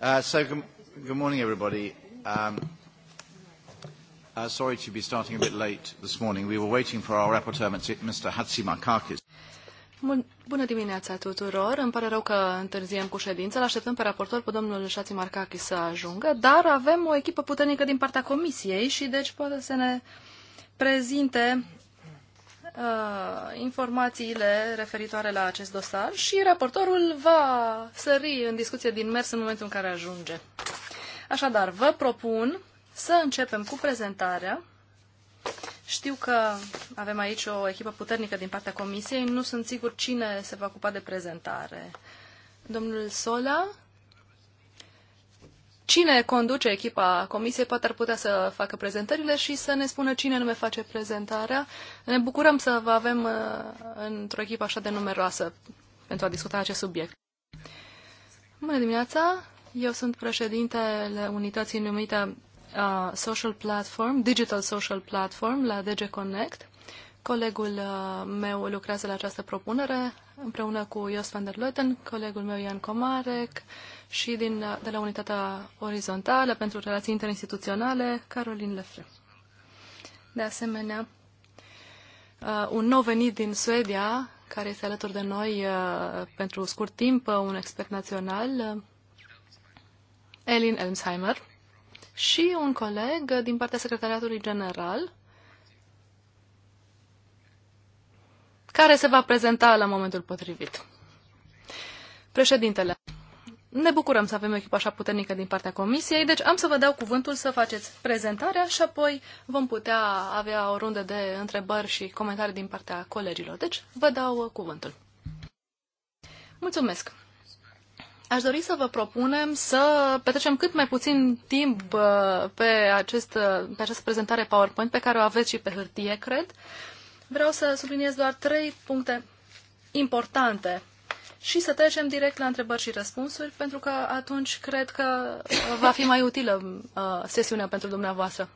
Uh, so, good, good morning, everybody. Um, uh, sorry to be starting a bit late this morning. We were waiting for our rapporteur, Mr. Hatsi Bun, bună dimineața tuturor. Îmi pare rău că întârziem cu ședința. L-așteptăm pe raportor, pe domnul Șați Marcachi să ajungă, dar avem o echipă puternică din partea comisiei și deci poate să ne prezinte Uh, informațiile referitoare la acest dosar și raportorul va sări în discuție din mers în momentul în care ajunge. Așadar, vă propun să începem cu prezentarea. Știu că avem aici o echipă puternică din partea comisiei. Nu sunt sigur cine se va ocupa de prezentare. Domnul Sola, cine conduce echipa comisiei, poate ar putea să facă prezentările și să ne spună cine ne face prezentarea. Ne bucurăm să vă avem uh, într-o echipă așa de numeroasă pentru a discuta acest subiect. Bună dimineața! Eu sunt președintele unității numite uh, Social Platform, Digital Social Platform la DG Connect. Colegul uh, meu lucrează la această propunere împreună cu Jos van der Leuten, colegul meu Ian Comarec și din, uh, de la Unitatea Orizontală pentru Relații Interinstituționale, Caroline Lefre. De asemenea, uh, un nou venit din Suedia, care este alături de noi pentru scurt timp, un expert național, Elin Elmsheimer, și un coleg din partea Secretariatului General, care se va prezenta la momentul potrivit. Președintele, ne bucurăm să avem o echipă așa puternică din partea comisiei, deci am să vă dau cuvântul să faceți prezentarea și apoi vom putea avea o rundă de întrebări și comentarii din partea colegilor. Deci vă dau cuvântul. Mulțumesc! Aș dori să vă propunem să petrecem cât mai puțin timp uh, pe, acest, uh, pe această prezentare PowerPoint pe care o aveți și pe hârtie, cred. Uh, Vreau să subliniez doar trei puncte importante și să trecem direct la întrebări și răspunsuri, pentru că atunci cred că uh, va fi mai utilă uh, sesiunea pentru dumneavoastră.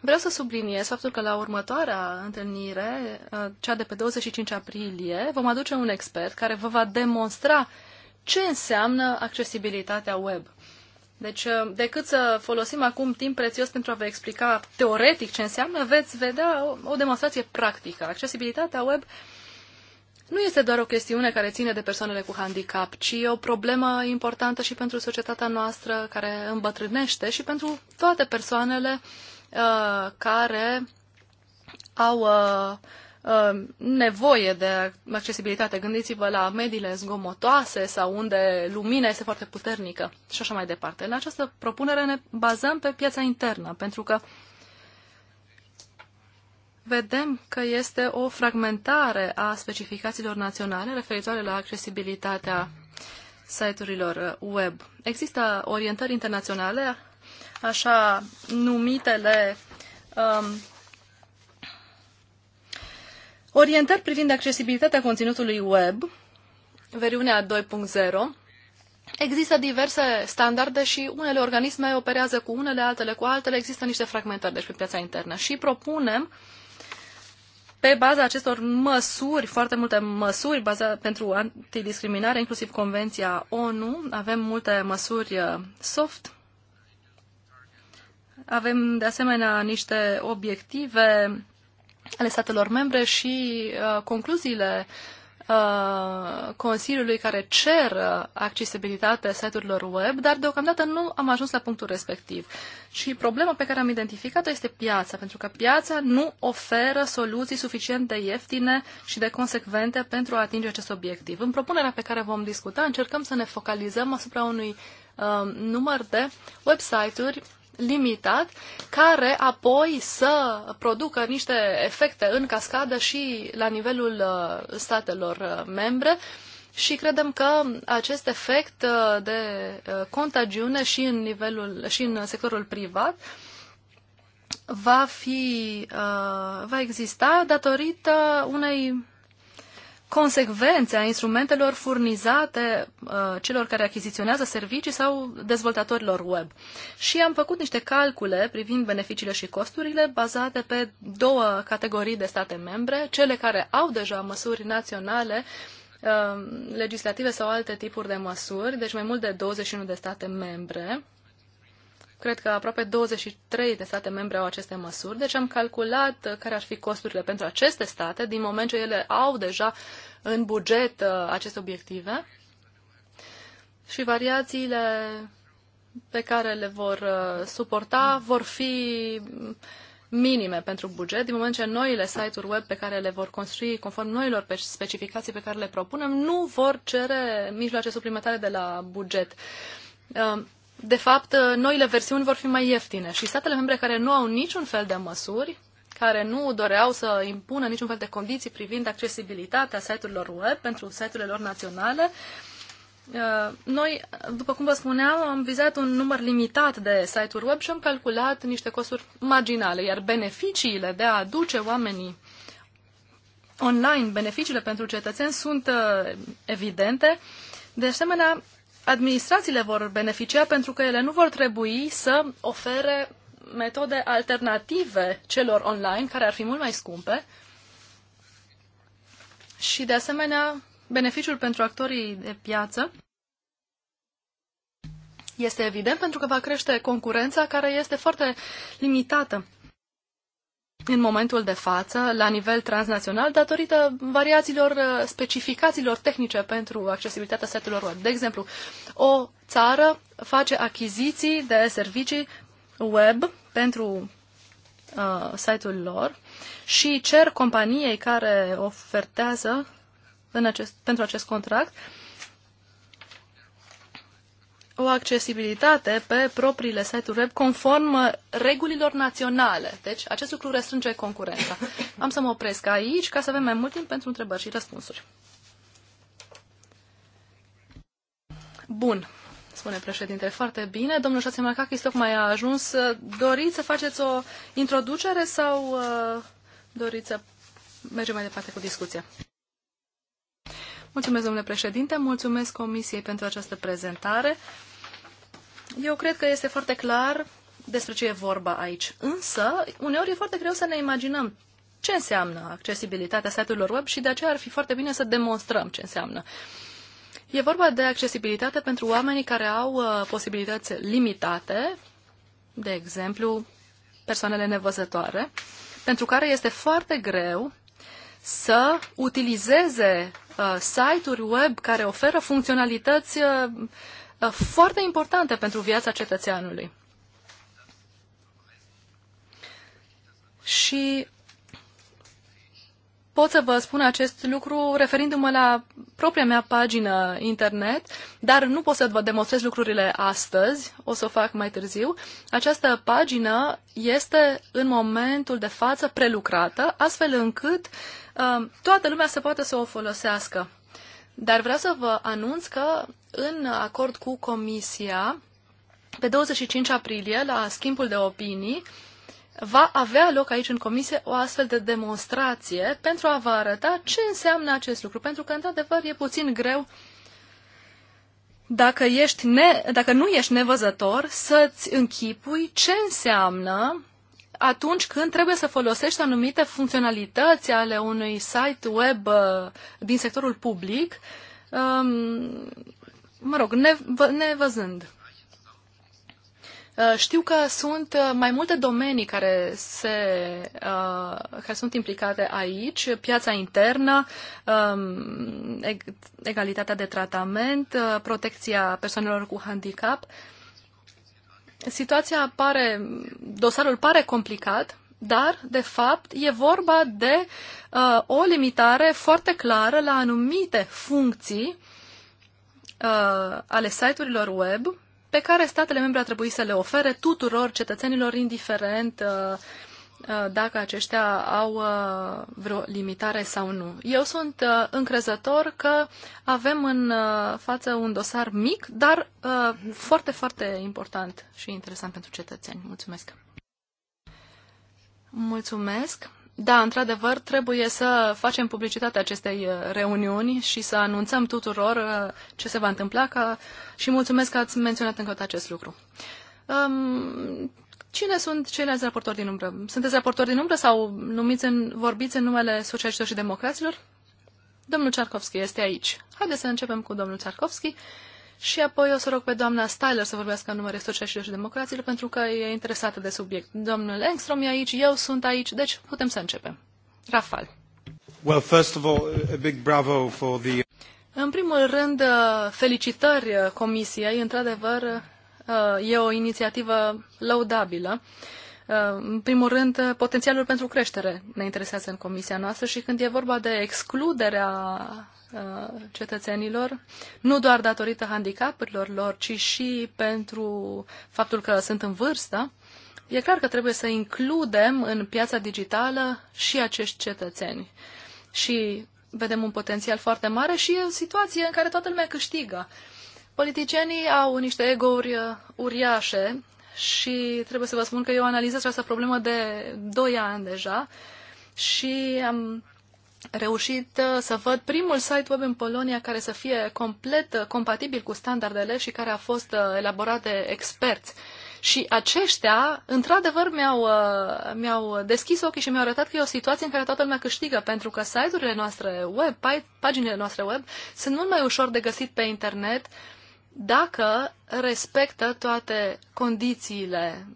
Vreau să subliniez faptul că la următoarea întâlnire, uh, cea de pe 25 aprilie, vom aduce un expert care vă va demonstra ce înseamnă accesibilitatea web. Deci, uh, decât să folosim acum timp prețios pentru a vă explica teoretic ce înseamnă, veți vedea o, o demonstrație practică. Accesibilitatea web nu este doar o chestiune care ține de persoanele cu handicap, ci e o problemă importantă și pentru societatea noastră care îmbătrânește și pentru toate persoanele uh, care au uh, Uh, nevoie de accesibilitate. Gândiți-vă la mediile zgomotoase sau unde lumina este foarte puternică și așa mai departe. În această propunere ne bazăm pe piața internă, pentru că vedem că este o fragmentare a specificațiilor naționale referitoare la accesibilitatea site-urilor uh, web. Există orientări internaționale, așa numitele um, Orientări privind accesibilitatea conținutului web, versiunea 2.0, Există diverse standarde și unele organisme operează cu unele, altele cu altele, există niște fragmentări deci pe piața internă și propunem pe baza acestor măsuri, foarte multe măsuri baza, pentru antidiscriminare, inclusiv Convenția ONU, avem multe măsuri uh, soft, avem de asemenea niște obiective ale statelor membre și uh, concluziile uh, Consiliului care cer uh, accesibilitate site-urilor web, dar deocamdată nu am ajuns la punctul respectiv. Și problema pe care am identificat-o este piața, pentru că piața nu oferă soluții suficient de ieftine și de consecvente pentru a atinge acest obiectiv. În propunerea pe care vom discuta, încercăm să ne focalizăm asupra unui uh, număr de website-uri limitat, care apoi să producă niște efecte în cascadă și la nivelul uh, statelor uh, membre și credem că acest efect uh, de contagiune și în, nivelul, și în sectorul privat va, fi, va exista datorită unei consecvențe a instrumentelor furnizate uh, celor care achiziționează servicii sau dezvoltatorilor web. Și am făcut niște calcule privind beneficiile și costurile bazate pe două categorii de state membre, cele care au deja măsuri naționale uh, legislative sau alte tipuri de măsuri, deci mai mult de 21 de state membre, Cred că aproape 23 de state membre au aceste măsuri, deci am calculat uh, care ar fi costurile pentru aceste state, din moment ce ele au deja în buget uh, aceste obiective și variațiile pe care le vor uh, suporta vor fi minime pentru buget, din moment ce noile site-uri web pe care le vor construi conform noilor specificații pe care le propunem nu vor cere mijloace suplimentare de la buget de fapt, noile versiuni vor fi mai ieftine și statele membre care nu au niciun fel de măsuri, care nu doreau să impună niciun fel de condiții privind accesibilitatea site-urilor web pentru site-urile lor naționale, uh, noi, după cum vă spuneam, am vizat un număr limitat de site-uri web și am calculat niște costuri marginale, iar beneficiile de a aduce oamenii online, beneficiile pentru cetățeni sunt uh, evidente. De asemenea, administrațiile vor beneficia pentru că ele nu vor trebui să ofere metode alternative celor online, care ar fi mult mai scumpe. Și, de asemenea, beneficiul pentru actorii de piață este evident pentru că va crește concurența care este foarte limitată în momentul de față, la nivel transnațional, datorită variațiilor, uh, specificațiilor tehnice pentru accesibilitatea setelor web. De exemplu, o țară face achiziții de servicii web pentru uh, site-ul lor și cer companiei care ofertează în acest, pentru acest contract uh, o accesibilitate pe propriile site-uri web conform uh, regulilor naționale. Deci, acest lucru restrânge concurența. Am să mă opresc aici ca să avem mai mult timp pentru întrebări și răspunsuri. Bun, spune președinte, foarte bine. Domnul Șațimacachis tocmai a ajuns. Doriți să faceți o introducere sau uh, doriți să mergem mai departe cu discuția? Mulțumesc, domnule președinte, mulțumesc Comisiei pentru această prezentare. Eu cred că este foarte clar despre ce e vorba aici. Însă, uneori e foarte greu să ne imaginăm ce înseamnă accesibilitatea site-urilor web și de aceea ar fi foarte bine să demonstrăm ce înseamnă. E vorba de accesibilitate pentru oamenii care au uh, posibilități limitate, de exemplu, persoanele nevăzătoare, pentru care este foarte greu să utilizeze Uh, site-uri web care oferă funcționalități uh, uh, foarte importante pentru viața cetățeanului. Și pot să vă spun acest lucru referindu-mă la propria mea pagină internet, dar nu pot să vă demonstrez lucrurile astăzi, o să o fac mai târziu. Această pagină este în momentul de față prelucrată, astfel încât uh, Um, toată lumea se poate să o folosească. Dar vreau să vă anunț că în acord cu Comisia, pe 25 aprilie, la schimbul de opinii, va avea loc aici în comisie o astfel de demonstrație pentru a vă arăta ce înseamnă acest lucru. Pentru că, într-adevăr, e puțin greu dacă, ești ne, dacă nu ești nevăzător să-ți închipui ce înseamnă atunci când trebuie să folosești anumite funcționalități ale unui site web uh, din sectorul public, um, mă rog, nevăzând. Uh, știu că sunt uh, mai multe domenii care, se, care sunt implicate aici, piața internă, um, egalitatea de tratament, protecția persoanelor cu handicap situația pare, dosarul pare complicat, dar, de fapt, e vorba de uh, o limitare foarte clară la anumite funcții uh, ale site-urilor web pe care statele membre ar trebui să le ofere tuturor cetățenilor, indiferent uh, Uh, dacă aceștia au uh, vreo limitare sau nu. Eu sunt uh, încrezător că avem în față un dosar mic, dar foarte, foarte important și interesant pentru cetățeni. Mulțumesc! Mulțumesc! Da, într-adevăr, trebuie să facem publicitatea acestei reuniuni și să anunțăm tuturor ce se va întâmpla ca... și mulțumesc că ați menționat încă acest lucru. Um, Cine sunt ceilalți raportori din umbră? Sunteți raportori din umbră sau numiți în, vorbiți în numele socialiștilor și democraților? Domnul Cearkovski este aici. Haideți să începem cu domnul Cearkovski și apoi o să rog pe doamna Styler să vorbească în numele socialiștilor și democraților pentru că e interesată de subiect. Domnul Engstrom e aici, eu sunt aici, deci putem să începem. Rafal. Well, first of all, a big bravo for the... În primul rând, felicitări uh, comisiei. Într-adevăr, Uh, e o inițiativă laudabilă. Uh, în primul rând, uh, potențialul pentru creștere ne interesează în comisia noastră și când e vorba de excluderea cetățenilor, nu doar datorită handicapurilor lor, ci și pentru faptul că sunt în vârstă, e clar că trebuie să includem în piața digitală și acești cetățeni. Și vedem un potențial foarte mare și e o situație în care toată lumea câștigă. Uh, Politicienii au niște egouri uh, uriașe și trebuie să vă spun că eu analizez această problemă de 2 ani deja și am reușit uh, să văd primul site web în Polonia care să fie complet uh, compatibil cu standardele și care a fost elaborat de experți. Și aceștia, într-adevăr, mi-au, mi-au deschis ochii și mi-au arătat că e o situație în care toată lumea câștigă, pentru că site-urile noastre web, paginile noastre web, sunt mult mai ușor de găsit pe internet uh, dacă respectă toate condițiile,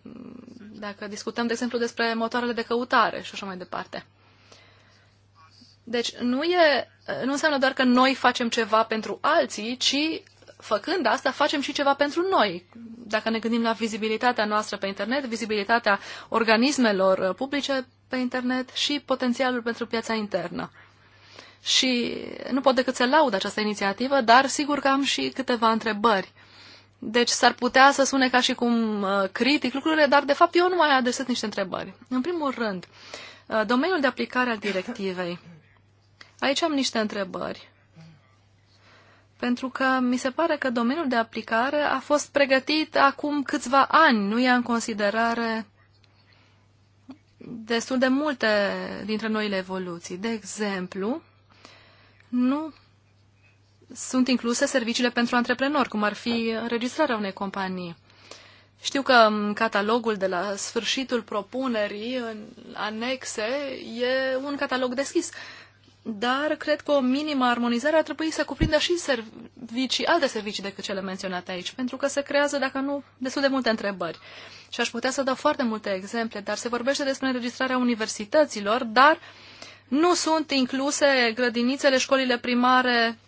dacă discutăm, de exemplu, despre motoarele de căutare și așa mai departe. Deci nu, e, nu înseamnă doar că noi facem ceva pentru alții, ci făcând asta facem și ceva pentru noi. Dacă ne gândim la vizibilitatea noastră pe internet, vizibilitatea organismelor publice pe internet și potențialul pentru piața internă. Și nu pot decât să laud această inițiativă, dar sigur că am și câteva întrebări. Deci s-ar putea să sune ca și cum uh, critic lucrurile, dar de fapt eu nu mai adresez niște întrebări. În primul rând, uh, domeniul de aplicare al directivei. Aici am niște întrebări. Pentru că mi se pare că domeniul de aplicare a fost pregătit acum câțiva ani, nu ia în considerare destul de multe dintre noile evoluții. De exemplu, nu sunt incluse serviciile pentru antreprenori, cum ar fi înregistrarea unei companii. Știu că catalogul de la sfârșitul propunerii, în anexe, e un catalog deschis, dar cred că o minimă armonizare ar trebui să cuprindă și servicii, alte servicii decât cele menționate aici, pentru că se creează, dacă nu, destul de multe întrebări. Și aș putea să dau foarte multe exemple, dar se vorbește despre înregistrarea universităților, dar uh, nu sunt incluse grădinițele, școlile primare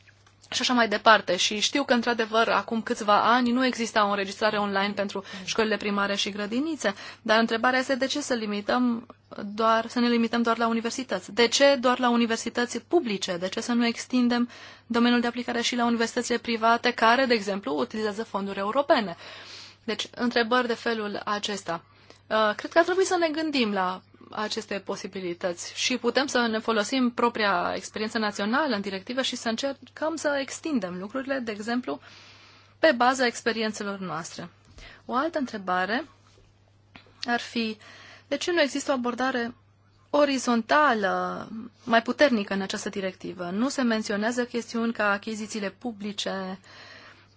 și așa mai departe. Și știu că, într-adevăr, acum câțiva ani nu exista o înregistrare online pentru școlile primare și grădinițe, dar întrebarea este de ce să limităm doar, să ne limităm doar la universități? De ce doar la universități publice? De ce să nu extindem domeniul de aplicare și la universitățile private care, de exemplu, utilizează fonduri europene? Deci, întrebări de felul acesta. Uh, cred că ar trebui să ne gândim la aceste posibilități și putem să ne folosim propria experiență națională în directivă și să încercăm să extindem lucrurile, de exemplu, pe baza experiențelor noastre. O altă întrebare ar fi de ce nu există o abordare orizontală mai puternică în această directivă? Nu se menționează chestiuni ca achizițiile publice,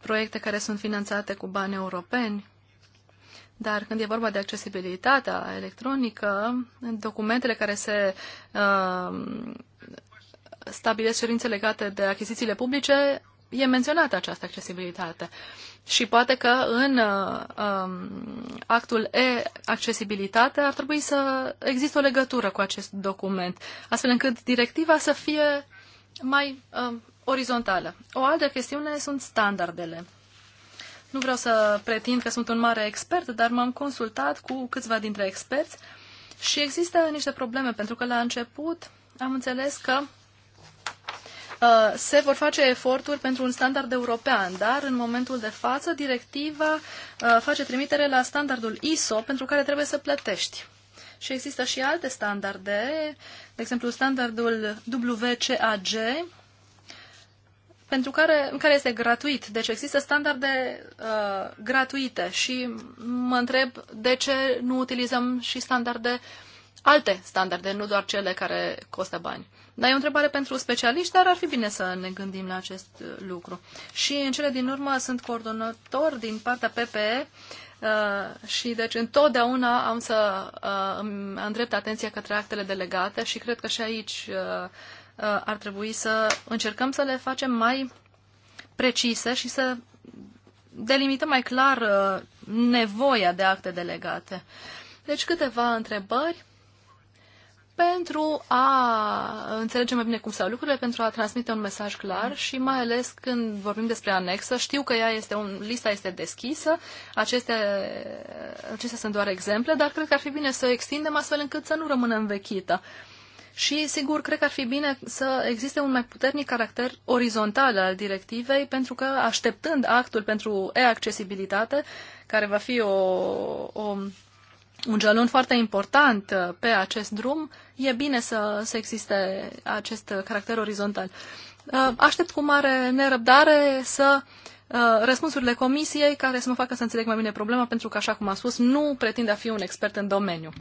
proiecte care sunt finanțate cu bani europeni, dar când e vorba de accesibilitatea electronică, documentele care se uh, stabilesc cerințe legate de achizițiile publice, e menționată această accesibilitate. Și poate că în uh, um, actul e-accesibilitate ar trebui să există o legătură cu acest document, astfel încât directiva să fie mai uh, orizontală. O altă chestiune sunt standardele. Nu vreau să pretind că sunt un mare expert, dar m-am consultat cu câțiva dintre experți și există niște probleme, pentru că la început am înțeles că uh, se vor face eforturi pentru un standard european, dar în momentul de față directiva uh, face trimitere la standardul ISO pentru care trebuie să plătești. Și există și alte standarde, de exemplu standardul WCAG, pentru care, care este gratuit. Deci există standarde uh, gratuite și mă întreb de ce nu utilizăm și standarde, alte standarde, nu doar cele care costă bani. Dar e o întrebare pentru specialiști, dar ar fi bine să ne gândim la acest uh, lucru. Și în cele din urmă sunt coordonator din partea PPE Uh, și deci întotdeauna am să uh, îmi îndrept atenția către actele delegate și cred că și aici uh, Uh, ar trebui să încercăm să le facem mai precise și să delimităm mai clar uh, nevoia de acte delegate. Deci câteva întrebări pentru a înțelege mai bine cum stau lucrurile, pentru a transmite un mesaj clar și mai ales când vorbim despre anexă, știu că ea este un, lista este deschisă, aceste, acestea sunt doar exemple, dar cred că ar fi bine să o extindem astfel încât să nu rămână învechită. Uh, și, sigur, cred că ar fi bine să existe un mai puternic caracter orizontal al directivei, pentru că, așteptând actul pentru e-accesibilitate, care va fi o, o, un jalon foarte important uh, pe acest drum, e bine să, să existe acest caracter orizontal. Uh, aștept cu mare nerăbdare să uh, răspunsurile comisiei care să mă facă să înțeleg mai bine problema, pentru că, așa cum am spus, nu pretind a fi un expert în domeniu.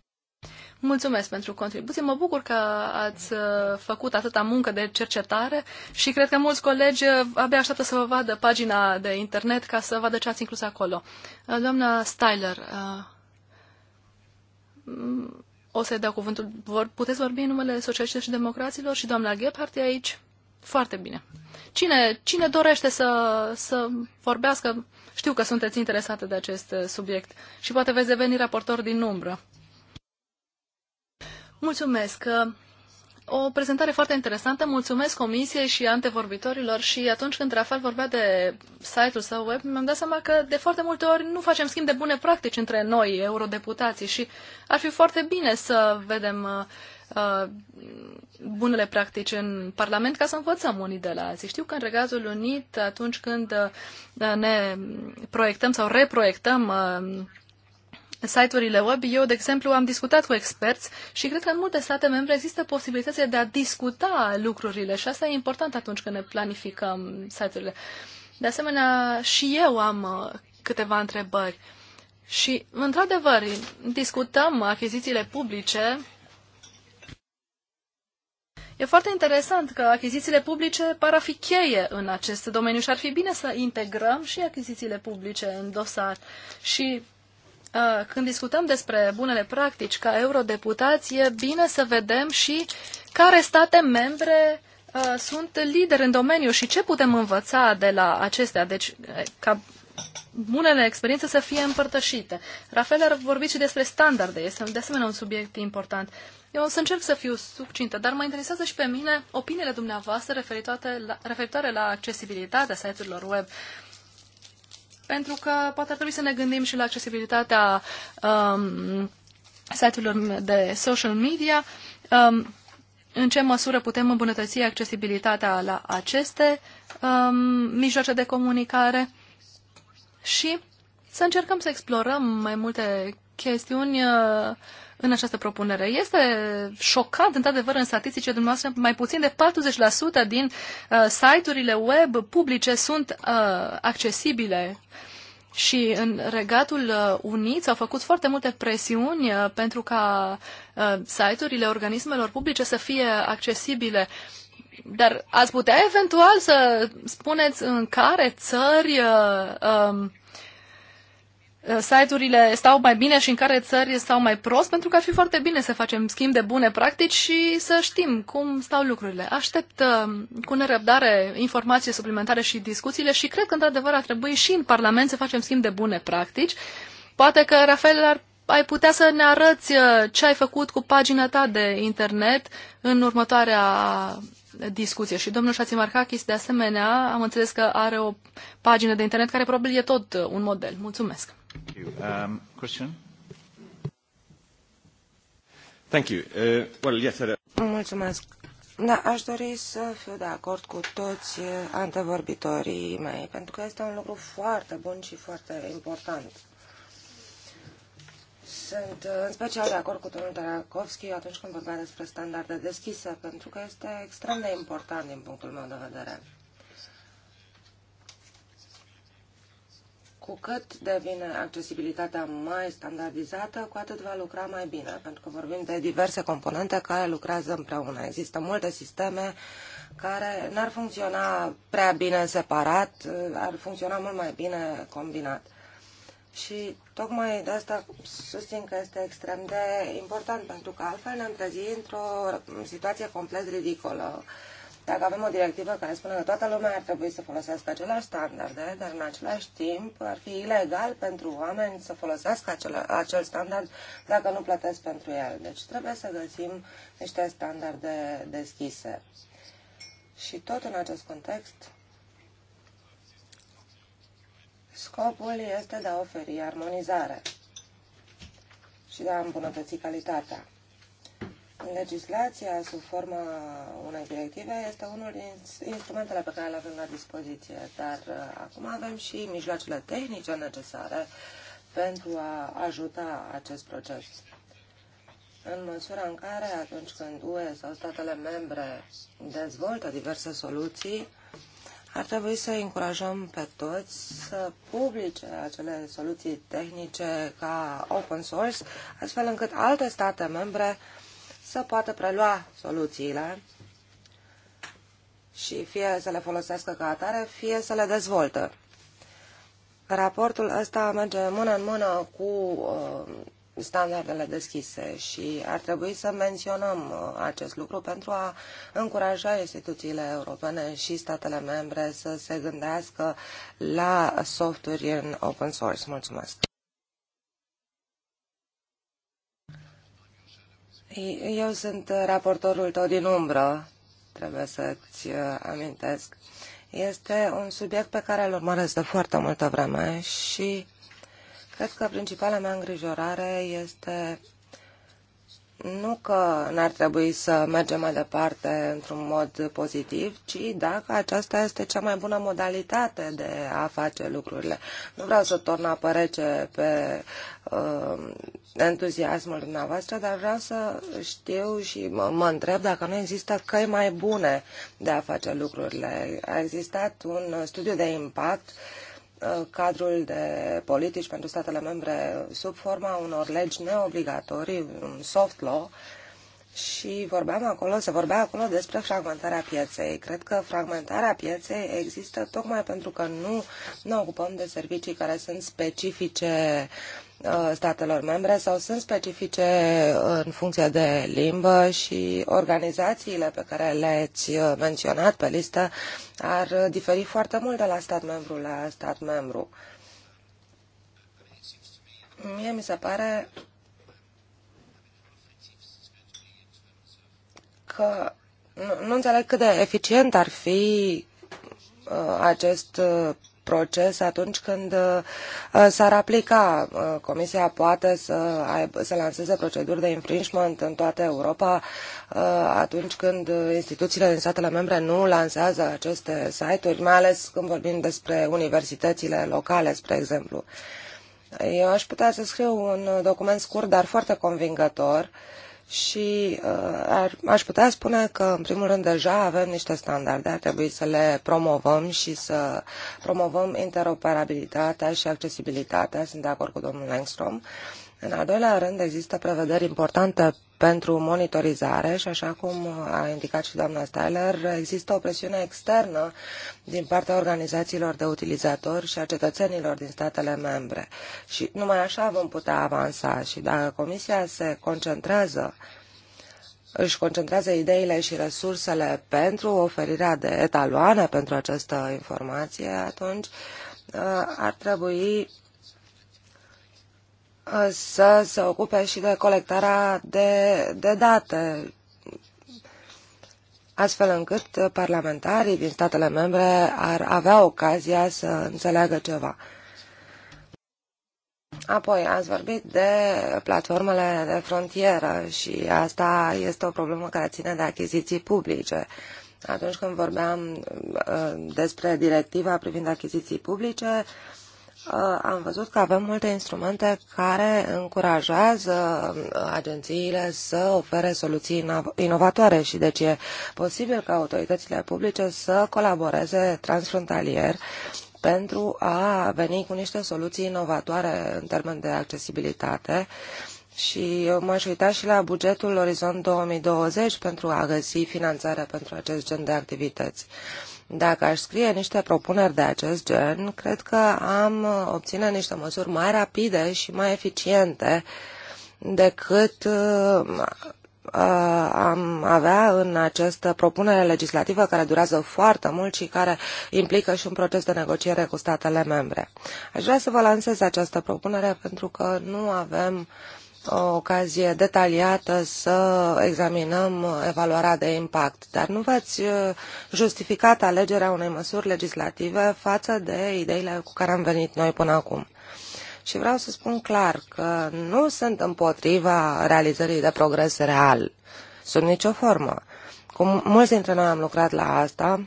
Mulțumesc pentru contribuție. Mă bucur că ați uh, făcut atâta muncă de cercetare și cred că mulți colegi uh, abia așteaptă să vă vadă pagina de internet ca să vadă ce ați inclus acolo. Uh, doamna Styler, o să-i dau cuvântul. Puteți vorbi în numele Socialiștilor și Democraților și doamna Gephardt e aici? Foarte bine. Cine, cine dorește să, să vorbească? Știu că sunteți interesate de acest subiect și poate veți deveni raportor din umbră. Mulțumesc! Uh, o prezentare foarte interesantă. Mulțumesc comisiei și antevorbitorilor și atunci când Rafael vorbea de site-ul său web, mi-am dat seama că de foarte multe ori nu facem schimb de bune practici între noi, eurodeputații, și ar fi foarte bine să vedem uh, uh bunele practici în Parlament ca să învățăm unii de la alții. Știu că în Regatul Unit, atunci când uh, ne proiectăm sau reproiectăm uh, site-urile web. Eu, de exemplu, am discutat cu experți și cred că în multe state membre există posibilitatea de a discuta lucrurile și asta e important atunci când ne planificăm site-urile. De asemenea, și eu am uh, câteva întrebări. Și, într-adevăr, discutăm achizițiile publice. E foarte interesant că achizițiile publice par a fi cheie în acest domeniu și ar fi bine să integrăm și achizițiile publice în dosar. Și când discutăm despre bunele practici ca eurodeputați, e bine să vedem și care state membre sunt lideri în domeniu și ce putem învăța de la acestea, deci ca bunele experiențe să fie împărtășite. Rafael a vorbit și despre standarde, este de asemenea un subiect important. Eu o să încerc să fiu succintă, dar mă interesează și pe mine opiniile dumneavoastră referitoare la, referitoare la accesibilitatea site-urilor web. Uh, pentru că poate ar trebui să ne gândim și la accesibilitatea um, site-urilor de social media, um, în ce măsură putem îmbunătăți accesibilitatea la aceste um, mijloace de comunicare și să încercăm să explorăm mai multe chestiuni uh, în această propunere. Este șocant, într-adevăr, în statisticile dumneavoastră, mai puțin de 40% din uh, site-urile web publice sunt uh, accesibile. Și în Regatul uh, Unit s-au făcut foarte multe presiuni uh, pentru ca uh, site-urile organismelor publice să fie accesibile. Dar ați putea eventual să spuneți în care țări uh, um, Eh, site-urile stau mai bine și în care țări stau mai prost, pentru că ar fi foarte bine să facem schimb de bune practici și să știm cum stau lucrurile. Aștept eh, cu nerăbdare informații suplimentare și discuțiile și cred că, într-adevăr, ar trebui și în Parlament să facem schimb de bune practici. Poate că, Rafael, ar, ai putea să ne arăți eh, ce ai făcut cu pagina ta de internet în următoarea discuție. Și domnul Șațimarhachis, de asemenea, am înțeles că are o pagină de internet care probabil e tot un model. Mulțumesc! Um, Christian? Thank you. Uh, well, yes, Mulțumesc. Da, aș dori să fiu de acord cu toți antevorbitorii mei, pentru că este un lucru foarte bun și foarte important. Sunt uh, în special de acord cu domnul Tarakovski atunci când vorbea despre standarde deschise, pentru că este extrem de important din punctul meu de vedere. Cu cât devine accesibilitatea mai standardizată, cu atât va lucra mai bine, pentru că vorbim de diverse componente care lucrează împreună. Există multe sisteme care n-ar funcționa prea bine separat, ar funcționa mult mai bine combinat. Și tocmai de asta susțin că este extrem de important, pentru că altfel ne-am trezit într-o situație complet ridicolă dacă avem o directivă care spune că toată lumea ar trebui să folosească aceleași standarde, dar în același timp ar fi ilegal pentru oameni să folosească acel, acel standard dacă nu plătesc pentru el. Deci trebuie să găsim niște standarde deschise. Și tot în acest context, scopul este de a oferi armonizare și de a îmbunătăți calitatea. Legislația sub forma unei directive este unul din instrumentele pe care le avem la dispoziție, dar uh, acum avem și mijloacele tehnice necesare pentru a ajuta acest proces. În măsura în care, atunci când UE sau statele membre dezvoltă diverse soluții, ar trebui să încurajăm pe toți să publice acele soluții tehnice ca open source, astfel încât alte state membre să poată prelua soluțiile și fie să le folosească ca atare, fie să le dezvoltă. Raportul ăsta merge mână în mână cu uh, standardele deschise și ar trebui să menționăm uh, acest lucru pentru a încuraja instituțiile europene și statele membre să se gândească la softuri în open source. Mulțumesc! Eu sunt uh, raportorul tău din umbră, trebuie să-ți uh, amintesc. Este un subiect pe care îl urmăresc de foarte multă vreme și cred că principala mea îngrijorare este nu că n-ar trebui să mergem mai departe într-un mod pozitiv, ci dacă aceasta este cea mai bună modalitate de a face lucrurile. Nu vreau să torn apă rece pe uh, entuziasmul dumneavoastră, dar vreau să știu și mă, mă întreb dacă nu există căi mai bune de a face lucrurile. A existat un studiu de impact uh, Uh, cadrul de politici pentru statele membre sub forma unor legi neobligatorii, un soft law, și vorbeam acolo, se vorbea acolo despre fragmentarea pieței. Cred că fragmentarea pieței există tocmai pentru că nu ne ocupăm de servicii care sunt specifice uh, Uh, statelor membre sau sunt specifice în funcție de limbă și organizațiile pe care le-ați uh, menționat pe listă ar uh, diferi foarte mult de la stat membru la stat membru. Mie mi se pare că nu, nu înțeleg cât de eficient ar fi acest proces atunci când uh, s-ar aplica. Uh, Comisia poate să, să lanseze proceduri de infringement în toată Europa uh, atunci când instituțiile din statele membre nu lansează aceste site-uri, mai ales când vorbim despre universitățile locale, spre exemplu. Eu aș putea să scriu un document scurt, dar foarte convingător, uh, și uh, ar, aș putea spune că, în primul rând, deja avem niște standarde, ar trebui să le promovăm și să promovăm interoperabilitatea și accesibilitatea, sunt de acord cu domnul Langstrom. Uh, în al doilea rând, există prevederi importante pentru monitorizare și, așa cum a indicat și doamna Steiler, există o presiune externă din partea organizațiilor de utilizatori și a cetățenilor din statele membre. Și numai așa vom putea avansa și dacă Comisia se concentrează își concentrează ideile și resursele pentru oferirea de etaloane pentru această informație, atunci uh, ar trebui să se ocupe și de colectarea de, de date, astfel încât parlamentarii din statele membre ar avea ocazia să înțeleagă ceva. Apoi, ați vorbit de platformele de frontieră și asta este o problemă care ține de achiziții publice. Atunci când vorbeam uh, despre directiva privind achiziții publice, Uh, am văzut că avem multe instrumente care încurajează uh, agențiile să ofere soluții inovatoare și deci e posibil ca autoritățile publice să colaboreze transfrontalier pentru a veni cu niște soluții inovatoare în termen de accesibilitate și m-aș uita și la bugetul Orizont 2020 pentru a găsi finanțare pentru acest gen de activități. Uh, dacă aș scrie niște propuneri de acest gen, cred că am obține niște măsuri mai rapide și mai eficiente decât uh, uh, am avea în această propunere legislativă care durează foarte mult și care implică și un proces de negociere cu statele membre. Aș vrea să vă lansez această propunere pentru că nu avem o ocazie detaliată să examinăm evaluarea de impact, dar nu v-ați uh, justificat alegerea unei măsuri legislative față de ideile cu care am venit noi până acum. Și vreau să spun clar că nu sunt împotriva realizării de progres real, sub nicio formă. Cum mulți dintre noi am lucrat la asta,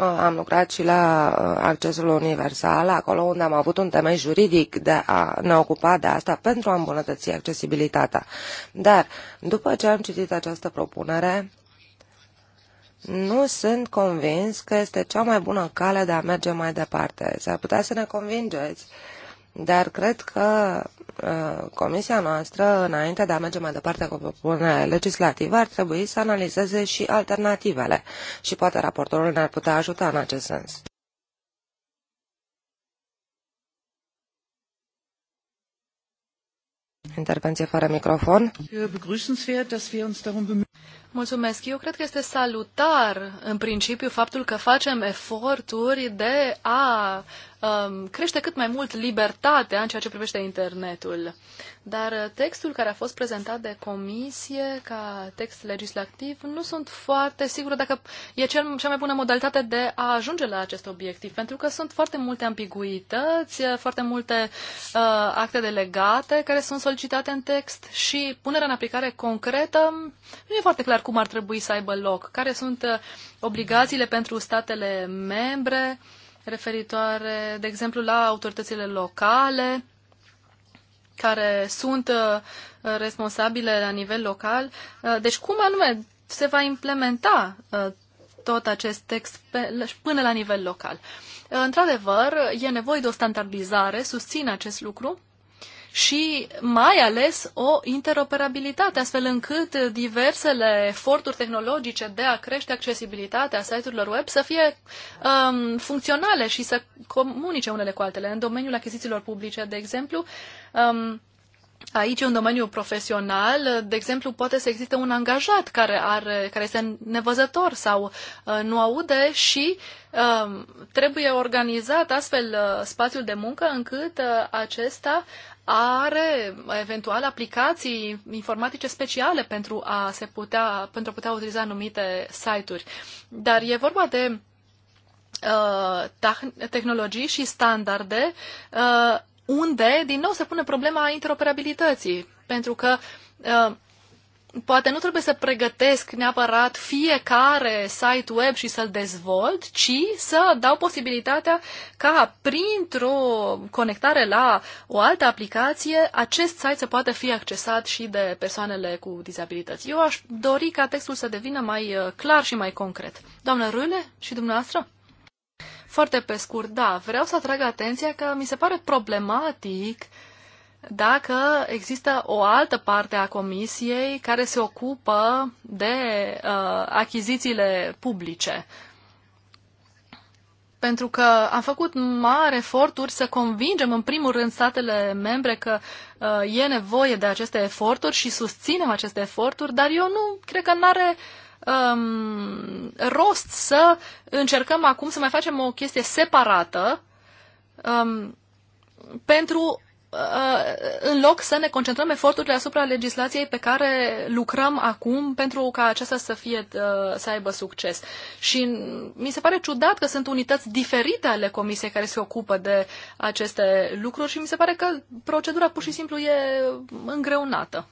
Uh, am lucrat și la uh, accesul universal, acolo unde am avut un temei juridic de a ne ocupa de asta pentru a îmbunătăți accesibilitatea. Dar, după ce am citit această propunere, nu sunt convins că este cea mai bună cale de a merge mai departe. S-ar putea să ne convingeți uh, dar cred că uh, comisia noastră, înainte de a merge mai departe cu propunerea legislativă, ar trebui să analizeze și alternativele și poate raportorul ne-ar putea ajuta în acest sens. Intervenție fără microfon. Mulțumesc. Eu cred că este salutar, în principiu, faptul că facem eforturi de a Um, crește cât mai mult libertatea în ceea ce privește internetul. Dar uh, textul care a fost prezentat de comisie ca text legislativ nu sunt foarte sigură dacă e cea mai bună modalitate de a ajunge la acest obiectiv, pentru că sunt foarte multe ambiguități, uh, foarte multe uh, acte delegate care sunt solicitate în text și punerea în aplicare concretă um, nu e foarte clar cum ar trebui să aibă loc, care sunt uh, obligațiile pentru statele membre, uh, referitoare, de exemplu, la autoritățile locale, care sunt uh, responsabile la nivel local. Uh, deci cum anume se va implementa uh, tot acest text până la nivel local? Într-adevăr, e nevoie de o standardizare, susțin acest lucru, și mai ales o interoperabilitate, astfel încât diversele eforturi tehnologice de a crește accesibilitatea site-urilor web să fie um, funcționale și să comunice unele cu altele. În domeniul achizițiilor publice, de exemplu, um, Aici e un domeniu profesional, de exemplu, poate să existe un angajat care, are, care este nevăzător sau uh, nu aude și uh, trebuie organizat astfel uh, spațiul de muncă încât uh, acesta are eventual aplicații informatice speciale pentru a se putea, pentru a putea utiliza anumite site-uri. Dar e vorba de uh, tehnologii și standarde uh, unde, din nou, se pune problema interoperabilității. Pentru că uh, poate nu trebuie să pregătesc neapărat fiecare site web și să-l dezvolt, ci să dau posibilitatea ca printr-o conectare la o altă aplicație, acest site să poată fi accesat și de persoanele cu dizabilități. Eu aș dori ca textul să devină mai uh, clar și mai concret. Doamnă Râle și dumneavoastră? Foarte pe scurt, da, vreau să atrag atenția că mi se pare problematic uh, dacă există o altă parte a comisiei care se ocupă de uh, achizițiile publice. Pentru că am făcut mari eforturi să convingem în primul rând statele membre că uh, e nevoie de aceste eforturi și susținem aceste eforturi, dar eu nu cred că nu are um, rost să încercăm acum să mai facem o chestie separată um, pentru Uh, în loc să ne concentrăm eforturile asupra legislației pe care lucrăm acum pentru ca aceasta să, fie, uh, să aibă succes. Și mi se pare ciudat că sunt unități diferite ale comisiei care se ocupă de aceste lucruri și mi se pare că procedura pur și simplu e îngreunată.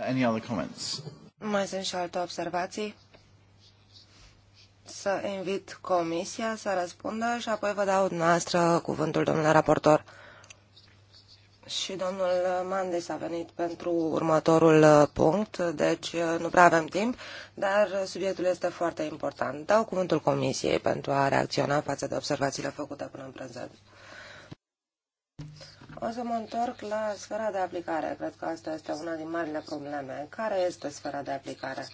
Any other comments? Mai sunt și alte observații? să invit comisia să răspundă și apoi vă dau dumneavoastră cuvântul, domnule raportor. Și domnul Mandes a venit pentru următorul punct, deci uh, nu prea avem timp, dar subiectul este foarte important. Dau cuvântul comisiei pentru a reacționa față de observațiile făcute până în prezent. O să mă întorc la sfera de aplicare. Cred că asta este una din marile probleme. Care este sfera de aplicare?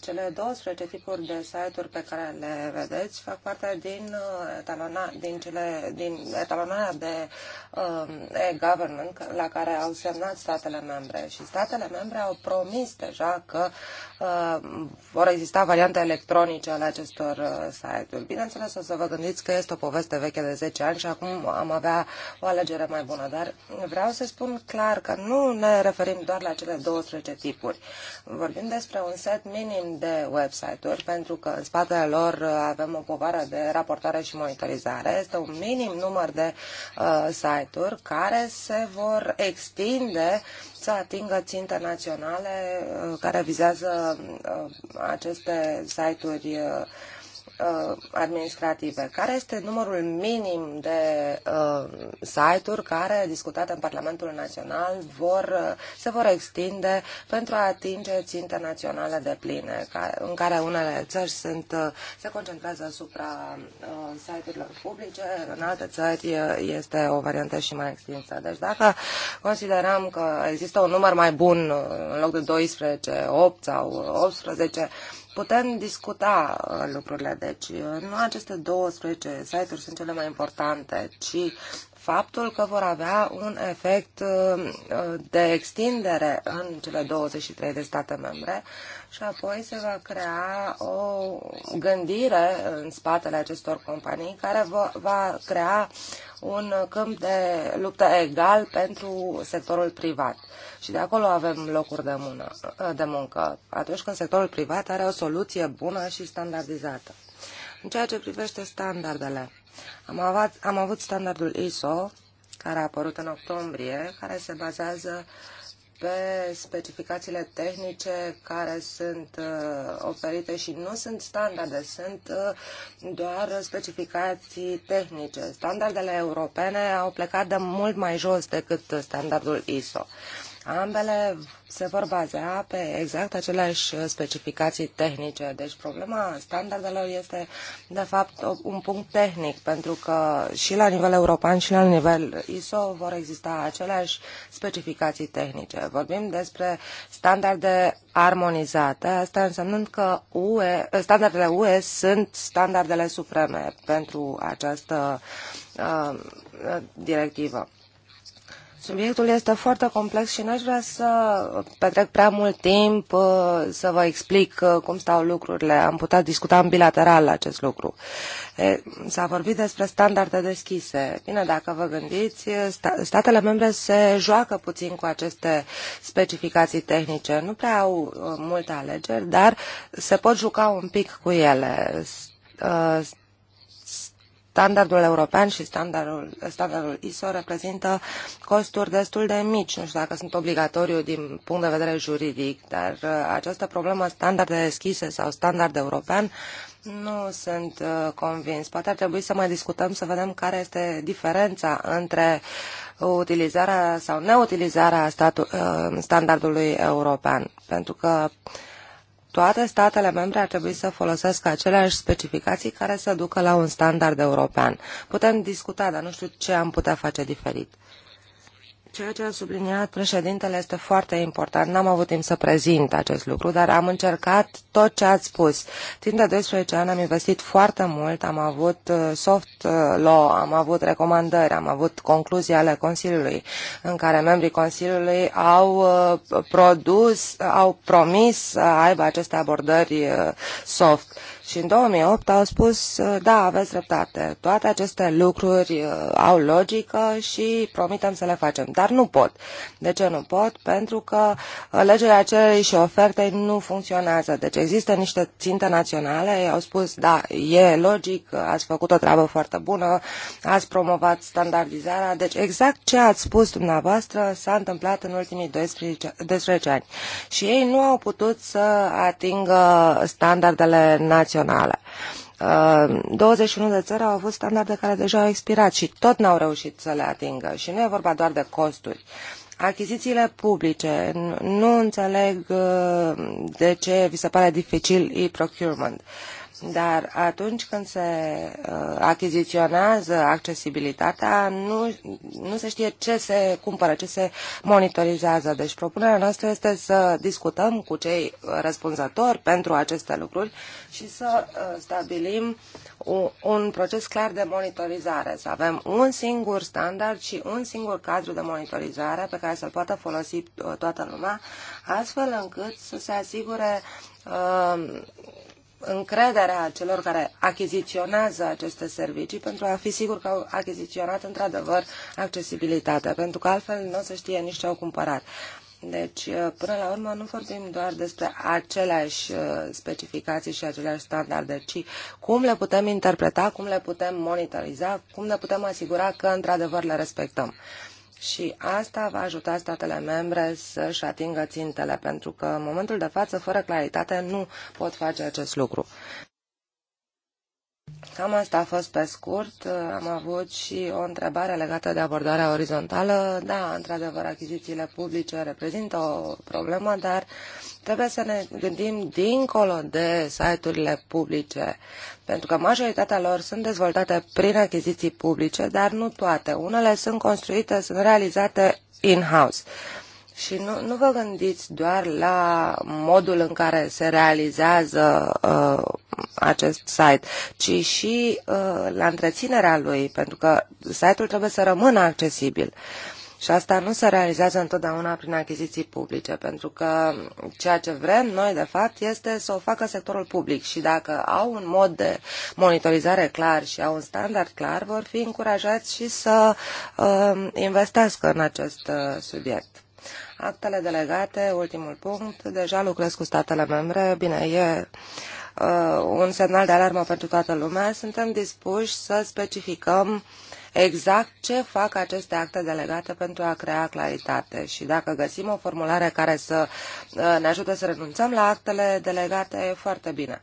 Cele 12 tipuri de site-uri pe care le vedeți fac parte din, uh, etalona, din, cele, din etalonarea de um, e-government la care au semnat statele membre. Și statele membre au promis deja că uh, vor exista variante electronice ale acestor uh, site-uri. Bineînțeles, o să vă gândiți că este o poveste veche de 10 ani și acum am avea o alegere mai bună, dar vreau să spun clar că nu ne referim doar la cele 12 tipuri. Vorbim despre un set minim minim de website-uri, pentru că în spatele lor avem o povară de raportare și monitorizare. Este un minim număr de uh, site-uri care se vor extinde să atingă ținte naționale uh, care vizează uh, aceste site-uri uh, Uh, administrative. Care este numărul minim de uh, site-uri care, discutate în Parlamentul Național, vor, uh, se vor extinde pentru a atinge ținte naționale de pline, ca, în care unele țări sunt, uh, se concentrează asupra uh, site-urilor publice, în alte țări este o variantă și mai extinsă. Deci dacă considerăm că există un număr mai bun în loc de 12, 8 sau 18, Putem discuta uh, lucrurile, deci nu aceste 12 site-uri sunt cele mai importante, ci faptul că vor avea un efect uh, de extindere în cele 23 de state membre și apoi se va crea o gândire în spatele acestor companii care va crea un câmp de luptă egal pentru sectorul privat. Și de acolo avem locuri de, mună, de muncă, atunci când sectorul privat are o soluție bună și standardizată. În ceea ce privește standardele, am avut, am avut standardul ISO, care a apărut în octombrie, care se bazează uh, pe specificațiile tehnice care sunt uh, oferite și nu sunt standarde, sunt uh, doar specificații tehnice. Standardele europene au plecat de mult mai jos decât standardul ISO. Ambele se vor baza pe exact aceleași specificații tehnice. Deci problema standardelor este, de fapt, un punct tehnic, pentru că și la nivel european și la nivel ISO vor exista aceleași specificații tehnice. Vorbim despre standarde armonizate, asta însemnând că UE, standardele UE sunt standardele supreme pentru această uh, directivă. Subiectul este foarte complex și n-aș vrea să petrec prea mult timp uh, să vă explic uh, cum stau lucrurile. Am putea discuta în bilateral acest lucru. S-a vorbit despre standarde deschise. Bine, dacă vă gândiți, uh, statele membre se joacă puțin cu aceste specificații tehnice. Nu prea au multe alegeri, dar se pot juca un pic cu ele standardul european și standardul, standardul ISO reprezintă costuri destul de mici. Nu știu dacă sunt obligatoriu din punct de vedere juridic, dar uh, această problemă standarde deschise sau standard european nu sunt uh, convins. Poate ar trebui să mai discutăm să vedem care este diferența între utilizarea sau neutilizarea statu- uh, standardului european. Pentru că uh, toate statele membre ar trebui să folosească aceleași specificații care să ducă la un standard european. Putem discuta, dar nu știu ce am putea face diferit. Ceea ce a subliniat președintele este foarte important. N-am avut timp să prezint acest lucru, dar am încercat tot ce ați spus. Timp de 12 ani am investit foarte mult, am avut uh, soft uh, law, am avut recomandări, am avut concluzii ale Consiliului, în care membrii Consiliului au uh, produs, au promis să aibă aceste abordări soft și în 2008 au spus, uh, da, aveți dreptate, toate aceste lucruri uh, au logică și promitem să le facem, dar nu pot. De ce nu pot? Pentru că uh, legea cererii și ofertei nu funcționează. Deci există niște ținte naționale, ei au spus, da, e logic, ați făcut o treabă foarte bună, ați promovat standardizarea, deci exact ce ați spus dumneavoastră s-a întâmplat în ultimii 12, 12 ani. Și ei nu au putut să atingă standardele naționale internaționale. 21 uh, de țări au avut standarde care deja au expirat și tot n-au reușit să le atingă. Și nu e vorba doar de costuri. Achizițiile publice, nu înțeleg uh, de ce vi se pare dificil e-procurement. Uh, dar atunci când se uh, achiziționează accesibilitatea, nu, nu se știe ce se cumpără, ce se monitorizează. Deci propunerea noastră este să discutăm cu cei răspunzători pentru aceste lucruri și să uh, stabilim un, un proces clar de monitorizare, să avem un singur standard și un singur cadru de monitorizare pe care să-l poată folosi uh, toată lumea, astfel încât să se asigure încrederea celor care achiziționează aceste servicii pentru a fi sigur că au achiziționat într-adevăr accesibilitatea, pentru că altfel nu o să știe nici ce au cumpărat. Deci, uh, până la urmă, nu vorbim doar despre aceleași uh, specificații și aceleași standarde, ci cum le putem interpreta, cum le putem monitoriza, cum ne putem asigura că într-adevăr le respectăm și asta va ajuta statele membre să-și atingă țintele, pentru că în momentul de față, fără claritate, nu pot face acest lucru. Cam asta a fost pe scurt. Am avut și o întrebare legată de abordarea orizontală. Da, într-adevăr, achizițiile publice reprezintă o problemă, dar trebuie să ne gândim dincolo de site-urile publice, pentru că majoritatea lor sunt dezvoltate prin achiziții publice, dar nu toate. Unele sunt construite, sunt realizate in-house. Și nu, nu vă gândiți doar la modul în care se realizează uh, acest site, ci și uh, la întreținerea lui, pentru că site-ul trebuie să rămână accesibil. Și asta nu se realizează întotdeauna prin achiziții publice, pentru că ceea ce vrem noi, de fapt, este să o facă sectorul public și dacă au un mod de monitorizare clar și au un standard clar, vor fi încurajați și să uh, investească în acest uh, subiect. Actele delegate, ultimul punct, deja lucrez cu statele membre, bine, e uh, un semnal de alarmă pentru toată lumea, suntem dispuși să specificăm exact ce fac aceste acte delegate pentru a crea claritate și dacă găsim o formulare care să uh, ne ajute să renunțăm la actele delegate, e foarte bine.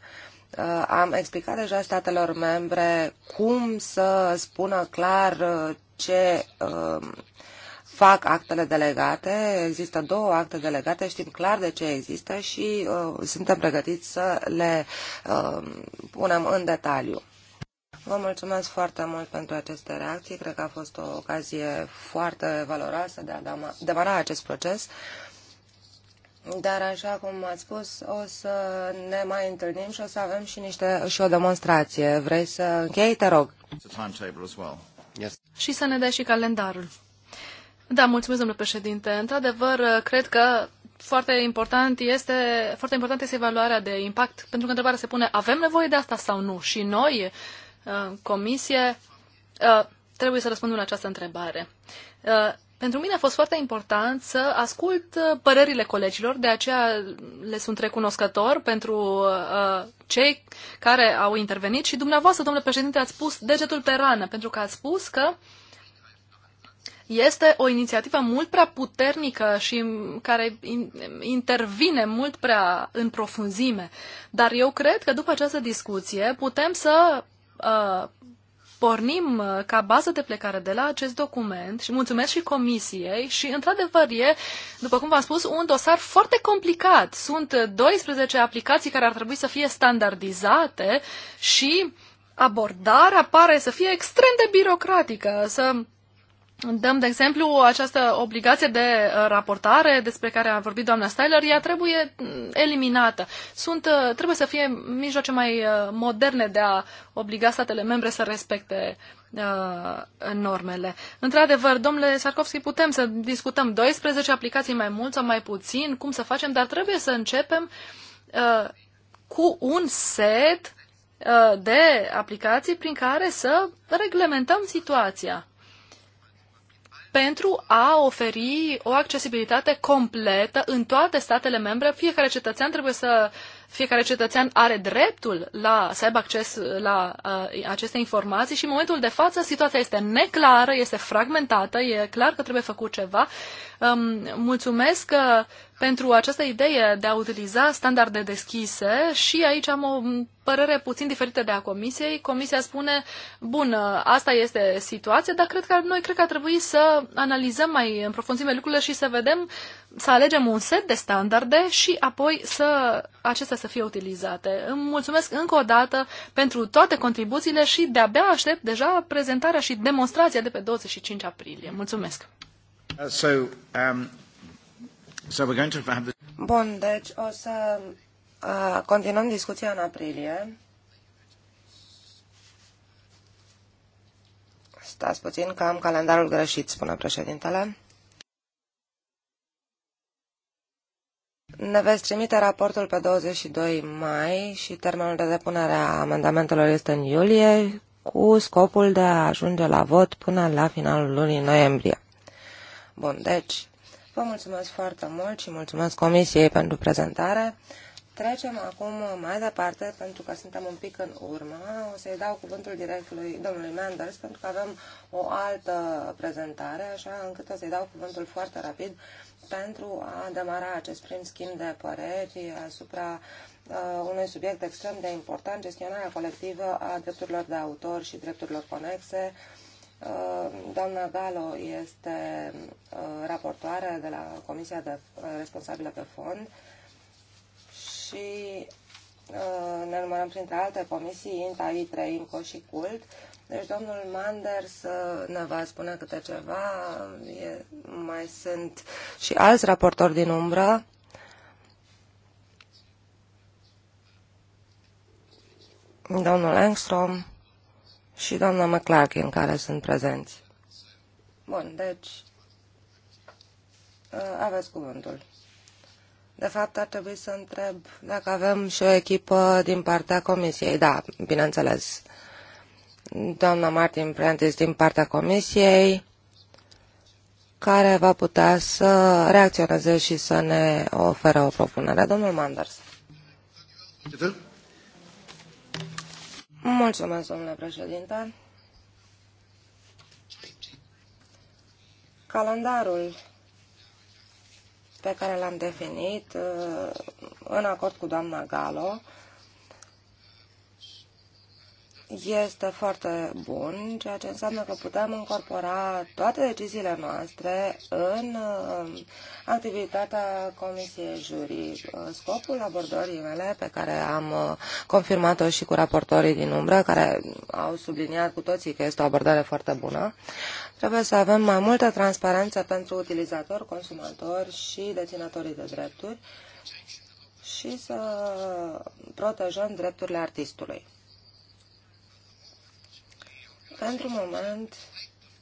Uh, am explicat deja statelor membre cum să spună clar ce fac actele delegate, există două acte delegate, știm clar de ce există și uh, suntem pregătiți să le uh, punem în detaliu. Vă mulțumesc foarte mult pentru aceste reacții. Cred că a fost o ocazie foarte valoroasă de a demara acest proces. Dar, așa cum ați spus, o să ne mai întâlnim și o să avem și, niște, și o demonstrație. Vrei să închei? Te rog. Și să ne dai și calendarul. Da, mulțumesc, domnule președinte. Într-adevăr, cred că foarte important este, foarte important este evaluarea de impact, pentru că întrebarea se pune, avem nevoie de asta sau nu? Și noi, uh, comisie, uh, trebuie să răspundem la această întrebare. Uh, pentru mine a fost foarte important să ascult părerile colegilor, de aceea le sunt recunoscător pentru uh, cei care au intervenit și dumneavoastră, domnule președinte, ați pus degetul pe rană, pentru că ați spus că uh, este o inițiativă mult prea puternică și care intervine mult prea în profunzime. Dar eu cred că după această discuție putem să uh, pornim uh, ca bază de plecare de la acest document și mulțumesc și comisiei și, într-adevăr, e, după cum v-am spus, un dosar foarte complicat. Sunt 12 aplicații care ar trebui să fie standardizate și abordarea pare să fie extrem de birocratică, să dăm, de exemplu, această obligație de uh, raportare despre care a vorbit doamna Styler, ea trebuie mm, eliminată. Sunt, uh, trebuie să fie mijloace mai uh, moderne de a obliga statele membre să respecte uh, normele. Într-adevăr, domnule Sarkovski, putem să discutăm 12 aplicații mai mult sau mai puțin, cum să facem, dar trebuie să începem uh, cu un set uh, de aplicații prin care să reglementăm situația pentru a oferi o accesibilitate completă în toate statele membre. Fiecare cetățean trebuie să fiecare cetățean are dreptul la să aibă acces la uh, aceste informații și în momentul de față situația este neclară, este fragmentată, e clar că trebuie făcut ceva. Um, mulțumesc uh, pentru această idee de a utiliza standarde deschise și aici am o părere puțin diferită de a comisiei. Comisia spune, bun, asta este situația, dar cred că noi cred că ar trebui să analizăm mai în profunzime lucrurile și să vedem, să alegem un set de standarde și apoi să acestea să fie utilizate. Îmi mulțumesc încă o dată pentru toate contribuțiile și de-abia aștept deja prezentarea și demonstrația de pe 25 aprilie. Mulțumesc! Uh, so, um... Bun, deci o să uh, continuăm discuția în aprilie. Stați puțin că am calendarul greșit, spune președintele. Ne veți trimite raportul pe 22 mai și termenul de depunere a amendamentelor este în iulie, cu scopul de a ajunge la vot până la finalul lunii noiembrie. Bun, deci Vă mulțumesc foarte mult și mulțumesc Comisiei pentru prezentare. Trecem acum mai departe, pentru că suntem un pic în urmă. O să-i dau cuvântul direct lui domnului Manders, pentru că avem o altă prezentare, așa încât o să-i dau cuvântul foarte rapid pentru a demara acest prim schimb de păreri asupra uh, unui subiect extrem de important, gestionarea colectivă a drepturilor de autor și drepturilor conexe, uh, Uh, doamna Galo este uh, raportoare de la Comisia de uh, Responsabilă pe Fond și ne numărăm printre alte comisii, INTA, ITRE, INCO și CULT. Deci domnul Manders ne va spune câte ceva. E, mai sunt și alți raportori din umbră. Domnul Engstrom și doamna McClarkin, care sunt prezenți. Bun, deci uh, aveți cuvântul. De fapt, ar trebui să întreb dacă avem și o echipă din partea comisiei. Da, bineînțeles. Doamna Martin Prentice din partea comisiei, care va putea să reacționeze și să ne ofere o propunere. Domnul Manders. Mulțumesc, domnule președinte. Calendarul pe care l-am definit uh, în acord cu doamna Galo este foarte bun, ceea ce înseamnă că putem incorpora toate deciziile noastre în uh, activitatea Comisiei Jurii. Uh, scopul abordării mele, pe care am uh, confirmat-o și cu raportorii din umbră, care au subliniat cu toții că este o abordare foarte bună, trebuie să avem mai multă transparență pentru utilizatori, consumatori și deținătorii de drepturi și să protejăm drepturile artistului pentru moment,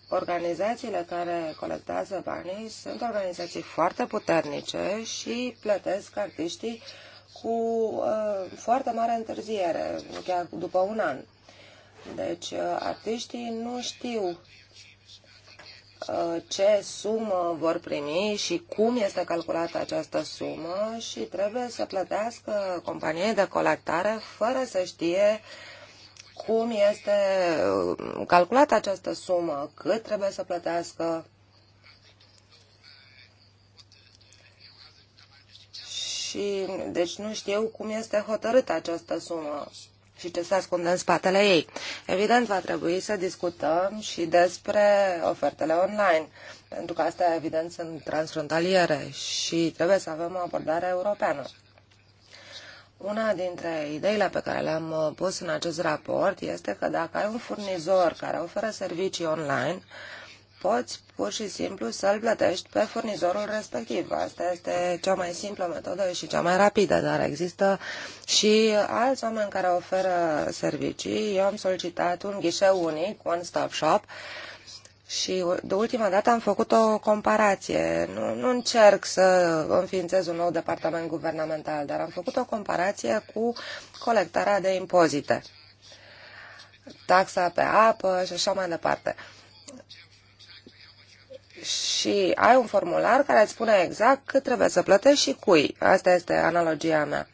organizațiile care colectează banii sunt organizații foarte puternice și plătesc artiștii cu uh, foarte mare întârziere, chiar după un an. Deci, uh, artiștii nu știu uh, ce sumă vor primi și cum este calculată această sumă și trebuie să plătească companiei de colectare fără să știe uh, cum este uh, calculată această sumă, cât trebuie să plătească și deci nu știu cum este hotărâtă această sumă și ce se ascunde în spatele ei. Evident, va trebui să discutăm și despre ofertele online, pentru că astea, evident, sunt transfrontaliere și trebuie să avem o abordare europeană. Una dintre ideile pe care le-am uh, pus în acest raport este că dacă ai un furnizor care oferă servicii online, poți pur și simplu să-l plătești pe furnizorul respectiv. Asta este cea mai simplă metodă și cea mai rapidă, dar există și alți oameni care oferă servicii. Eu am solicitat un ghișeu unic, One Stop Shop, uh, și de ultima dată am făcut o comparație. Nu, nu încerc să înființez un nou departament guvernamental, dar am făcut o comparație cu colectarea de impozite. Taxa pe apă și așa mai departe. Și ai un formular care îți spune exact cât trebuie să plătești și cui. Asta este analogia mea.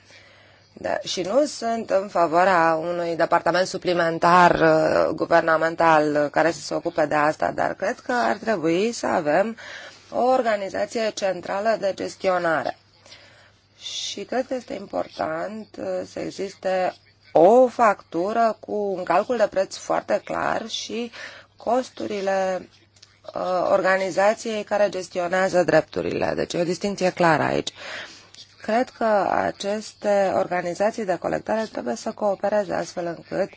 Da, și nu sunt în favoarea unui departament suplimentar uh, guvernamental uh, care să se ocupe de asta, dar cred că ar trebui să avem o organizație centrală de gestionare. Și cred că este important uh, să existe o factură cu un calcul de preț foarte clar și costurile uh, organizației care gestionează drepturile. Deci e o distinție clară aici. Uh, cred că aceste organizații de colectare trebuie să coopereze astfel încât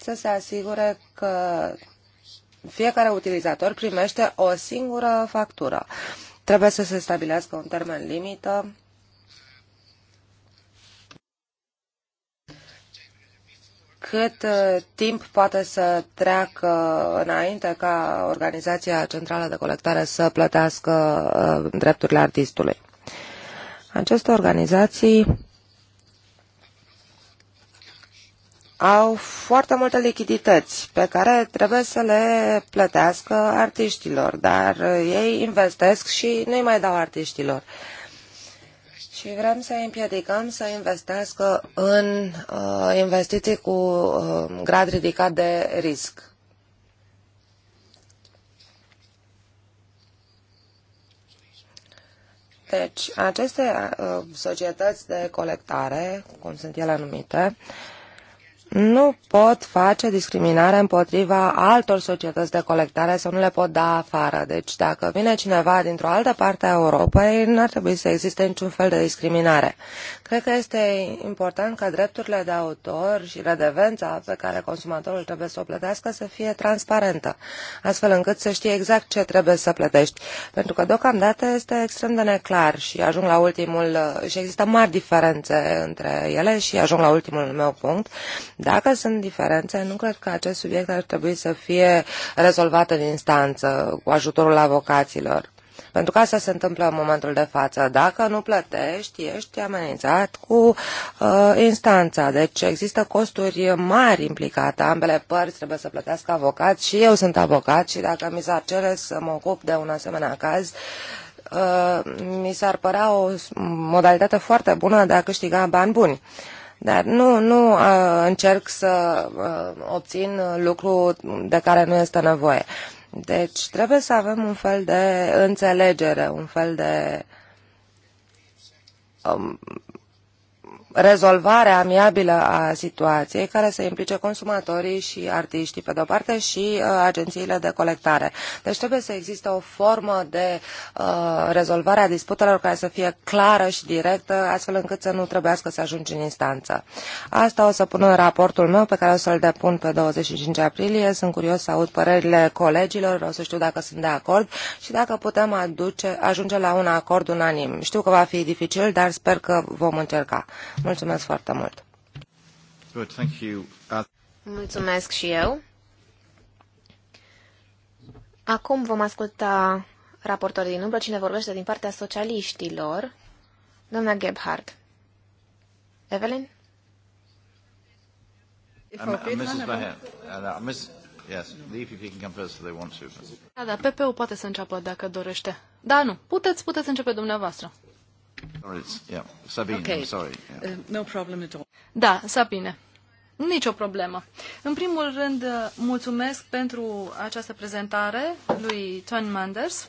să se asigure că fiecare utilizator primește o singură factură. Trebuie să se stabilească un termen limită cât uh, timp poate să treacă înainte ca organizația centrală de colectare să plătească uh, drepturile artistului. Aceste organizații au foarte multe lichidități pe care trebuie să le plătească artiștilor, dar ei investesc și nu-i mai dau artiștilor. Și vrem să împiedicăm să investească în uh, investiții cu uh, grad ridicat de risc. Deci, aceste uh, societăți de colectare, cum sunt ele numite, uh, nu pot face discriminare împotriva altor societăți de colectare sau nu le pot da afară. Deci dacă vine cineva dintr-o altă parte a Europei, nu ar trebui să existe niciun fel de discriminare. Cred că este important ca drepturile de autor și redevența pe care consumatorul trebuie să o plătească să fie transparentă, astfel încât să știe exact ce trebuie să plătești. Pentru că deocamdată este extrem de neclar și ajung la ultimul și există mari diferențe între ele și ajung la ultimul meu punct dacă sunt diferențe, nu cred că acest subiect ar trebui să fie rezolvat în instanță cu ajutorul avocaților. Pentru că asta se întâmplă în momentul de față. Dacă nu plătești, ești amenințat cu uh, instanța. Deci există costuri mari implicate. Ambele părți trebuie să plătească avocat și eu sunt avocat și dacă mi s-ar cere să mă ocup de un asemenea caz, uh, mi s-ar părea o modalitate foarte bună de a câștiga bani buni. Uh, dar nu, nu uh, încerc să uh, obțin uh, lucru de care nu este nevoie. Deci trebuie să avem un fel de înțelegere, un fel de um, rezolvare amiabilă a situației care să implice consumatorii și artiștii pe de-o parte și uh, agențiile de colectare. Deci trebuie să existe o formă de uh, rezolvare a disputelor care să fie clară și directă, astfel încât să nu trebuiască să ajungi în instanță. Asta o să pun în raportul meu pe care o să-l depun pe 25 aprilie. Sunt curios să aud părerile colegilor, o să știu dacă sunt de acord și dacă putem aduce, ajunge la un acord unanim. Știu că va fi dificil, dar sper că vom încerca. Mulțumesc foarte mult! Good, thank you. Uh, mulțumesc și eu! Acum vom asculta raportorul din umbră, cine vorbește din partea socialiștilor, doamna Gebhardt. Evelyn? Uh, uh, da, da, PP-ul poate să înceapă dacă dorește. Da, nu, puteți, puteți începe dumneavoastră. Da, Sabine. Nicio problemă. În primul rând, eh, mulțumesc pentru această prezentare lui Tony Manders.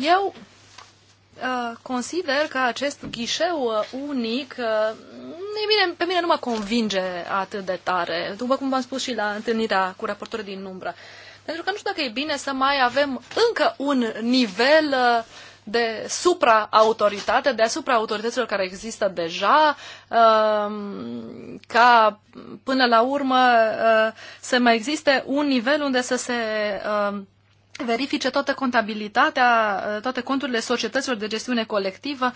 Eu eh, consider că acest ghișeu eh, unic, e bine, pe mine nu mă convinge atât de tare, după cum v-am spus și la întâlnirea cu raportorii din umbră. Pentru că nu știu dacă e bine să mai avem încă un nivel uh, de supraautoritate, deasupra autorităților care există deja, um, ca până la urmă uh, să mai existe un nivel unde să se um, verifice toată contabilitatea, uh, toate conturile societăților de gestiune colectivă.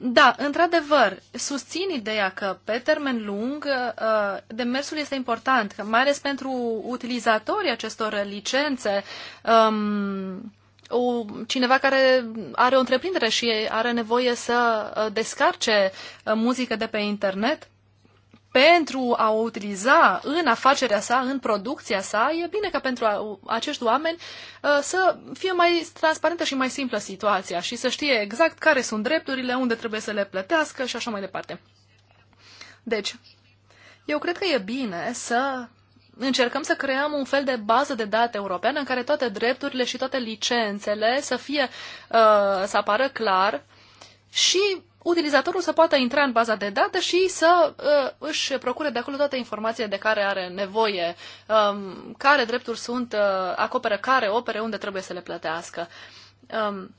Da, într-adevăr, susțin ideea că pe termen lung uh, demersul este important, mai ales pentru utilizatorii acestor licențe. Um, o, cineva care are o întreprindere și are nevoie să uh, descarce uh, muzică de pe internet, pentru a o utiliza în afacerea sa, în producția sa, e bine ca pentru a, acești oameni uh, să fie mai transparentă și mai simplă situația și să știe exact care sunt drepturile, unde trebuie să le plătească și așa mai departe. Deci, eu cred că e bine să încercăm să creăm un fel de bază de date europeană în care toate drepturile și toate licențele să fie, uh, să apară clar și utilizatorul să poată intra în baza de date și să uh, își procure de acolo toate informațiile de care are nevoie, um, care drepturi sunt, uh, acoperă care opere, unde trebuie să le plătească. Um,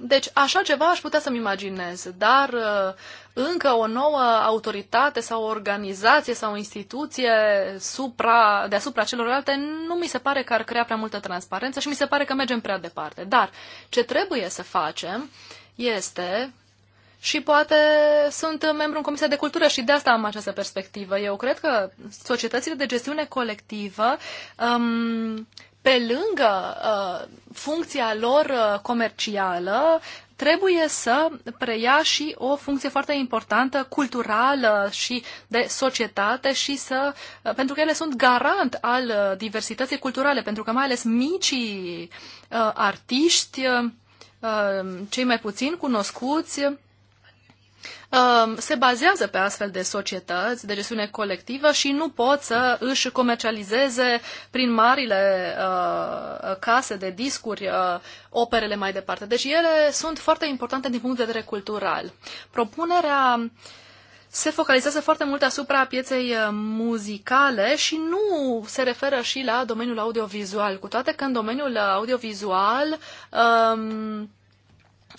deci, așa ceva aș putea să-mi imaginez, dar uh, încă o nouă autoritate sau organizație sau instituție supra, deasupra celorlalte, nu mi se pare că ar crea prea multă transparență și mi se pare că mergem prea departe. Dar ce trebuie să facem este și poate sunt membru în Comisia de Cultură și de asta am această perspectivă. Eu cred că societățile de gestiune colectivă um, pe lângă uh, funcția lor uh, comercială, trebuie să preia și o funcție foarte importantă culturală și de societate și să, pentru că ele sunt garant al diversității culturale, pentru că mai ales micii uh, artiști, uh, uh cei mai puțin cunoscuți, Um, se bazează pe astfel de societăți de gestiune colectivă și nu pot să își comercializeze prin marile uh, case de discuri uh, operele mai departe. Deci ele sunt foarte importante din punct de vedere cultural. Propunerea se focalizează foarte mult asupra pieței uh, muzicale și nu se referă și la domeniul audiovizual, cu toate că în domeniul audiovizual um,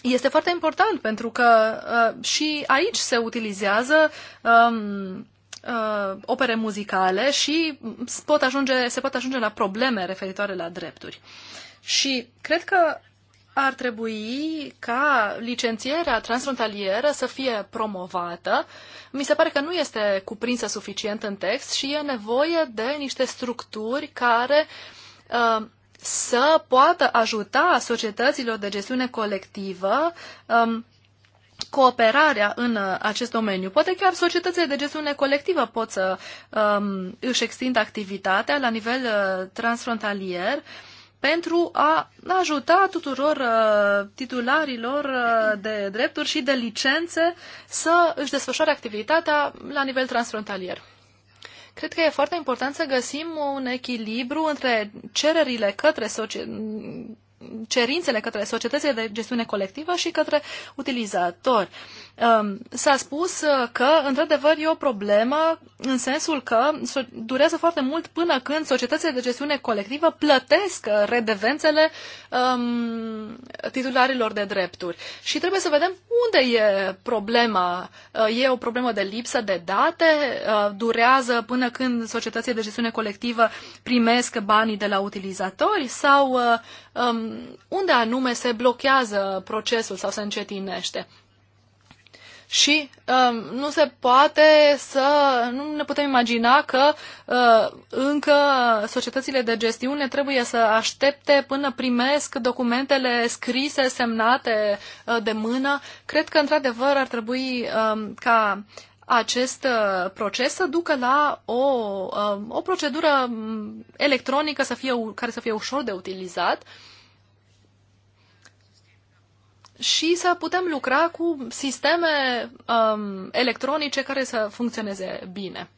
este foarte important pentru că uh, și aici se utilizează um, uh, opere muzicale și pot ajunge, se pot ajunge la probleme referitoare la drepturi. Și cred că ar trebui ca licențierea transfrontalieră să fie promovată. Mi se pare că nu este cuprinsă suficient în text și e nevoie de niște structuri care uh, să poată ajuta societăților de gestiune colectivă um, cooperarea în uh, acest domeniu. Poate chiar societățile de gestiune colectivă pot să um, își extindă activitatea la nivel uh, transfrontalier pentru a ajuta tuturor uh, titularilor uh, de drepturi și de licențe să își desfășoare activitatea la nivel transfrontalier. Cred că e foarte important să găsim un echilibru între cererile către cerințele către societățile de gestiune colectivă și către utilizatori. Um, s-a spus uh, că, într-adevăr, e o problemă în sensul că durează foarte mult până când societățile de gestiune colectivă plătesc uh, redevențele um, titularilor de drepturi. Și trebuie să vedem unde e problema. Uh, e o problemă de lipsă de date? Durează până când societățile de gestiune colectivă primesc banii de la utilizatori? Sau um, unde anume se blochează procesul sau se încetinește? și uh, nu se poate să, nu ne putem imagina că uh, încă societățile de gestiune trebuie să aștepte până primesc documentele scrise, semnate uh, de mână. Cred că, într-adevăr, ar trebui uh, ca acest uh, proces să ducă la o, uh, o procedură mm, electronică să fie, care să fie ușor de utilizat uh, și să putem lucra cu sisteme um, electronice care să funcționeze bine.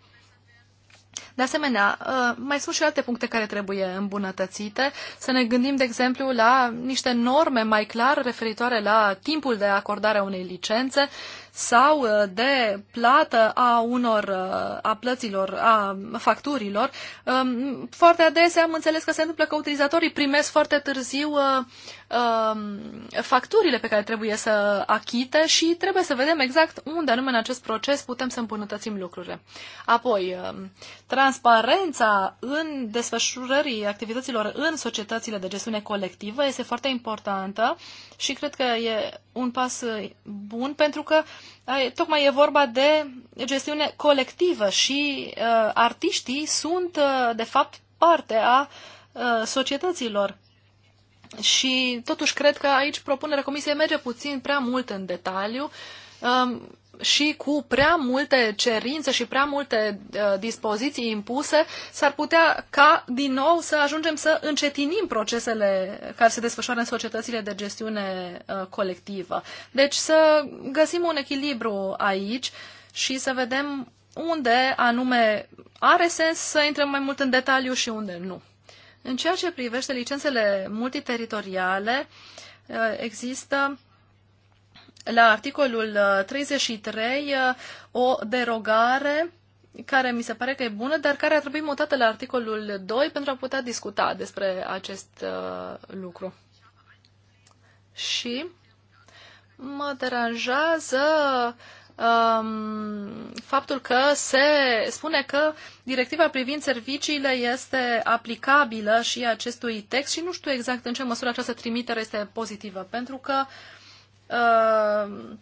De asemenea, uh, mai sunt și alte puncte care trebuie îmbunătățite. Să ne gândim, de exemplu, la niște norme mai clar referitoare la timpul de acordare a unei licențe sau uh, de plată a unor, uh, a plăților, a facturilor, um, foarte adesea am înțeles că se întâmplă că utilizatorii primesc foarte târziu uh, um, facturile pe care trebuie să achite și trebuie să vedem exact unde anume în acest proces putem să îmbunătățim lucrurile. Apoi, um, transparența în desfășurării activităților în societățile de gestiune colectivă este foarte importantă și cred că e un pas bun pentru că uh, tocmai e vorba de gestiune colectivă și uh, artiștii sunt, uh, de fapt, parte a uh, societăților. Și totuși cred că aici propunerea comisiei merge puțin prea mult în detaliu. Uh, și cu prea multe cerințe și prea multe uh, dispoziții impuse, s-ar putea ca din nou să ajungem să încetinim procesele care se desfășoară în societățile de gestiune uh, colectivă. Deci să găsim un echilibru aici și să vedem unde anume are sens să intrăm mai mult în detaliu și unde nu. În ceea ce privește licențele multiteritoriale, uh, există la articolul 33 uh, uh, o derogare care mi se pare că e bună, dar care ar trebui mutată la articolul 2 pentru a putea discuta despre acest uh, lucru. Și mă deranjează um, faptul că se spune că directiva privind serviciile este aplicabilă și acestui text și nu știu exact în ce măsură această trimitere este pozitivă, pentru că uh, Uh,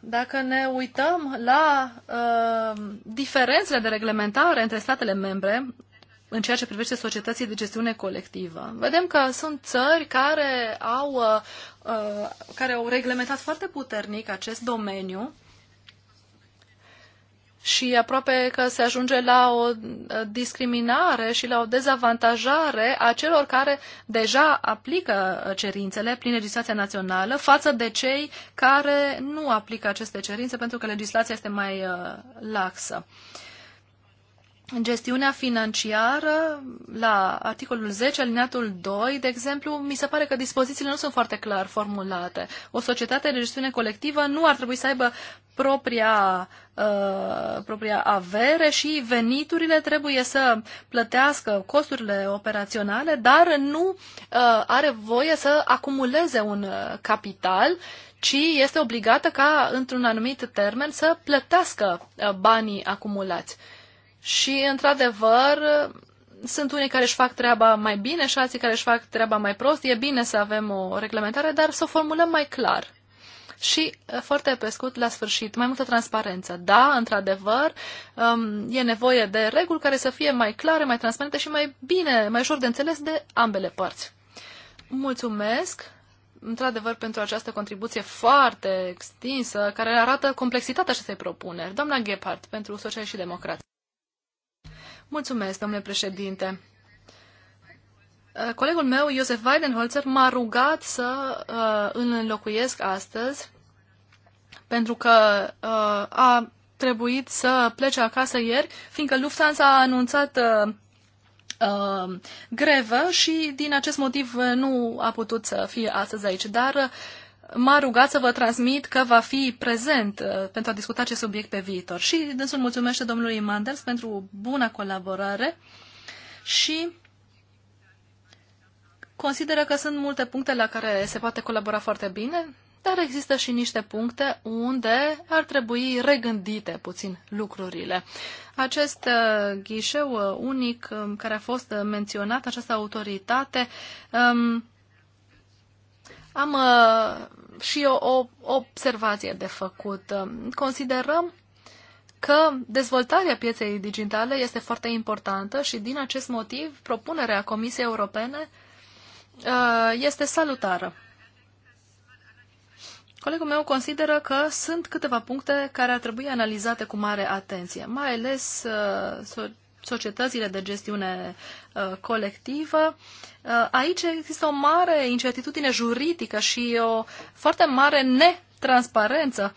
dacă ne uităm la uh, diferențele de reglementare între statele membre, în ceea ce privește societății de gestiune colectivă. Vedem că sunt țări care au, uh, care au reglementat foarte puternic acest domeniu și aproape că se ajunge la o uh, discriminare și la o dezavantajare a celor care deja aplică cerințele prin legislația națională față de cei care nu aplică aceste cerințe pentru că legislația este mai uh, laxă. Uh, gestiunea financiară, la articolul 10, alineatul 2, de exemplu, mi se pare că dispozițiile nu sunt foarte clar formulate. O societate de gestiune colectivă nu ar trebui să aibă propria, uh, propria avere și veniturile trebuie să plătească costurile operaționale, dar nu uh, are voie să acumuleze un uh, capital ci este obligată ca, într-un anumit termen, să plătească uh, banii acumulați. Uh, și, într-adevăr, sunt unii care își fac treaba mai bine și alții care își fac treaba mai prost. E bine să avem o reglementare, dar să o formulăm mai clar. Și, eh, foarte pe scurt, la sfârșit, mai multă transparență. Da, într-adevăr, um, e nevoie de reguli care să fie mai clare, mai transparente și mai bine, mai ușor de înțeles de ambele părți. Mulțumesc, într-adevăr, pentru această contribuție foarte extinsă, care arată complexitatea acestei propuneri. Doamna Gephardt, pentru Social și Democrație. Mulțumesc, domnule președinte. Colegul meu, Iosef Weidenholzer, m-a rugat să uh, îl înlocuiesc astăzi pentru că uh, a trebuit să plece acasă ieri, fiindcă Lufthansa a anunțat uh, grevă și din acest motiv nu a putut să fie astăzi aici. Dar m-a rugat să vă transmit că va fi prezent uh, pentru a discuta acest subiect pe viitor. Și dânsul mulțumește domnului Manders pentru buna colaborare și consideră că sunt multe puncte la care se poate colabora foarte bine, dar există și niște puncte unde ar trebui regândite puțin lucrurile. Acest uh, ghișeu uh, unic um, care a fost menționat, această autoritate, um, am uh, și eu o, observație de făcut. Um, considerăm că dezvoltarea pieței digitale este foarte importantă și din acest motiv propunerea Comisiei Europene uh, este salutară. Colegul meu consideră că sunt câteva puncte care ar trebui analizate cu mare atenție, mai ales uh, societățile de gestiune uh, colectivă. Uh, aici există o mare incertitudine juridică și o foarte mare netransparență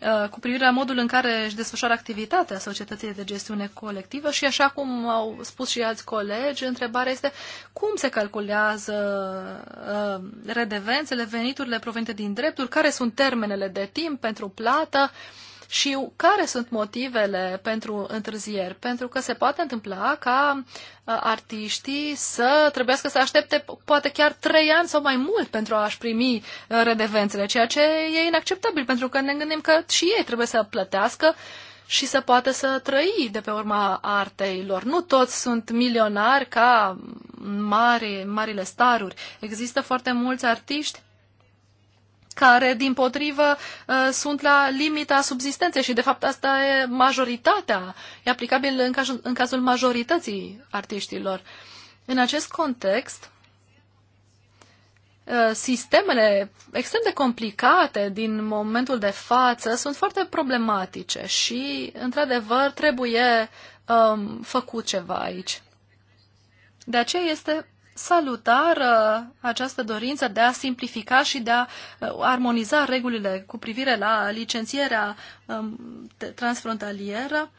uh, cu privire la modul în care își desfășoară activitatea societății de gestiune colectivă și așa cum au spus și alți colegi, întrebarea este cum se calculează uh, redevențele, veniturile provenite din drepturi, care sunt termenele de timp pentru plată, uh, și care sunt motivele pentru întârzieri. Pentru că se poate întâmpla ca uh, artiștii să trebuiască să aștepte poate chiar trei ani sau mai mult pentru a-și primi uh, redevențele, ceea ce e inacceptabil, pentru că ne gândim că și ei trebuie să plătească și să poată să trăi de pe urma artei lor. Nu toți sunt milionari ca mari, marile staruri. Există foarte mulți artiști care, din potrivă, uh, sunt la limita subzistenței și, de fapt, asta e majoritatea, e aplicabil în cazul, în cazul majorității artiștilor. În acest context, uh, sistemele extrem de complicate din momentul de față sunt foarte problematice și, într-adevăr, trebuie um, făcut ceva aici. De aceea este salutară această dorință de a simplifica și de a uh, armoniza regulile cu privire la licențierea um, transfrontalieră.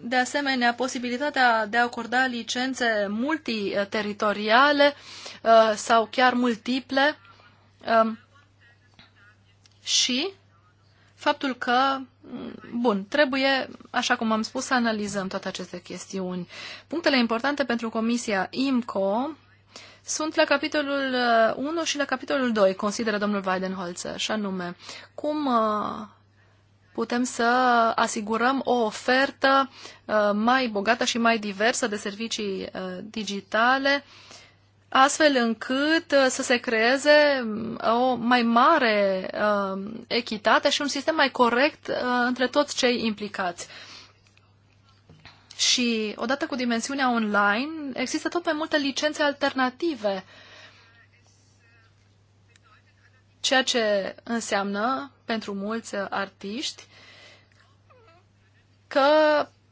De asemenea, posibilitatea de a acorda licențe multiteritoriale uh, sau chiar multiple um, și faptul că Bun, trebuie, așa cum am spus, să analizăm toate aceste chestiuni. Punctele importante pentru Comisia IMCO sunt la capitolul 1 uh, și la capitolul 2, consideră domnul Weidenholzer, și anume, cum uh, putem să asigurăm o ofertă uh, mai bogată și mai diversă de servicii digitale astfel încât uh, să se creeze mm, o mai mare uh, echitate și un sistem mai corect uh, între toți cei implicați. Și odată cu dimensiunea online, există tot mai multe licențe alternative, ceea ce înseamnă pentru mulți artiști că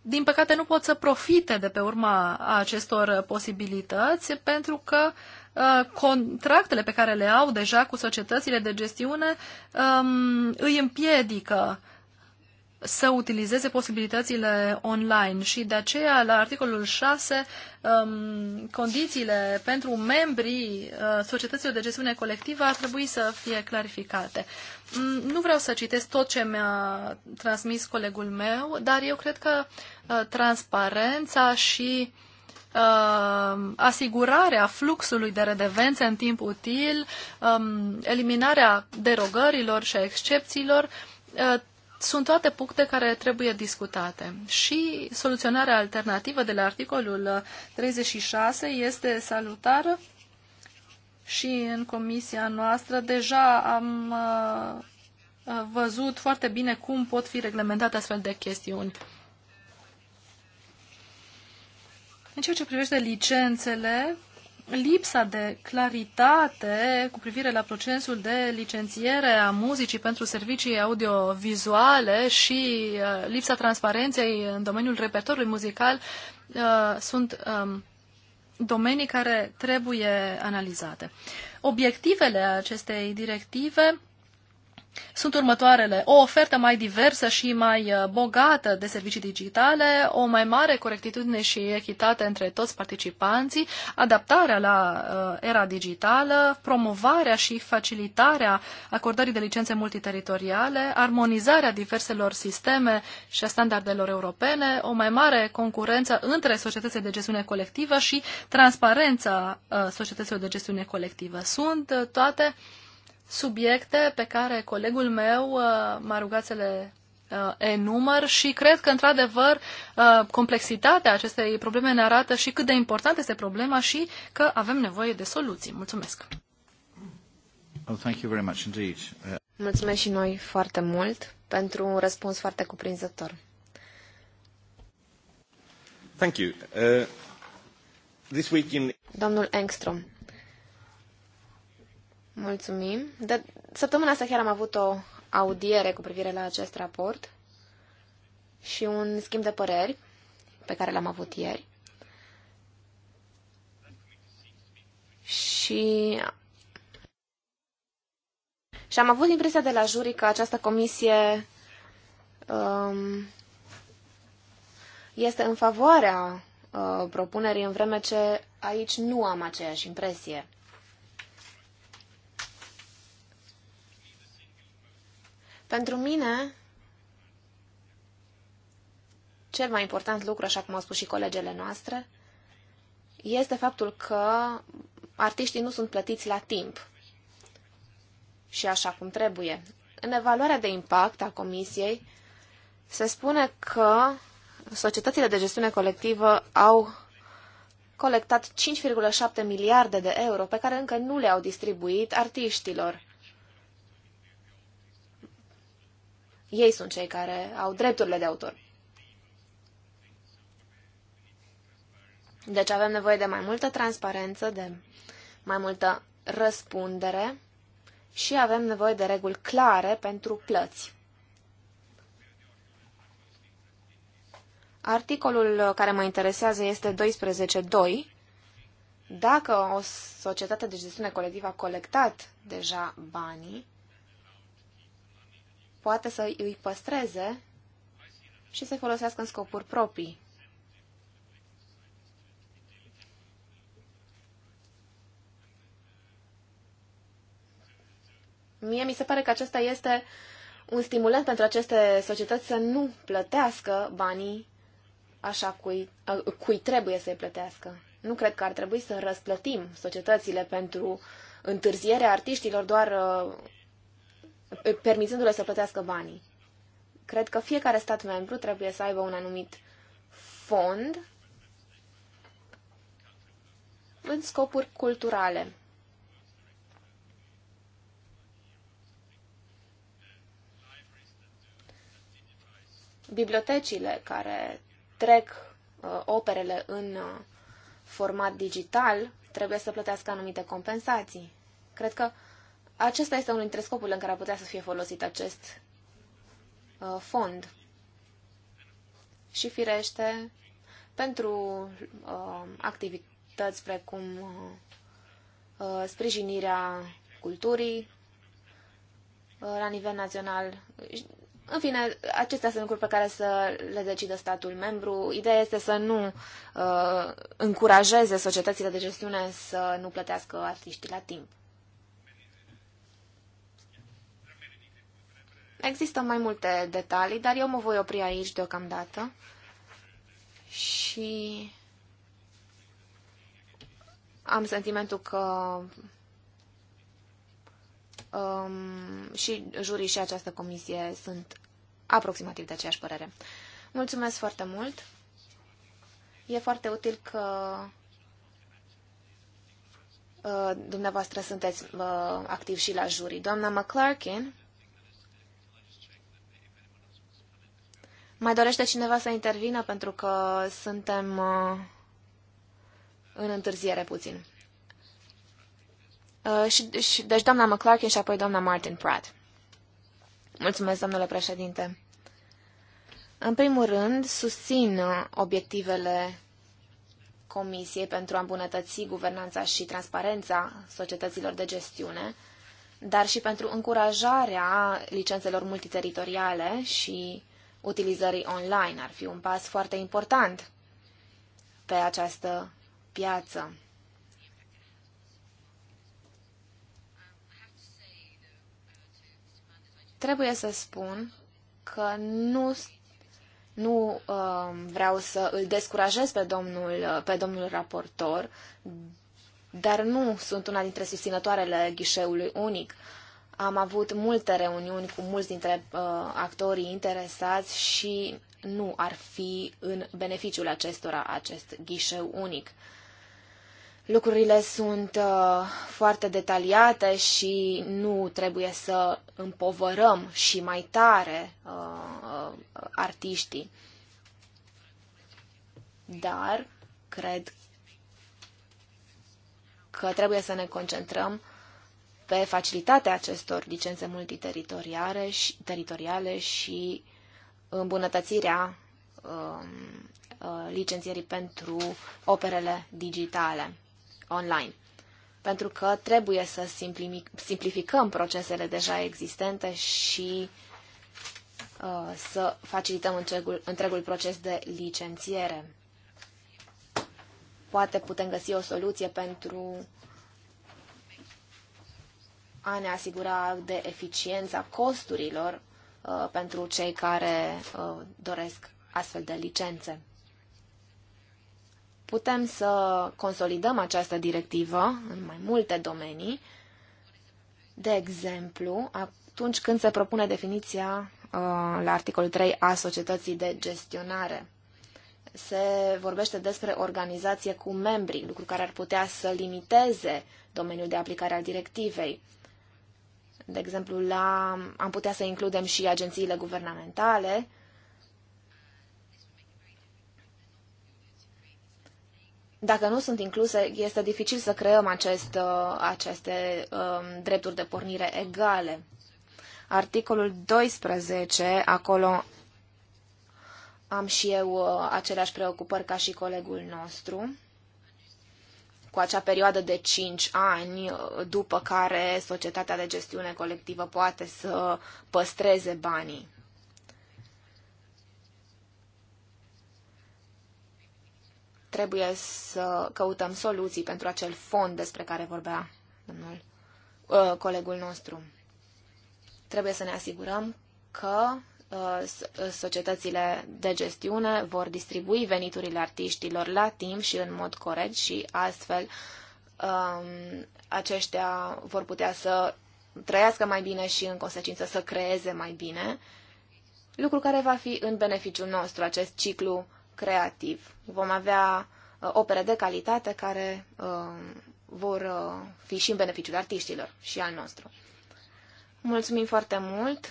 din păcate, nu pot să profite de pe urma acestor posibilități pentru că uh, contractele pe care le au deja cu societățile de gestiune um, îi împiedică să utilizeze posibilitățile online și de aceea la articolul 6 um, condițiile pentru membrii uh, societăților de gestiune colectivă ar trebui să fie clarificate. Mm, nu vreau să citesc tot ce mi-a transmis colegul meu, dar eu cred că uh, transparența și uh, asigurarea fluxului de redevențe în timp util, um, eliminarea derogărilor și a excepțiilor, uh, sunt toate puncte care trebuie discutate și soluționarea alternativă de la articolul 36 este salutară și în comisia noastră deja am uh, văzut foarte bine cum pot fi reglementate astfel de chestiuni. În ceea ce privește licențele, lipsa de claritate cu privire la procesul de licențiere a muzicii pentru servicii audiovizuale și uh, lipsa transparenței în domeniul repertorului muzical uh, sunt um, domenii care trebuie analizate. Obiectivele acestei directive sunt următoarele. O ofertă mai diversă și mai uh, bogată de servicii digitale, o mai mare corectitudine și echitate între toți participanții, adaptarea la uh, era digitală, promovarea și facilitarea acordării de licențe multiteritoriale, armonizarea diverselor sisteme și a standardelor europene, o mai mare concurență între societățile de gestiune colectivă și transparența uh, societăților de gestiune colectivă. Sunt toate subiecte pe care colegul meu uh, m-a rugat să le uh, enumăr și cred că, într-adevăr, uh, complexitatea acestei probleme ne arată și cât de importantă este problema și că avem nevoie de soluții. Mulțumesc! Well, thank you very much indeed. Mulțumesc și noi foarte mult pentru un răspuns foarte cuprinzător. Thank you. Uh, this week in... Domnul Engstrom, Mulțumim. De săptămâna asta chiar am avut o audiere cu privire la acest raport și un schimb de păreri pe care l-am avut ieri. Și și am avut impresia de la jurii că această comisie um, este în favoarea uh, propunerii, în vreme ce aici nu am aceeași impresie. Pentru mine, cel mai important lucru, așa cum au spus și colegele noastre, este faptul că artiștii nu sunt plătiți la timp și așa cum trebuie. În evaluarea de impact a comisiei se spune că societățile de gestiune colectivă au colectat 5,7 miliarde de euro pe care încă nu le-au distribuit artiștilor. ei sunt cei care au drepturile de autor. Deci avem nevoie de mai multă transparență, de mai multă răspundere și avem nevoie de reguli clare pentru plăți. Articolul care mă interesează este 12.2. Dacă o societate de gestiune colectivă a colectat deja banii, poate să îi păstreze și să-i folosească în scopuri proprii. Mie mi se pare că acesta este un stimulant pentru aceste societăți să nu plătească banii așa cui, uh, cui trebuie să-i plătească. Nu cred că ar trebui să răsplătim societățile pentru întârzierea artiștilor doar uh, permițându-le să plătească banii. Cred că fiecare stat membru trebuie să aibă un anumit fond în scopuri culturale. Bibliotecile care trec uh, operele în uh, format digital trebuie să plătească anumite compensații. Cred că uh, acesta este unul dintre scopurile în care ar putea să fie folosit acest uh, fond. Și firește, pentru uh, activități precum uh, uh, sprijinirea culturii uh, la nivel național. În fine, acestea sunt lucruri pe care să le decidă statul membru. Ideea este să nu uh, încurajeze societățile de gestiune să nu plătească artiștii la timp. Există mai multe detalii, dar eu mă voi opri aici deocamdată. Și am sentimentul că um, și jurii și această comisie sunt aproximativ de aceeași părere. Mulțumesc foarte mult! E foarte util că uh, dumneavoastră sunteți uh, activ și la jurii. Doamna McClarkin Mai dorește cineva să intervină pentru că suntem uh, în întârziere puțin. Uh, și, și, deci doamna McClarkin și apoi doamna Martin Pratt. Mulțumesc, domnule președinte. În primul rând, susțin uh, obiectivele Comisiei pentru a îmbunătăți guvernanța și transparența societăților de gestiune, dar și pentru încurajarea licențelor multiteritoriale și utilizării online. Ar fi un pas foarte important pe această piață. Trebuie să spun că nu, nu uh, vreau să îl descurajez pe domnul, uh, pe domnul raportor, dar nu sunt una dintre susținătoarele ghișeului unic. Uh, am avut multe reuniuni cu mulți dintre uh, actorii interesați și nu ar fi în beneficiul acestora acest ghișeu unic. Lucrurile sunt uh, foarte detaliate și nu trebuie să împovărăm și mai tare uh, uh artiștii. Dar cred că trebuie să ne concentrăm pe facilitatea acestor licențe multiteritoriale și, teritoriale și îmbunătățirea um, uh, licențierii pentru operele digitale online. Pentru că trebuie să simplificăm procesele deja existente și uh, să facilităm întregul, întregul proces de licențiere. Poate putem găsi o soluție pentru a ne asigura de eficiența costurilor uh, pentru cei care uh, doresc astfel de licențe. Putem să consolidăm această directivă în mai multe domenii, de exemplu, atunci când se propune definiția uh, la articolul 3 a societății de gestionare. Se vorbește despre organizație cu membri, lucru care ar putea să limiteze domeniul de aplicare al directivei. De exemplu, la, am putea să includem și agențiile guvernamentale. Dacă nu sunt incluse, este dificil să creăm acest, uh, aceste um, drepturi de pornire egale. Articolul 12, acolo am și eu uh, aceleași preocupări ca și colegul nostru cu acea perioadă de 5 ani uh, după care societatea de gestiune colectivă poate să păstreze banii. Trebuie să căutăm soluții pentru acel fond despre care vorbea domnul, uh, colegul nostru. Trebuie să ne asigurăm că Uh, societățile de gestiune vor distribui veniturile artiștilor la timp și în mod corect și astfel um, aceștia vor putea să trăiască mai bine și în consecință să creeze mai bine, lucru care va fi în beneficiul nostru, acest ciclu creativ. Vom avea uh, opere de calitate care um, vor uh, fi și în beneficiul artiștilor și al nostru. Mulțumim foarte mult!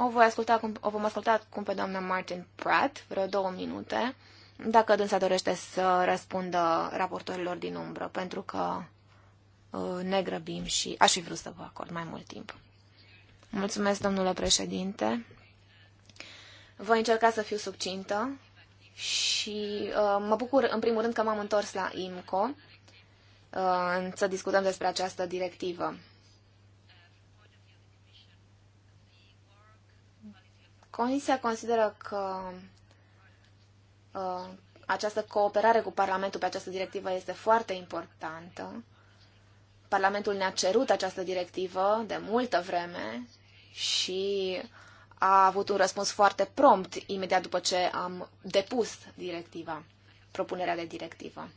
O, voi asculta cum, o vom asculta acum pe doamna Martin Pratt, vreo două minute, dacă dânsa dorește să răspundă raportorilor din umbră, pentru că uh, ne grăbim și aș fi vrut să vă acord mai mult timp. Mulțumesc, domnule președinte. Voi încerca să fiu subcintă și uh, mă bucur, în primul rând, că m-am întors la IMCO uh, să discutăm despre această directivă. Comisia consideră că uh, această cooperare cu Parlamentul pe această directivă este foarte importantă. Parlamentul ne-a cerut această directivă de multă vreme și a avut un răspuns foarte prompt imediat după ce am depus directiva, propunerea de directivă.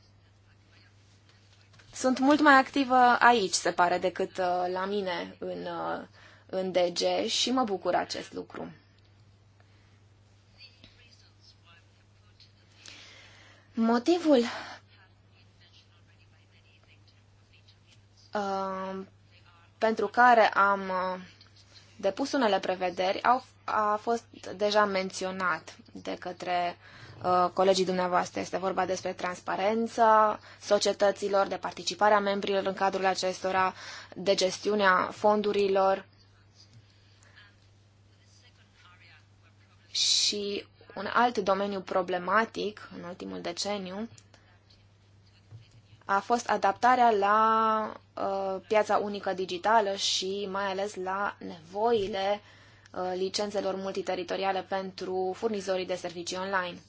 Sunt mult mai activă aici, se pare, decât uh, la mine în, uh, în DG și mă bucur acest lucru. Motivul uh, pentru care am uh, depus unele prevederi au, a fost deja menționat de către uh, colegii dumneavoastră. Este vorba despre transparența societăților, de participarea membrilor în cadrul acestora, de gestiunea fondurilor. Și un alt domeniu problematic în ultimul deceniu a fost adaptarea la uh, piața unică digitală și mai ales la nevoile uh, licențelor multiteritoriale pentru furnizorii de servicii online.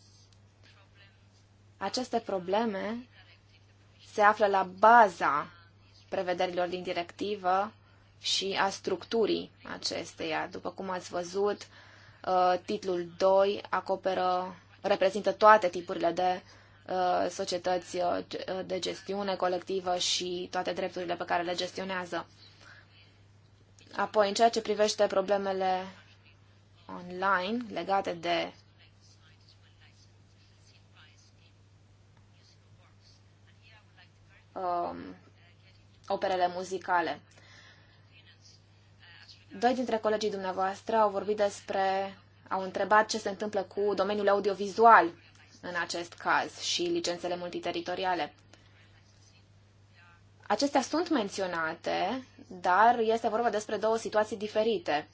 Aceste probleme se află la baza prevederilor din directivă și a structurii acesteia. După cum ați văzut, uh, Uh, titlul 2 acoperă, reprezintă toate tipurile de uh, societăți uh, de gestiune colectivă și toate drepturile pe care le gestionează. Apoi, în ceea ce privește problemele online legate de um, operele muzicale. Doi dintre colegii dumneavoastră au vorbit despre, au întrebat ce se întâmplă cu domeniul audiovizual în acest caz și licențele multiteritoriale. Acestea sunt menționate, dar este vorba despre două situații diferite.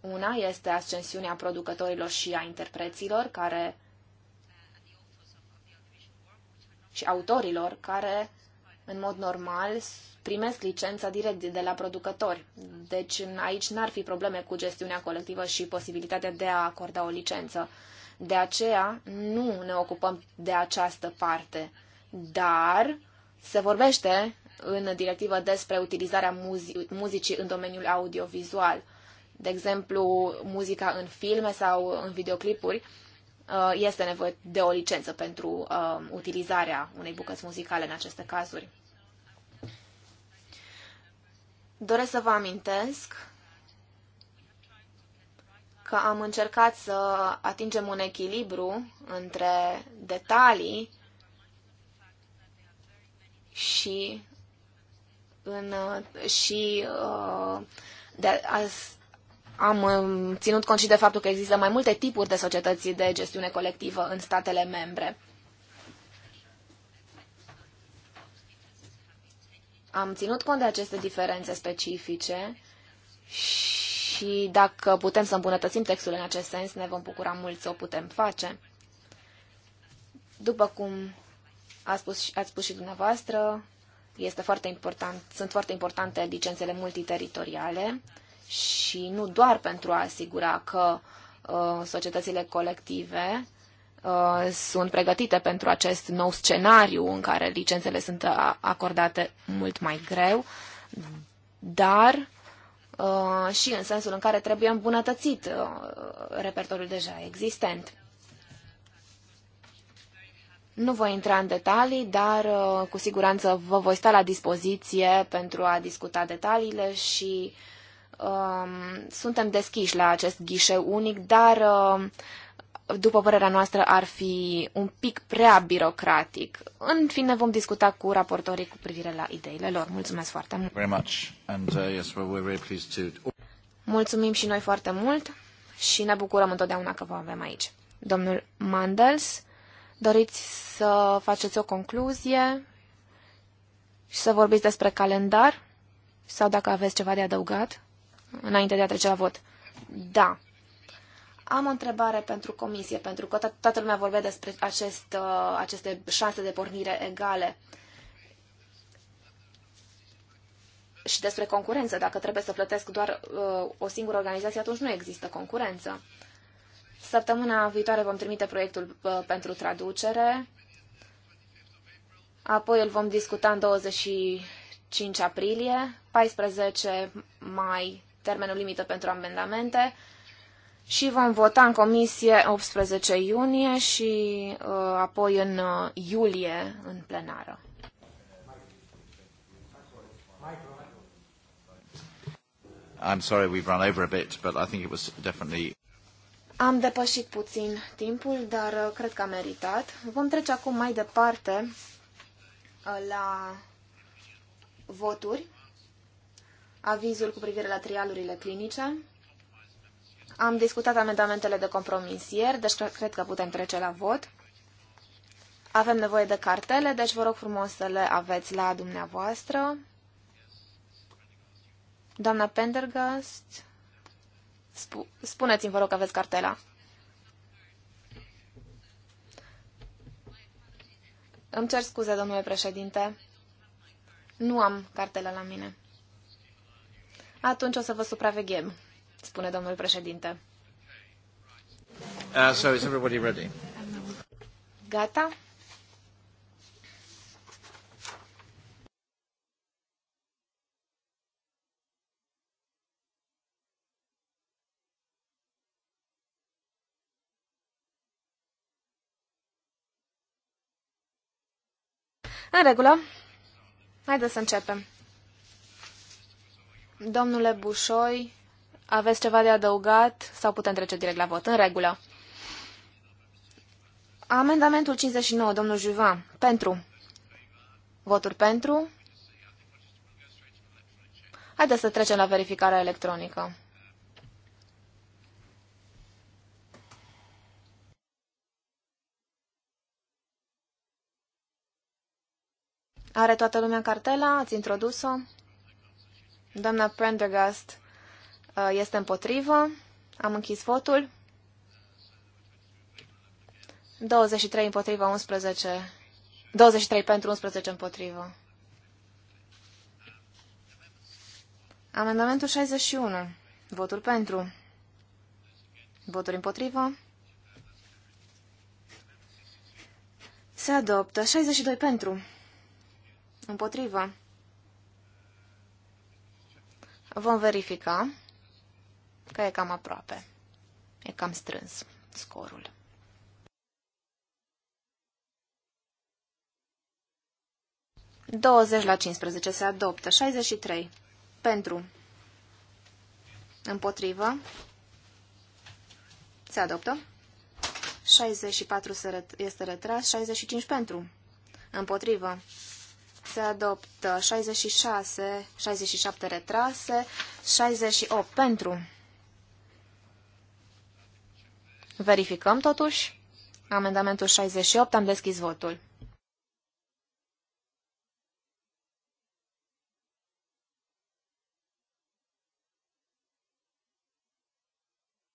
Una este ascensiunea producătorilor și a interpreților care și autorilor care în mod normal, primesc licența direct de la producători. Deci aici n-ar fi probleme cu gestiunea colectivă și posibilitatea de a acorda o licență. De aceea nu ne ocupăm de această parte. Dar se vorbește în directivă despre utilizarea muzi- muzicii în domeniul audiovizual. De exemplu, muzica în filme sau în videoclipuri Uh, este nevoie de o licență pentru um, utilizarea unei bucăți muzicale în aceste cazuri. Doresc să vă amintesc că am încercat să atingem un echilibru între detalii și, în, și uh, de, as, am um, ținut cont și de faptul că există mai multe tipuri de societăți de gestiune colectivă în statele membre. Am ținut cont de aceste diferențe specifice și dacă putem să îmbunătățim textul în acest sens, ne vom bucura mult să o putem face. După cum a spus, ați spus și dumneavoastră, este foarte important, sunt foarte importante licențele multiteritoriale și nu doar pentru a asigura că uh, societățile colective uh, sunt pregătite pentru acest nou scenariu în care licențele sunt uh, acordate mult mai greu, dar uh, și în sensul în care trebuie îmbunătățit uh, repertoriul deja existent. Nu voi intra în detalii, dar uh, cu siguranță vă voi sta la dispoziție pentru a discuta detaliile și uh, Um, suntem deschiși la acest ghișeu unic, dar, um, după părerea noastră, ar fi un pic prea birocratic. În fine, vom discuta cu raportorii cu privire la ideile lor. Mulțumesc foarte mult! Uh, Mulțumim și noi foarte mult și ne bucurăm întotdeauna că vă avem aici. Domnul Mandels, doriți să faceți o concluzie și să vorbiți despre calendar? Sau dacă aveți ceva de adăugat? înainte de a trece la vot. Da. Am o întrebare pentru comisie, pentru că to- toată lumea vorbea despre acest, uh, aceste șanse de pornire egale și despre concurență. Dacă trebuie să plătesc doar uh, o singură organizație, atunci nu există concurență. Săptămâna viitoare vom trimite proiectul uh, pentru traducere, apoi îl vom discuta în 25 aprilie, 14 mai termenul limită pentru amendamente și vom vota în comisie 18 iunie și uh, apoi în uh, iulie în plenară. I'm sorry we've run over a bit, but I think it was definitely am depășit puțin timpul, dar uh, cred că a meritat. Vom trece acum mai departe uh, la voturi avizul cu privire la trialurile clinice. Am discutat amendamentele de compromis ieri, deci cred că putem trece la vot. Avem nevoie de cartele, deci vă rog frumos să le aveți la dumneavoastră. Doamna Pendergast, sp spuneți-mi, vă rog, că aveți cartela. Îmi cer scuze, domnule președinte. Nu am cartela la mine. Atunci o să vă supraveghem, spune domnul președinte. Uh, so is everybody ready? Gata? În regulă. Haideți să începem. Domnule Bușoi, aveți ceva de adăugat sau putem trece direct la vot? În regulă. Amendamentul 59, domnul Juvan, pentru. Voturi pentru. Haideți să trecem la verificarea electronică. Are toată lumea cartela? Ați introdus-o? Doamna Prendergast uh, este împotrivă. Am închis votul. 23 împotriva 11. 23 pentru 11 împotrivă. Amendamentul 61. Votul pentru. Votul împotrivă. Se adoptă. 62 pentru. Împotrivă. Vom verifica că e cam aproape. E cam strâns scorul. Douăzeci la 15 se adoptă. 63 pentru împotrivă se adoptă. 64 este retras. 65 pentru împotrivă se adoptă 66, 67 retrase, 68 pentru. Verificăm totuși. Amendamentul 68, am deschis votul.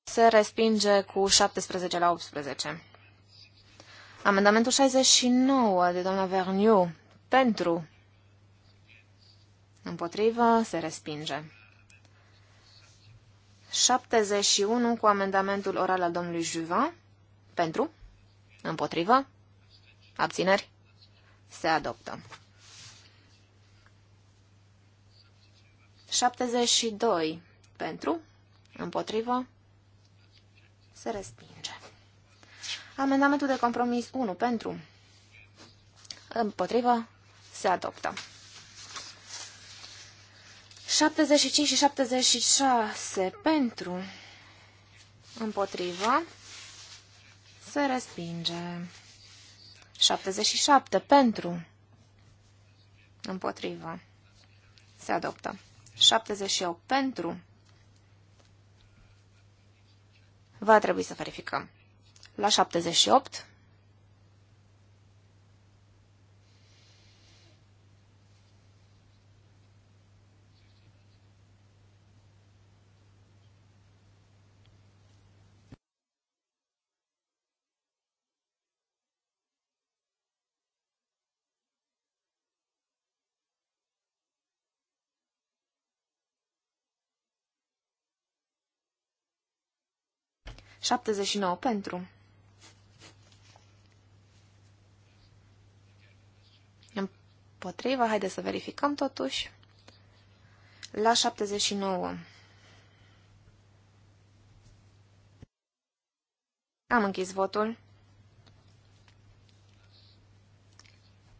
Se respinge cu 17 la 18. Amendamentul 69 de doamna Verniu pentru. Împotrivă. Se respinge. 71 cu amendamentul oral al domnului Juvin. Pentru. Împotrivă. Abțineri. Se adoptă. 72 pentru, împotrivă, se respinge. Amendamentul de compromis 1 pentru, împotrivă, se adoptă. 75 și 76 pentru, împotrivă, se respinge. 77 pentru, împotrivă, se adoptă. 78 pentru, va trebui să verificăm. La 78 79 pentru. Împotriva, haideți să verificăm totuși. La 79. Am închis votul.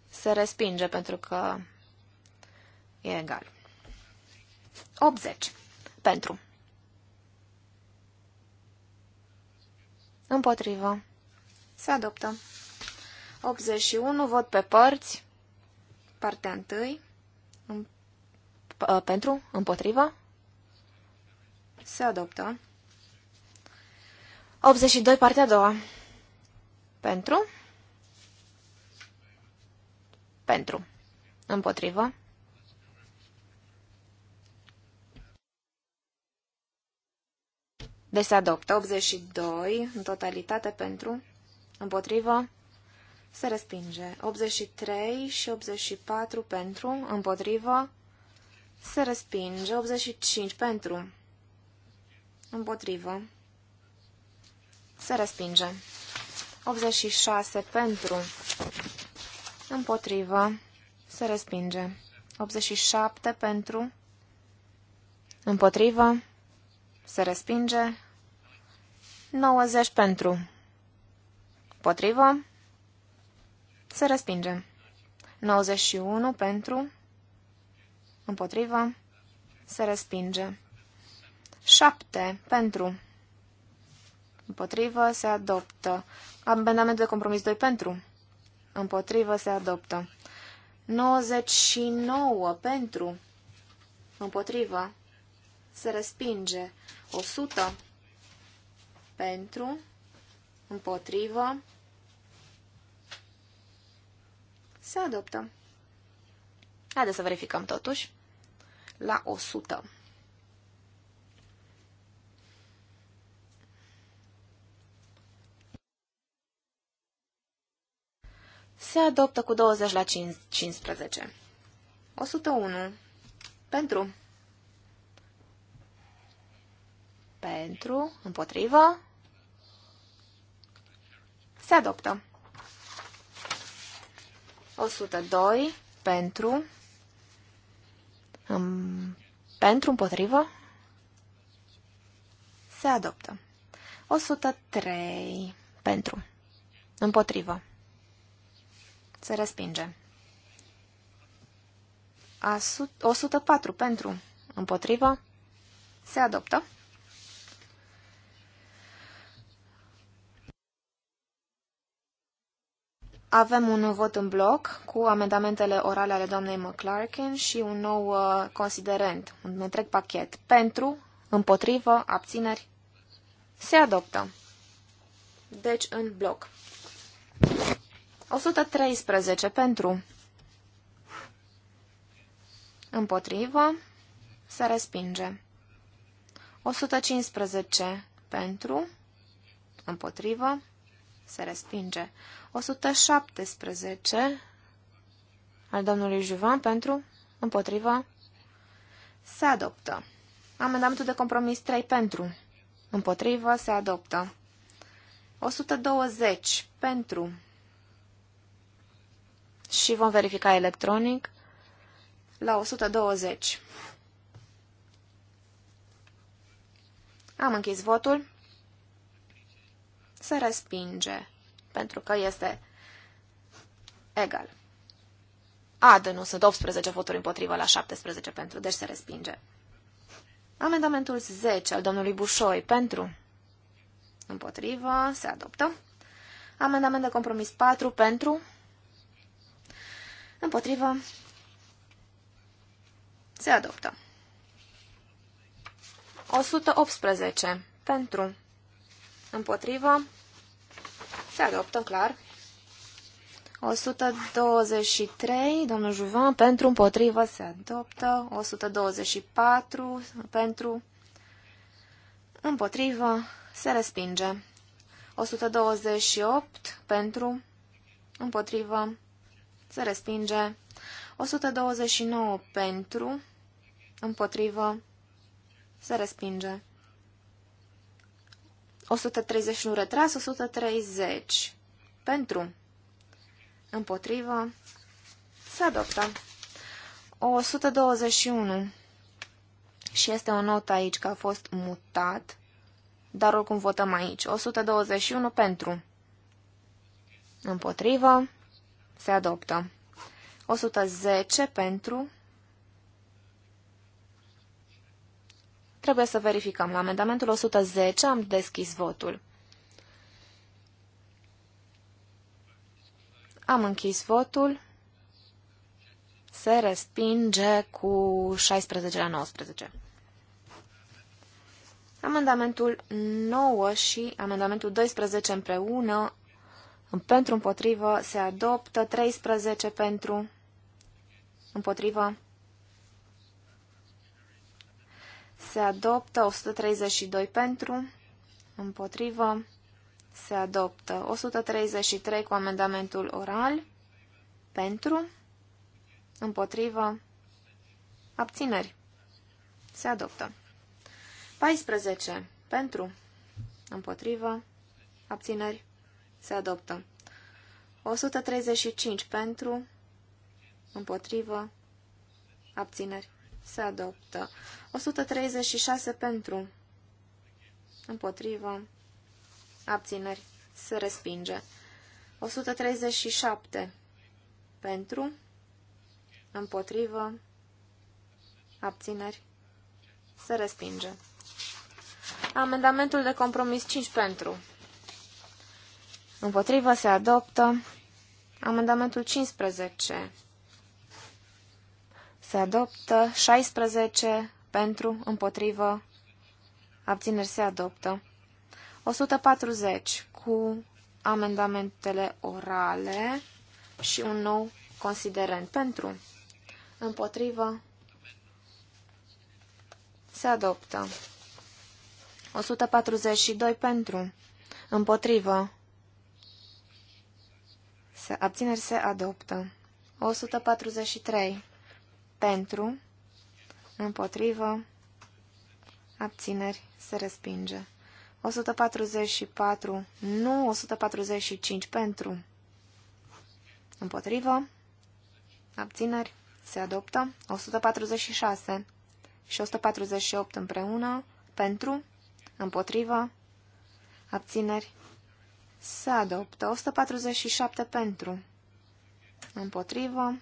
Se respinge pentru că e egal. 80. Pentru. Împotrivă. Se adoptă. 81. Vot pe părți. Partea 1. Ă, pentru. Împotrivă. Se adoptă. 82. Partea 2. Pentru. Pentru. Împotrivă. Deci se adoptă 82 în totalitate pentru, împotrivă, se respinge. 83 și 84 pentru, împotrivă, se respinge. 85 pentru, împotrivă, se respinge. 86 pentru, împotrivă, se respinge. 87 pentru, împotrivă, se respinge. 90 pentru, potrivă, se respinge. 91 pentru, împotrivă, se respinge. 7 pentru, împotrivă, se adoptă. Amendamentul de compromis 2 pentru, împotrivă, se adoptă. 99 pentru, împotrivă, se respinge. 100 pentru, împotrivă, se adoptă. Haideți să verificăm totuși. La 100. Se adoptă cu 20 la 5, 15. 101. Pentru. Pentru, împotrivă, se adoptă. 102 pentru, um, pentru, împotrivă, se adoptă. 103 pentru, împotrivă, se respinge. 104 pentru, împotrivă, se adoptă. Avem un vot în bloc cu amendamentele orale ale doamnei McClarkin și un nou uh, considerent, un întreg pachet. Pentru, împotrivă, abțineri, se adoptă. Deci în bloc. 113 pentru, împotrivă, se respinge. 115 pentru, împotrivă, se respinge. 117 al domnului Juvan pentru, împotriva, se adoptă. Amendamentul de compromis 3 pentru, împotriva, se adoptă. 120 pentru și vom verifica electronic la 120. Am închis votul se respinge, pentru că este egal. A, de nu, sunt 18 voturi împotrivă la 17 pentru, deci se respinge. Amendamentul 10 al domnului Bușoi pentru, împotrivă, se adoptă. Amendament de compromis 4 pentru, împotrivă, se adoptă. 118 pentru, Împotrivă. Se adoptă, clar. 123, domnul Juvan, pentru împotrivă se adoptă. 124, pentru împotrivă se respinge. 128, pentru împotrivă se respinge. 129, pentru împotrivă se respinge. 131 retras, 130 pentru, împotrivă, se adoptă. 121 și este o notă aici că a fost mutat, dar oricum votăm aici. 121 pentru, împotrivă, se adoptă. 110 pentru, Trebuie să verificăm. La amendamentul 110 am deschis votul. Am închis votul. Se respinge cu 16 la 19. Amendamentul 9 și amendamentul 12 împreună, pentru împotrivă, se adoptă 13 pentru împotrivă, se adoptă 132 pentru, împotrivă, se adoptă 133 cu amendamentul oral, pentru, împotrivă, abțineri, se adoptă. 14. Pentru, împotrivă, abțineri, se adoptă. 135 pentru, împotrivă, abțineri, se adoptă. 136 pentru, împotrivă, abțineri, se respinge. 137 pentru, împotrivă, abțineri, se respinge. Amendamentul de compromis 5 pentru. Împotrivă se adoptă amendamentul 15 se adoptă 16 pentru, împotrivă, abțineri se adoptă. 140 cu amendamentele orale și un nou considerent pentru, împotrivă, se adoptă. 142 pentru, împotrivă, se, abțineri se adoptă. 143 pentru, împotrivă, abțineri, se respinge. 144, nu 145 pentru, împotrivă, abțineri, se adoptă. 146 și 148 împreună, pentru, împotrivă, abțineri, se adoptă. 147 pentru, împotrivă,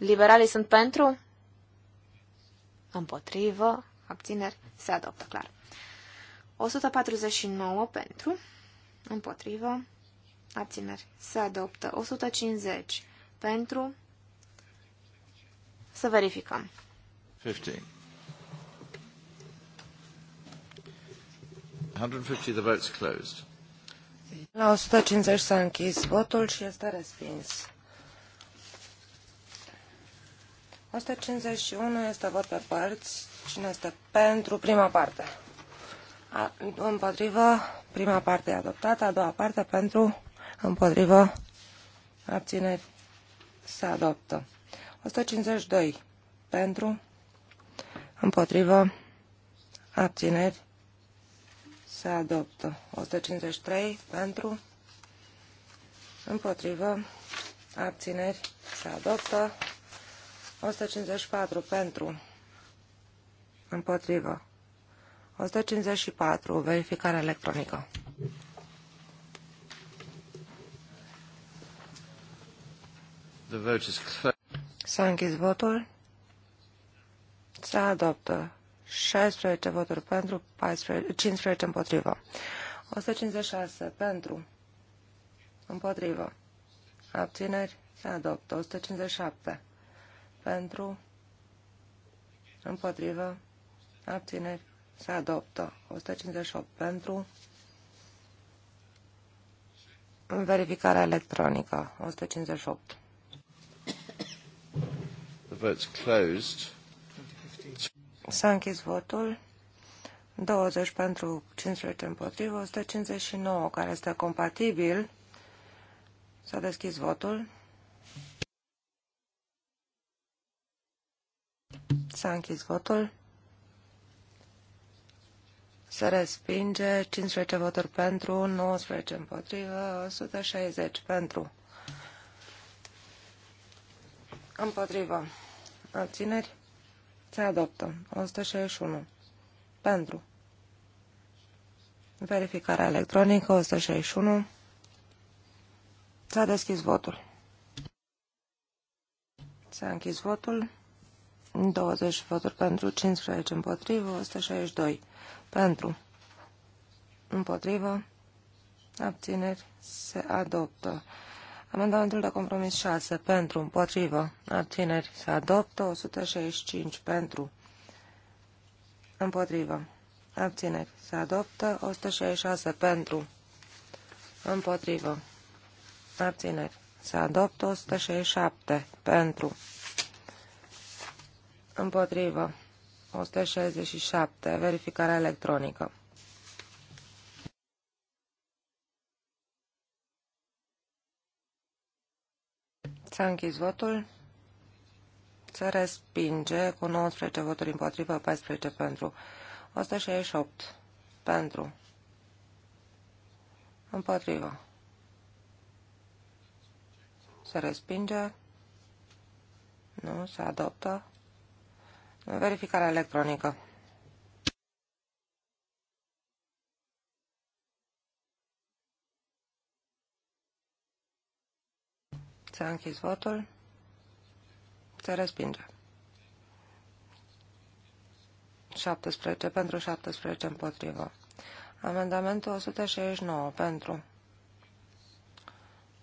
Liberalii sunt pentru? Împotrivă. Abțineri. Se adoptă, clar. 149 pentru. Împotrivă. Abțineri. Se adoptă. 150 pentru. Să verificăm. 15. 150 the vote's closed. La 150 s-a închis votul și este respins. 151 este vot pe părți. Cine este pentru prima parte? A, împotrivă, prima parte e adoptată, a doua parte pentru, împotrivă, abțineri, se adoptă. 152 pentru, împotrivă, abțineri, se adoptă. 153 pentru, împotrivă, abțineri, se adoptă. 154 pentru. Împotrivă. 154. Verificare electronică. S-a închis votul. Se adoptă 16 voturi pentru, 14, 15 împotrivă. 156 pentru, împotrivă. Abțineri, se adoptă. 157 pentru, împotrivă, abțineri, se adoptă. 158 pentru, verificarea electronică. 158. The vote's closed. S-a închis votul. 20 pentru 15 împotrivă, 159 care este compatibil. S-a deschis votul. S-a închis votul. Se respinge 15 voturi pentru, 19 împotrivă, 160 pentru. Împotrivă. Abțineri? Se adoptă. 161. Pentru. Verificarea electronică 161. S-a deschis votul. S-a închis votul. 20 voturi pentru, 15 împotrivă, 162 pentru, împotrivă, abțineri, se adoptă. Amendamentul de compromis 6 pentru, împotrivă, abțineri, se adoptă, 165 pentru, împotrivă, abțineri, se adoptă, 166 pentru, împotrivă, abțineri, se adoptă, 167 pentru, Împotrivă. 167. Verificare electronică. S-a închis votul. Se respinge cu 19 voturi împotrivă, 14 pentru. 168 pentru. Împotrivă. Se respinge. Nu, se adoptă. Verificarea electronică. Se a închis votul. Se respinge. 17 pentru 17 împotrivă. Amendamentul 169 pentru.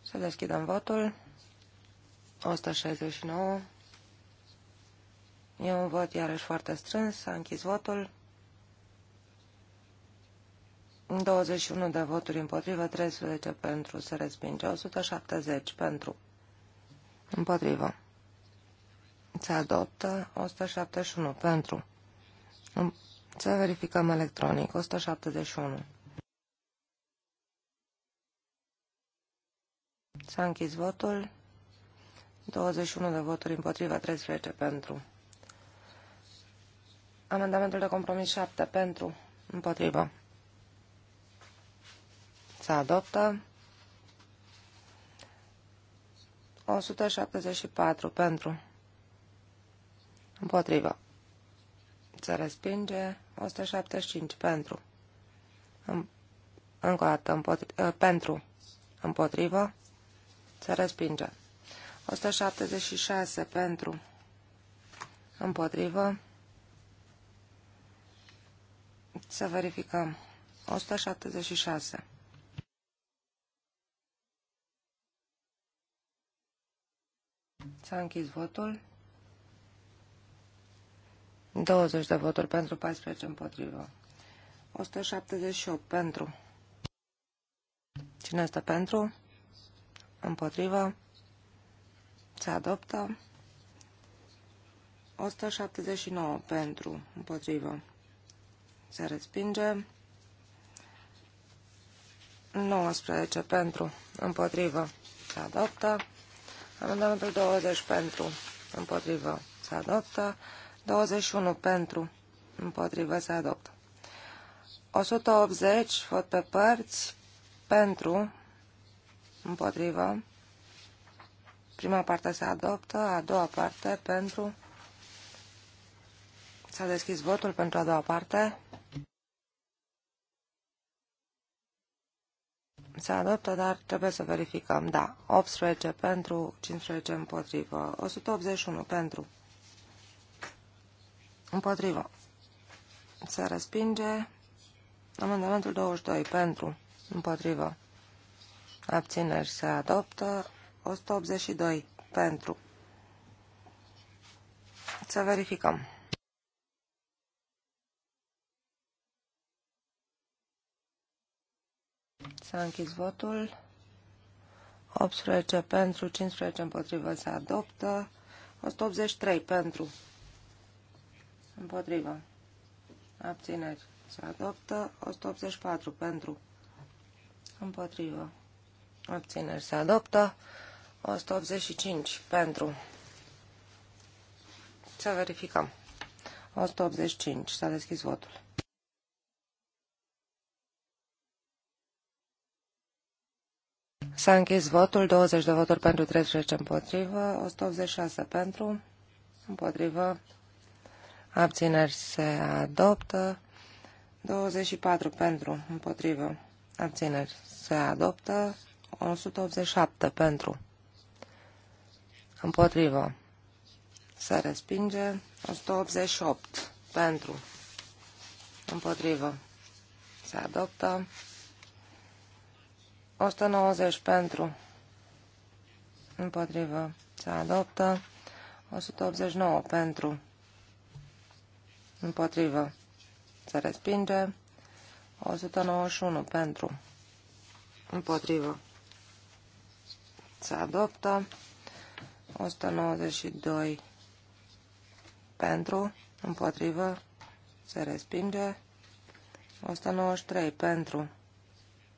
Să deschidem votul. 169. E un vot iarăși foarte strâns, s-a închis votul. 21 de voturi împotrivă, 13 pentru, se respinge, 170 pentru, împotrivă. Se adoptă 171 pentru. Să verificăm electronic, 171. S-a închis votul. 21 de voturi împotrivă, 13 pentru. Amendamentul de compromis 7 pentru, împotrivă. Se adoptă. 174 pentru, împotrivă. Se respinge. 175 pentru. Încă o dată, împotri ă, pentru, împotrivă. Se respinge. 176 pentru, împotrivă. Să verificăm. 176. S-a închis votul. 20 de voturi pentru, 14 împotrivă. 178 pentru. Cine este pentru? Împotrivă. Se adoptă. 179 pentru. Împotrivă. Se respinge. 19 pentru. Împotrivă. Se adoptă. Amendamentul 20 pentru. Împotrivă. Se adoptă. 21 pentru. Împotrivă. Se adoptă. 180 vot pe părți pentru. Împotrivă. Prima parte se adoptă, a doua parte pentru. S-a deschis votul pentru a doua parte. Se adoptă, dar trebuie să verificăm. Da, 18 pentru, 15 împotrivă, 181 pentru, împotrivă. Se respinge amendamentul 22 pentru, împotrivă. Abțineri se adoptă, 182 pentru. Să verificăm. S-a închis votul. 18 pentru, 15 împotrivă se adoptă. 183 pentru. Împotrivă. Abțineri. Se adoptă. 184 pentru. Împotrivă. Abțineri. Se adoptă. 185 pentru. Să verificăm. 185. S-a deschis votul. S-a închis votul, 20 de voturi pentru, 13 împotrivă, 186 pentru, împotrivă, abțineri se adoptă, 24 pentru, împotrivă, abțineri se adoptă, 187 pentru, împotrivă, se respinge, 188 pentru, împotrivă, se adoptă, 190 pentru. Împotrivă. Se adoptă. 189 pentru. Împotrivă. Se respinge. 191 pentru. Împotrivă. Se adoptă. 192 pentru. Împotrivă. Se respinge. 193 pentru.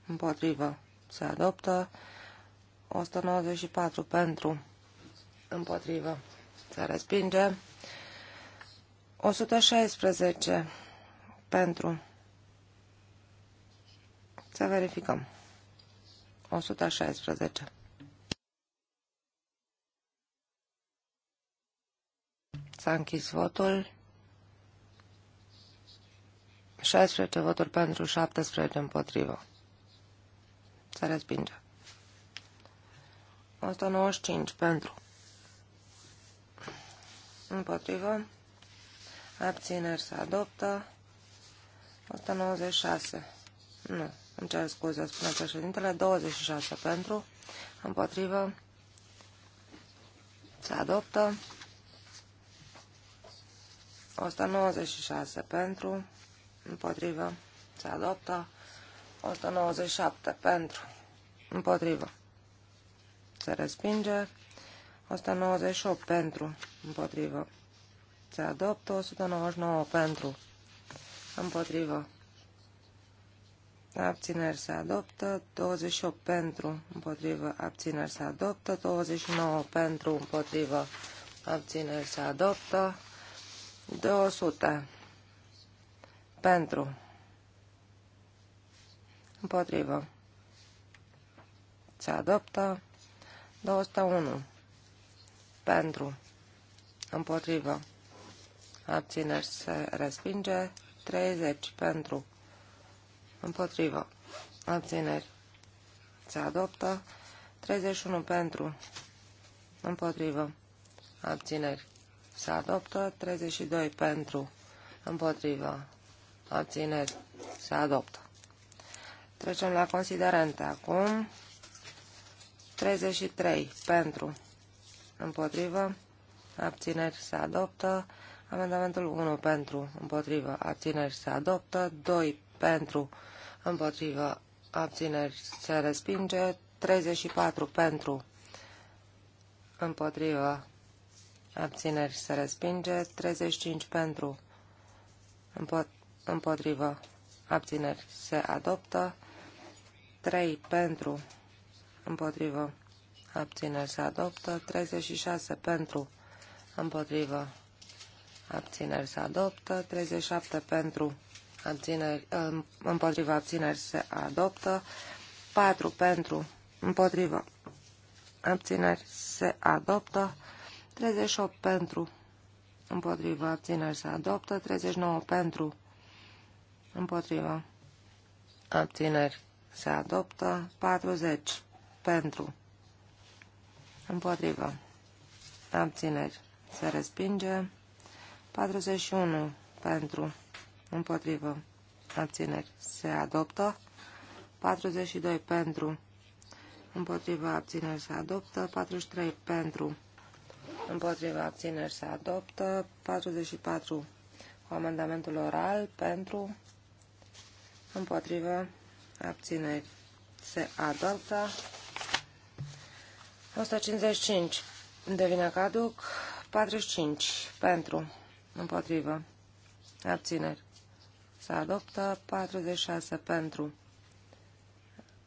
Împotrivă se adoptă. 194 pentru, împotrivă, se respinge. 116 pentru, să verificăm. 116. S-a închis votul. 16 voturi pentru, 17 împotrivă. Se respinge. 195 pentru. Împotrivă. Abțineri se adoptă. 196. Nu. Îmi cer scuze, spune președintele. 26 pentru. Împotrivă. Se adoptă. 196 pentru. Împotrivă. Se adoptă. 197 pentru, împotrivă, se respinge. 198 pentru, împotrivă, se adoptă. 199 pentru, împotrivă, abțineri se adoptă. 28 pentru, împotrivă, abțineri se adoptă. 29 pentru, împotrivă, abțineri se adoptă. 200 pentru, Împotrivă. Se adoptă. 201. Pentru. Împotrivă. Abțineri se respinge. 30. Pentru. Împotrivă. Abțineri. Se adoptă. 31 pentru. Împotrivă. Abțineri. Se adoptă. 32 pentru. Împotrivă. Abțineri. Se adoptă. Trecem la considerente acum. 33 pentru, împotrivă, abțineri se adoptă. Amendamentul 1 pentru, împotrivă, abțineri se adoptă. 2 pentru, împotrivă, abțineri se respinge. 34 pentru, împotrivă, abțineri se respinge. 35 pentru, împotrivă, abțineri se adoptă. 3 pentru, împotrivă, abțineri se adoptă, 36 pentru, împotrivă, abțineri se adoptă, 37 pentru, abțineri, împotrivă, abțineri se adoptă, 4 pentru, împotrivă, abțineri se adoptă, 38 pentru, împotrivă, abțineri se adoptă, 39 pentru, împotrivă, abțineri se adoptă. 40 pentru, împotrivă, abțineri, se respinge. 41 pentru, împotrivă, abțineri, se adoptă. 42 pentru, împotrivă abțineri se adoptă, 43 pentru, împotrivă abțineri se adoptă, 44 cu amendamentul oral pentru, împotrivă abțineri se adoptă. 155 devine caduc. 45 pentru, împotrivă, abțineri se adoptă. 46 pentru,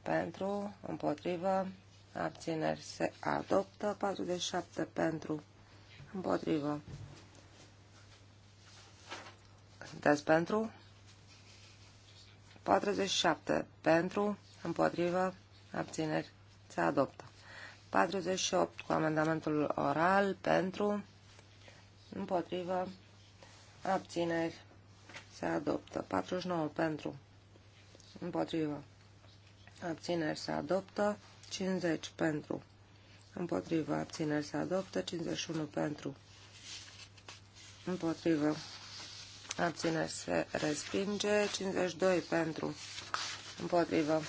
pentru, împotrivă, abțineri se adoptă. 47 pentru, împotrivă. Sunteți pentru? 47 pentru, împotrivă, abțineri, se adoptă. 48 cu amendamentul oral pentru, împotrivă, abțineri, se adoptă. 49 pentru, împotrivă, abțineri, se adoptă. 50 pentru, împotrivă, abțineri, se adoptă. 51 pentru, împotrivă, abțineri se respinge, 52 pentru, împotrivă,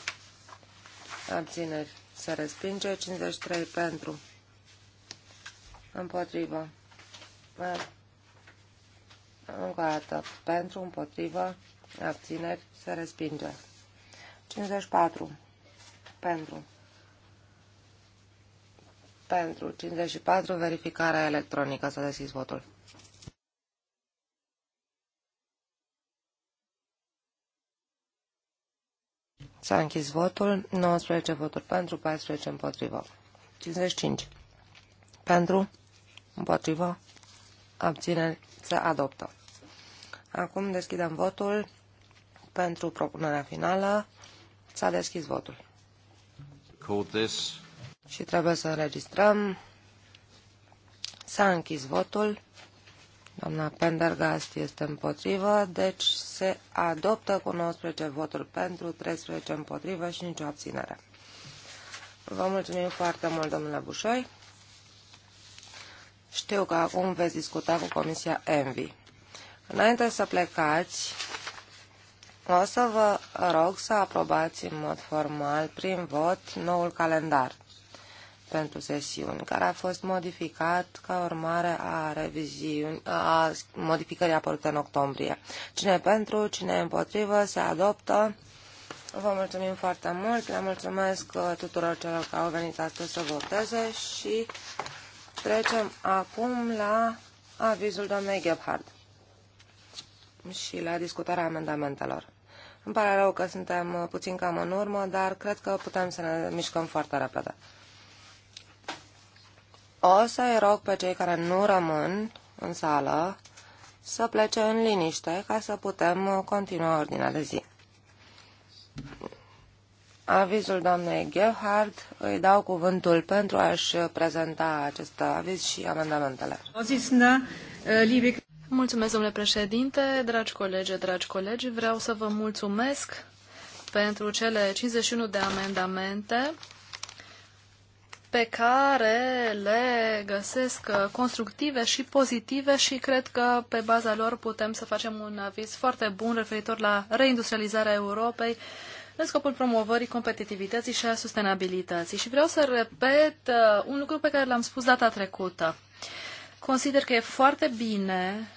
abțineri se respinge, 53 pentru, împotrivă, încă o dată, pentru, împotrivă, abțineri se respinge, 54 pentru, pentru, 54 verificarea electronică, să deschis votul. S-a închis votul. 19 voturi pentru, 14 împotrivă. 55. Pentru, împotrivă, abțineri, se adoptă. Acum deschidem votul pentru propunerea finală. S-a deschis votul. Și trebuie să înregistrăm. S-a închis votul. Doamna Pendergast este împotrivă, deci se adoptă cu 19 voturi pentru, 13 împotrivă și nicio abținere. Vă mulțumim foarte mult, domnule Bușoi. Știu că acum veți discuta cu Comisia ENVI. Înainte să plecați, o să vă rog să aprobați în mod formal, prin vot, noul calendar pentru sesiuni, care a fost modificat ca urmare a, reviziuni, a modificării apărute în octombrie. Cine pentru, cine împotrivă, se adoptă. Vă mulțumim foarte mult, le mulțumesc uh, tuturor celor care au venit astăzi să voteze și trecem acum la avizul doamnei Gebhard și la discutarea amendamentelor. Îmi pare rău că suntem uh, puțin cam în urmă, dar cred că putem să ne mișcăm foarte repede. O să-i rog pe cei care nu rămân în sală să plece în liniște ca să putem continua ordinea de zi. Avizul doamnei Gerhard îi dau cuvântul pentru a-și prezenta acest aviz și amendamentele. Mulțumesc, domnule președinte, dragi colegi, dragi colegi. Vreau să vă mulțumesc pentru cele 51 de amendamente pe care le găsesc constructive și pozitive și cred că pe baza lor putem să facem un aviz foarte bun referitor la reindustrializarea Europei în scopul promovării competitivității și a sustenabilității. Și vreau să repet uh, un lucru pe care l-am spus data trecută. Consider că e foarte bine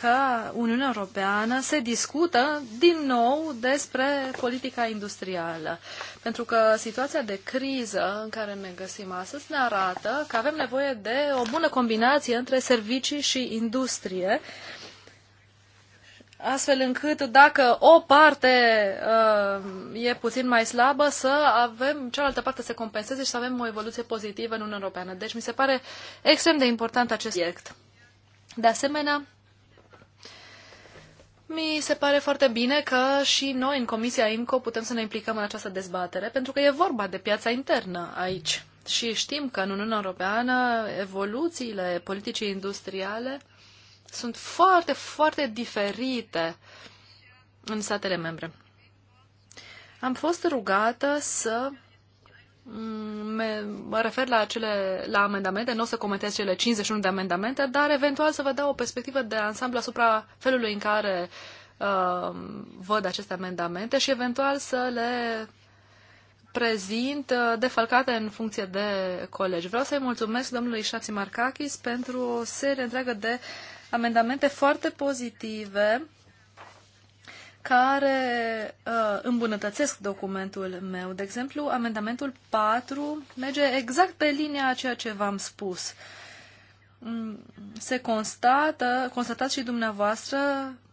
că Uniunea Europeană se discută din nou despre politica industrială. Pentru că situația de criză în care ne găsim astăzi ne arată că avem nevoie de o bună combinație între servicii și industrie, astfel încât dacă o parte uh, e puțin mai slabă, să avem cealaltă parte să se compenseze și să avem o evoluție pozitivă în Uniunea Europeană. Deci mi se pare extrem de important acest subiect. De asemenea, mi se pare foarte bine că și noi în Comisia IMCO putem să ne implicăm în această dezbatere, pentru că e vorba de piața internă aici. Și știm că în Uniunea Europeană evoluțiile politicii industriale sunt foarte, foarte diferite în statele membre. Am fost rugată să Mm, mă refer la, acele, la amendamente, nu o să comentez cele 51 de amendamente, dar eventual să vă dau o perspectivă de ansamblu asupra felului în care uh, văd aceste amendamente și eventual să le prezint uh, defalcate în funcție de colegi. Vreau să-i mulțumesc domnului Șații Marcachis pentru o serie întreagă de amendamente foarte pozitive care uh, îmbunătățesc documentul meu. De exemplu, amendamentul 4 merge exact pe linia a ceea ce v-am spus. Mm, se constată, constatați și dumneavoastră,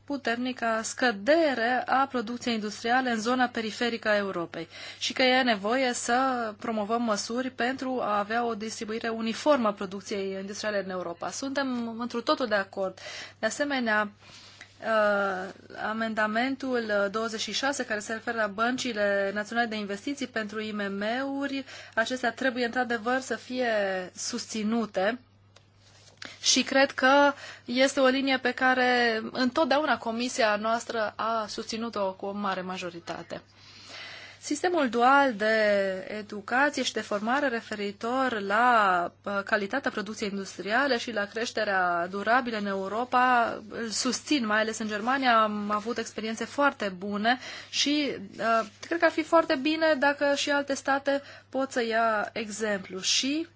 puternica scădere a producției industriale în zona periferică a Europei și că e nevoie să promovăm măsuri pentru a avea o distribuire uniformă a producției industriale în Europa. Suntem un totul de acord. De asemenea, uh, Uh, amendamentul 26 uh, care se referă la băncile naționale de investiții pentru IMM-uri, acestea trebuie într-adevăr să fie susținute și cred că este o linie pe care întotdeauna comisia noastră a susținut-o cu o mare majoritate. Sistemul dual de educație și de formare referitor la uh, calitatea producției industriale și la creșterea durabilă în Europa îl susțin, mai ales în Germania am avut experiențe foarte bune și uh, cred că ar fi foarte bine dacă și alte state pot să ia exemplu și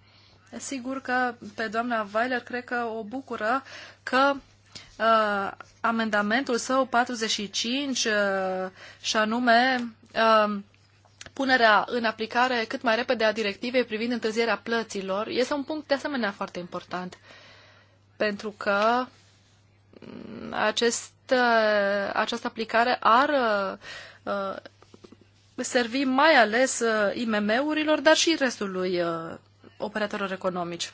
sigur că pe doamna Weiler cred că o bucură că uh, amendamentul său 45 uh, și anume uh, punerea în aplicare cât mai repede a directivei privind întârzierea plăților este un punct de asemenea foarte important. Pentru că mm, acest, uh, această aplicare ar uh, servi mai ales uh, IMM-urilor, dar și restului uh, operatorilor economici.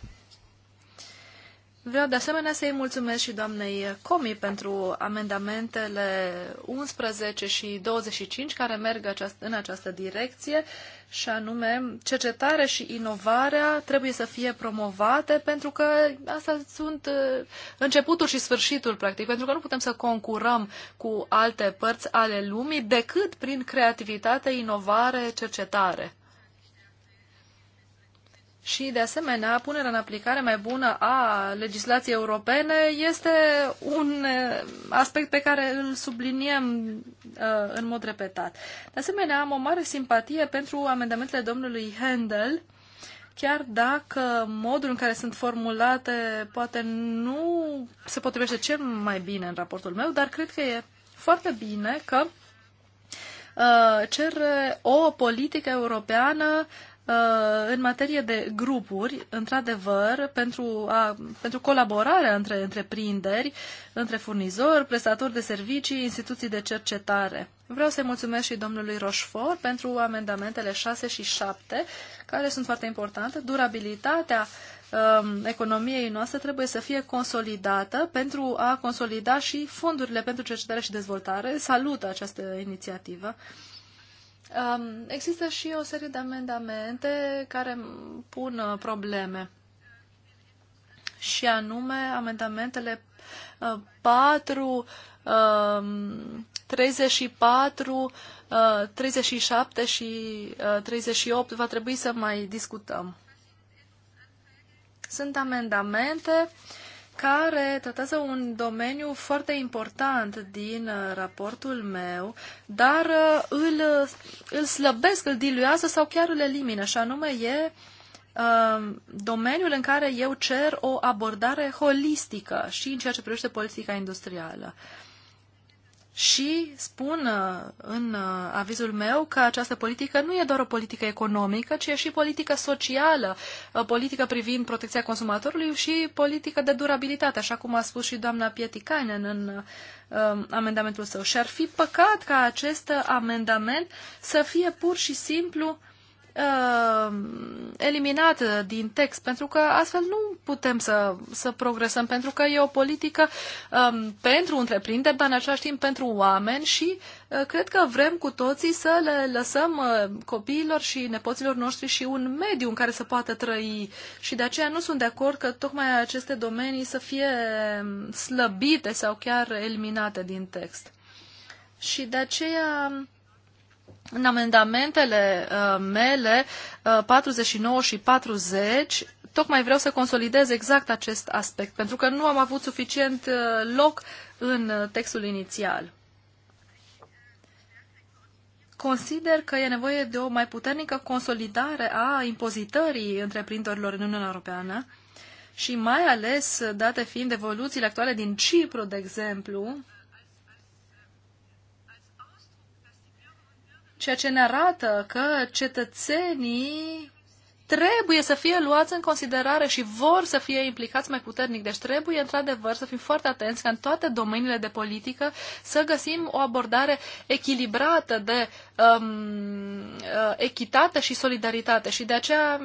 Vreau de asemenea să-i mulțumesc și doamnei Comi pentru amendamentele 11 și 25 care merg aceast- în această direcție și anume cercetare și inovarea trebuie să fie promovate pentru că asta sunt uh, începutul și sfârșitul practic, pentru că nu putem să concurăm cu alte părți ale lumii decât prin creativitate, inovare, cercetare. Și, de asemenea, punerea în aplicare mai bună a legislației europene este un eh, aspect pe care îl subliniem uh, în mod repetat. De asemenea, am o mare simpatie pentru amendamentele domnului Handel, chiar dacă modul în care sunt formulate poate nu se potrivește cel mai bine în raportul meu, dar cred că e foarte bine că uh, eh, cer o politică europeană uh, Uh, în materie de grupuri, într-adevăr, pentru, a, pentru colaborarea între întreprinderi, între furnizori, prestatori de servicii, instituții de cercetare. Vreau să-i mulțumesc și domnului Rochefort pentru amendamentele 6 și 7, care sunt foarte importante. Durabilitatea um, economiei noastre trebuie să fie consolidată pentru a consolida și fondurile pentru cercetare și dezvoltare. Salută această inițiativă. Um, există și o serie de amendamente care pun uh, probleme și anume amendamentele 4, 34, 37 și 38. Uh, uh, Va trebui să mai discutăm. Sunt amendamente uh, care tratează un domeniu foarte important din uh, raportul meu, dar uh, îl, îl slăbesc, îl diluează sau chiar îl elimină, și anume e uh, domeniul în care eu cer o abordare holistică și în ceea ce privește politica industrială. Uh, și spun uh, în uh, avizul meu că această politică nu e doar o politică economică, ci e și politică socială, uh, politică privind protecția consumatorului și politică de durabilitate, așa cum a spus și doamna Pietikainen în amendamentul său. Și ar fi păcat ca acest amendament să fie pur și simplu uh, eliminat din text, pentru că astfel nu putem să, să progresăm, pentru că e o politică um, pentru întreprinderi, dar în același timp pentru oameni și uh, cred că vrem cu toții să le lăsăm uh, copiilor și nepoților noștri și un mediu în care să poată trăi și de aceea nu sunt de acord că tocmai aceste domenii să fie um, slăbite sau chiar eliminate din text. Și de aceea um, în amendamentele uh, mele 49 uh, și 40 tocmai vreau să consolidez exact acest aspect, pentru că nu am avut suficient uh, loc în textul inițial. Consider că e nevoie de o mai puternică consolidare a impozitării întreprinderilor în Uniunea Europeană și mai ales date fiind evoluțiile actuale din Cipru, de exemplu, ceea ce ne arată că cetățenii trebuie să fie luați în considerare și vor să fie implicați mai puternic. Deci trebuie, într-adevăr, să fim foarte atenți ca în toate domeniile de politică să găsim o abordare echilibrată de um, uh, echitate și solidaritate. Și de aceea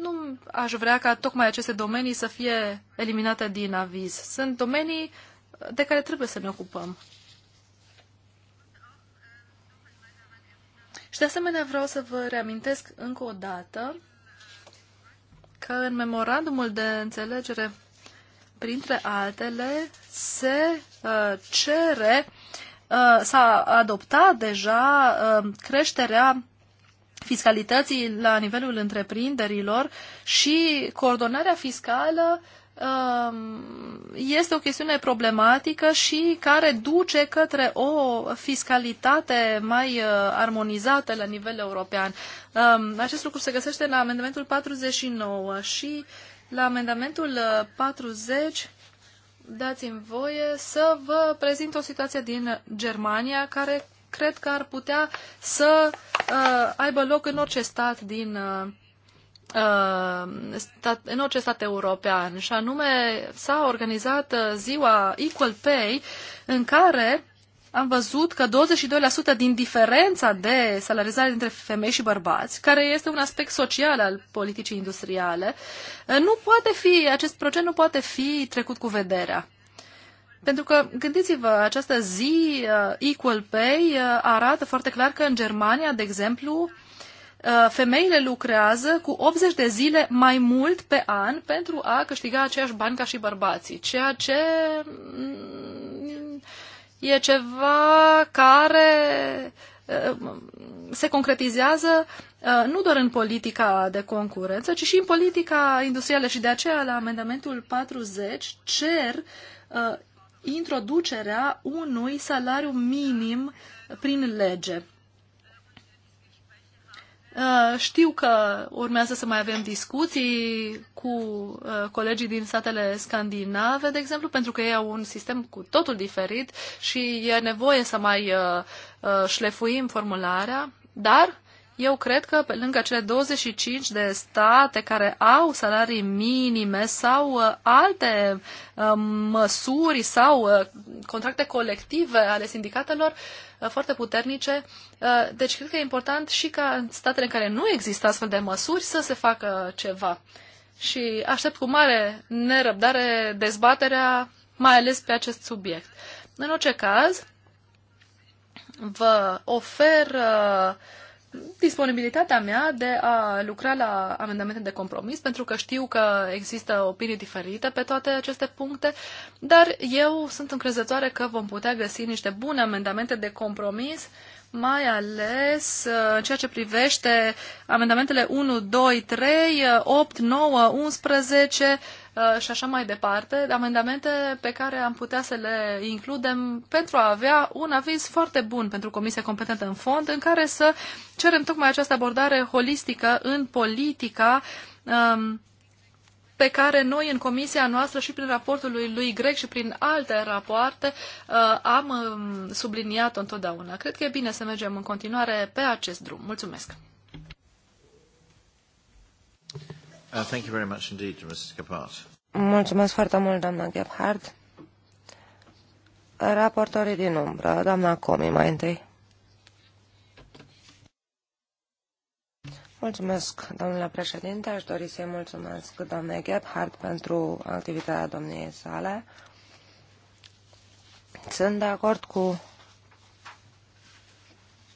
nu aș vrea ca tocmai aceste domenii să fie eliminate din aviz. Sunt domenii de care trebuie să ne ocupăm. Și de asemenea vreau să vă reamintesc încă o dată că în memorandumul de înțelegere, printre altele, se uh, cere, uh, s-a adoptat deja uh, creșterea fiscalității la nivelul întreprinderilor și coordonarea fiscală uh, Um, este o chestiune problematică și care duce către o fiscalitate mai uh, armonizată la nivel european. Um, acest lucru se găsește la amendamentul 49 și la amendamentul 40 uh, dați-mi voie să vă prezint o situație din Germania care cred că ar putea să uh, aibă loc în orice stat din Uh, stat, în orice stat european și anume s-a organizat uh, ziua Equal Pay în care am văzut că 22% din diferența de salarizare dintre femei și bărbați, care este un aspect social al politicii industriale, uh, nu poate fi, acest procent nu poate fi trecut cu vederea. Pentru că, gândiți-vă, această zi Equal Pay arată foarte clar că în Germania, de exemplu, Uh, femeile lucrează cu 80 de zile mai mult pe an pentru a câștiga aceeași bani ca și bărbații, ceea ce mm, e ceva care uh, se concretizează uh, nu doar în politica de concurență, ci și în politica industrială și de aceea la amendamentul 40 cer introducerea unui salariu minim prin lege. Uh, știu că urmează să mai avem discuții cu uh, colegii din statele scandinave, de exemplu, pentru că ei au un sistem cu totul diferit și e nevoie să mai uh, șlefuim formularea, dar eu cred că pe lângă cele 25 de state care au salarii minime sau uh, alte uh, măsuri sau uh, contracte colective ale sindicatelor foarte puternice, deci cred că e important și ca în statele în care nu există astfel de măsuri să se facă ceva. Și aștept cu mare nerăbdare dezbaterea, mai ales pe acest subiect. În orice caz, vă ofer uh, disponibilitatea mea de a lucra la amendamente de compromis, pentru că știu că există opinii diferite pe toate aceste puncte, dar eu sunt încrezătoare că vom putea găsi niște bune amendamente de compromis, mai ales uh, în ceea ce privește amendamentele 1, 2, 3, 8, 9, 11, Uh, și așa mai departe, amendamente pe care am putea să le includem pentru a avea un aviz foarte bun pentru Comisia Competentă în Fond, în care să cerem tocmai această abordare holistică în politica um, pe care noi în comisia noastră și prin raportul lui, lui Greg și prin alte rapoarte uh, am um, subliniat-o întotdeauna. Cred că e bine să mergem în continuare pe acest drum. Mulțumesc! Uh, thank you very much indeed, Mr. Mulțumesc foarte mult, doamna Gebhardt. Raportorii din umbră, doamna Comi mai întâi. Mulțumesc, domnule președinte. Aș dori să-i mulțumesc doamnei Gebhardt pentru activitatea domniei sale. Sunt de acord cu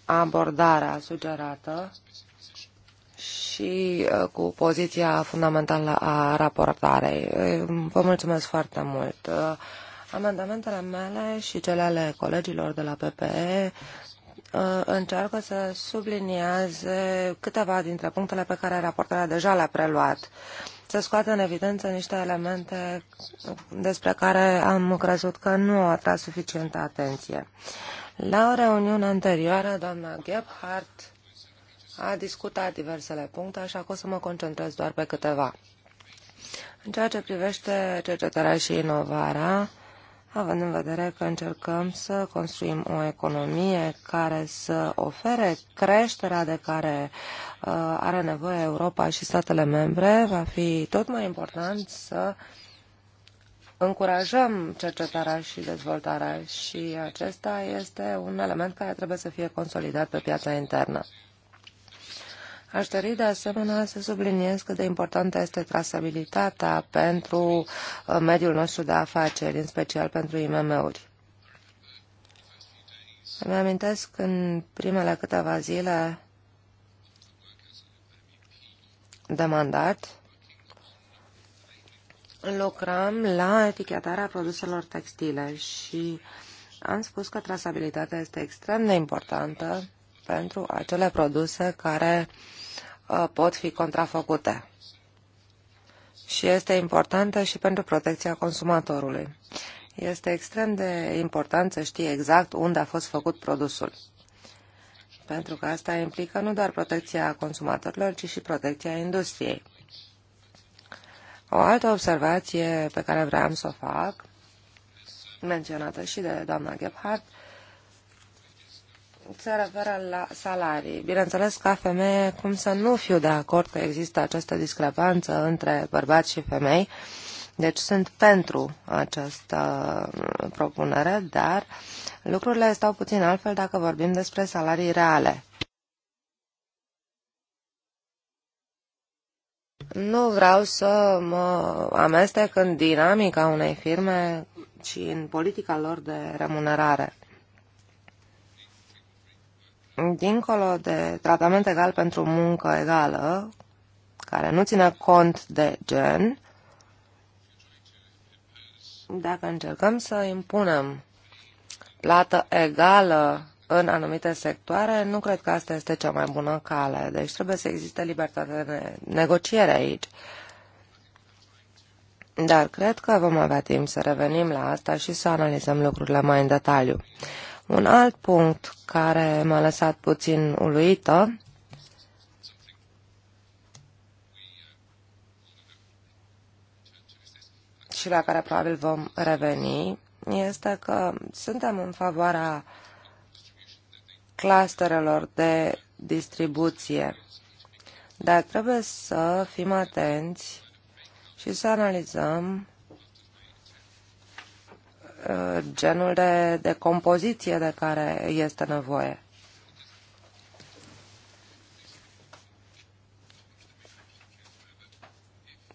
abordarea sugerată și uh, cu poziția fundamentală a raportarei. Vă mulțumesc foarte mult. Uh, amendamentele mele și cele ale colegilor de la PPE uh, încearcă să sublinieze câteva dintre punctele pe care raportarea deja le-a preluat. Se scoate în evidență niște elemente despre care am crezut că nu au atras suficientă atenție. La o reuniune anterioară, doamna Gebhardt a discutat diversele puncte, așa că o să mă concentrez doar pe câteva. În ceea ce privește cercetarea și inovarea, având în vedere că încercăm să construim o economie care să ofere creșterea de care uh, are nevoie Europa și statele membre, va fi tot mai important să încurajăm cercetarea și dezvoltarea și acesta este un element care trebuie să fie consolidat pe piața internă. Aș dori de asemenea să subliniez cât de importantă este trasabilitatea pentru uh, mediul nostru de afaceri, în special pentru IMM-uri. Îmi amintesc în primele câteva zile de mandat, lucram la etichetarea produselor textile și am spus că trasabilitatea este extrem de importantă pentru acele produse care uh, pot fi contrafăcute. Și este importantă și pentru protecția consumatorului. Este extrem de important să știi exact unde a fost făcut produsul. Pentru că asta implică nu doar protecția consumatorilor, ci și protecția industriei. O altă observație pe care vreau să o fac, menționată și de doamna Gebhardt, se referă la salarii. Bineînțeles, ca femeie, cum să nu fiu de acord că există această discrepanță între bărbați și femei, deci sunt pentru această uh, propunere, dar lucrurile stau puțin altfel dacă vorbim despre salarii reale. Nu vreau să mă amestec în dinamica unei firme, ci în politica lor de remunerare dincolo de tratament egal pentru muncă egală, care nu ține cont de gen, dacă încercăm să impunem plată egală în anumite sectoare, nu cred că asta este cea mai bună cale. Deci trebuie să existe libertate de negociere aici. Dar cred că vom avea timp să revenim la asta și să analizăm lucrurile mai în detaliu. Un alt punct care m-a lăsat puțin uluită și la care probabil vom reveni este că suntem în favoarea clusterelor de distribuție. Dar trebuie să fim atenți și să analizăm genul de, de compoziție de care este nevoie.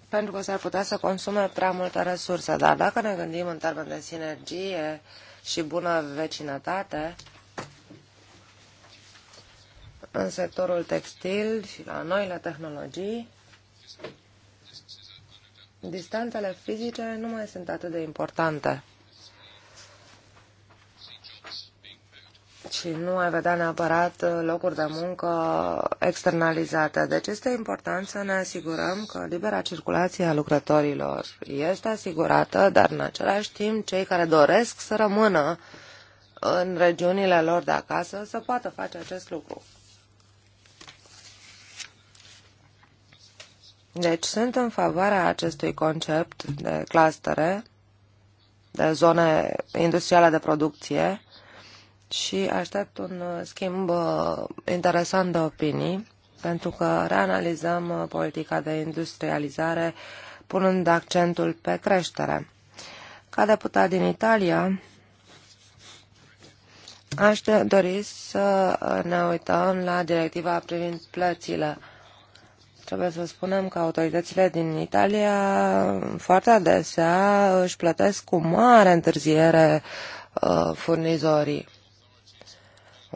pentru că s-ar putea să consume prea multe resurse. Dar dacă ne gândim în termen de sinergie și bună vecinătate, în sectorul textil și la noile tehnologii, distanțele fizice nu mai sunt atât de importante. și nu ai vedea neapărat uh, locuri de muncă externalizate. Deci este important să ne asigurăm că libera circulație a lucrătorilor este asigurată, dar în același timp cei care doresc să rămână în regiunile lor de acasă să poată face acest lucru. Deci sunt în favoarea acestui concept de clustere, de zone industriale de producție, și aștept un uh, schimb uh, interesant de opinii, pentru că reanalizăm uh, politica de industrializare punând accentul pe creștere. Ca deputat din Italia, aș dori să ne uităm la directiva privind plățile. Trebuie să spunem că autoritățile din Italia foarte adesea își plătesc cu mare întârziere furnizorii.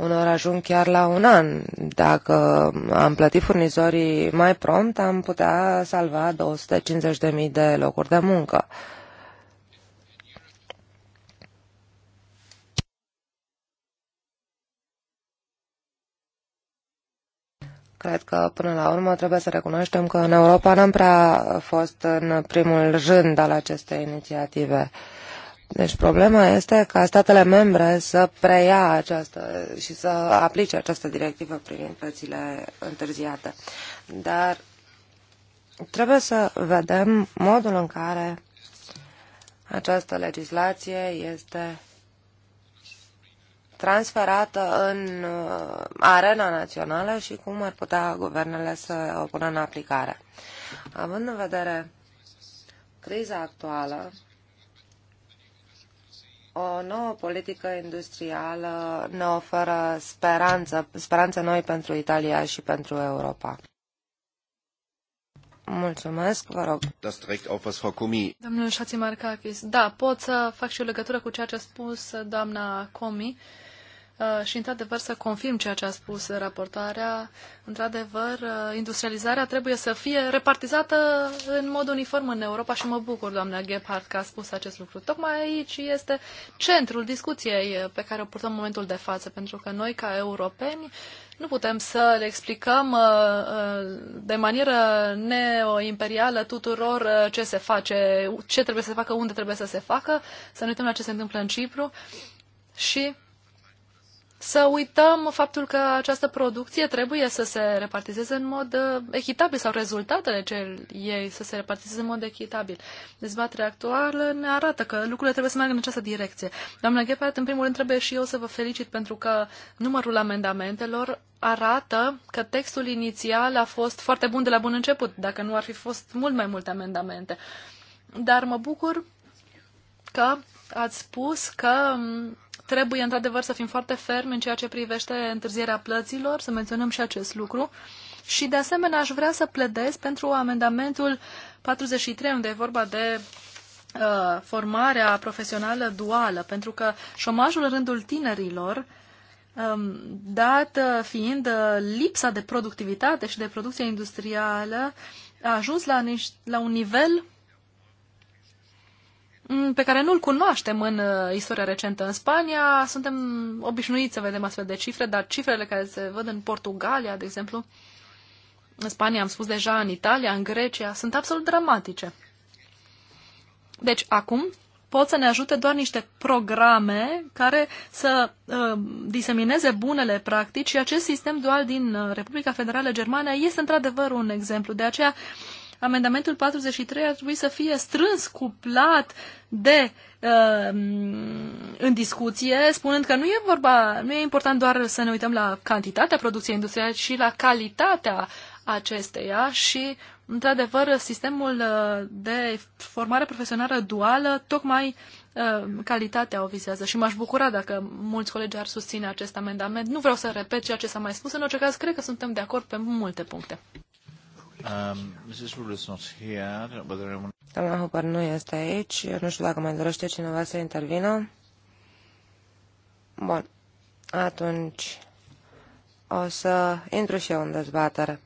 Unor ajung chiar la un an. Dacă am plătit furnizorii mai prompt, am putea salva 250.000 de locuri de muncă. Cred că, până la urmă, trebuie să recunoaștem că în Europa n-am prea fost în primul rând al acestei inițiative. Deci problema este ca statele membre să preia această și să aplice această directivă privind plățile întârziate. Dar trebuie să vedem modul în care această legislație este transferată în uh, arena națională și cum ar putea guvernele să o pună în aplicare. Având în vedere criza actuală, o nouă politică industrială ne oferă speranță, speranță noi pentru Italia și pentru Europa. Mulțumesc, vă rog. Das direkt auf Domnul Șațimarcachis, da, pot să fac și o legătură cu ceea ce a spus doamna Comi. Uh, și, într-adevăr, să confirm ceea ce a spus raportarea. Într-adevăr, uh, industrializarea trebuie să fie repartizată în mod uniform în Europa și mă bucur, doamna Gebhardt, că a spus acest lucru. Tocmai aici este centrul discuției pe care o purtăm în momentul de față, pentru că noi, ca europeni, nu putem să le explicăm uh, de manieră neoimperială tuturor ce se face, ce trebuie să se facă, unde trebuie să se facă, să ne uităm la ce se întâmplă în Cipru și să uităm faptul că această producție trebuie să se repartizeze în mod uh, echitabil sau rezultatele cel ei să se repartizeze în mod echitabil. Dezbaterea actuală ne arată că lucrurile trebuie să meargă în această direcție. Doamna Gephardt, în primul rând trebuie și eu să vă felicit pentru că numărul amendamentelor arată că textul inițial a fost foarte bun de la bun început, dacă nu ar fi fost mult mai multe amendamente. Dar mă bucur că ați spus că mm, Trebuie, într-adevăr, să fim foarte fermi în ceea ce privește întârzierea plăților, să menționăm și acest lucru. Și, de asemenea, aș vrea să pledez pentru amendamentul 43, unde e vorba de uh, formarea profesională duală, pentru că șomajul în rândul tinerilor um, dat uh, fiind uh, lipsa de productivitate și de producție industrială, a ajuns la, niș- la un nivel Mm, pe care nu-l cunoaștem în uh, istoria recentă în Spania. Suntem obișnuiți să vedem astfel de cifre, dar cifrele care se văd în Portugalia, de exemplu, în Spania, am spus deja, în Italia, în Grecia, sunt absolut dramatice. Deci, acum pot să ne ajute doar niște programe care să uh, disemineze bunele practici și acest sistem dual din uh, Republica Federală Germania este într-adevăr un exemplu. De aceea, uh, amendamentul 43 ar trebui să fie strâns cuplat de ehm, în discuție, spunând că nu e vorba, nu e important doar să ne uităm la cantitatea producției industriale, ci la calitatea acesteia și, într-adevăr, sistemul eh, de formare profesională duală, tocmai eh, calitatea o vizează și m-aș bucura dacă mulți colegi ar susține acest amendament. Nu vreau să repet ceea ce s-a mai spus, în orice caz cred că suntem de acord pe multe puncte. Um, Doamna Hooper nu este aici. Eu nu știu dacă mai dorește cineva să intervină. Bun. Atunci o să intru și eu în dezbatere.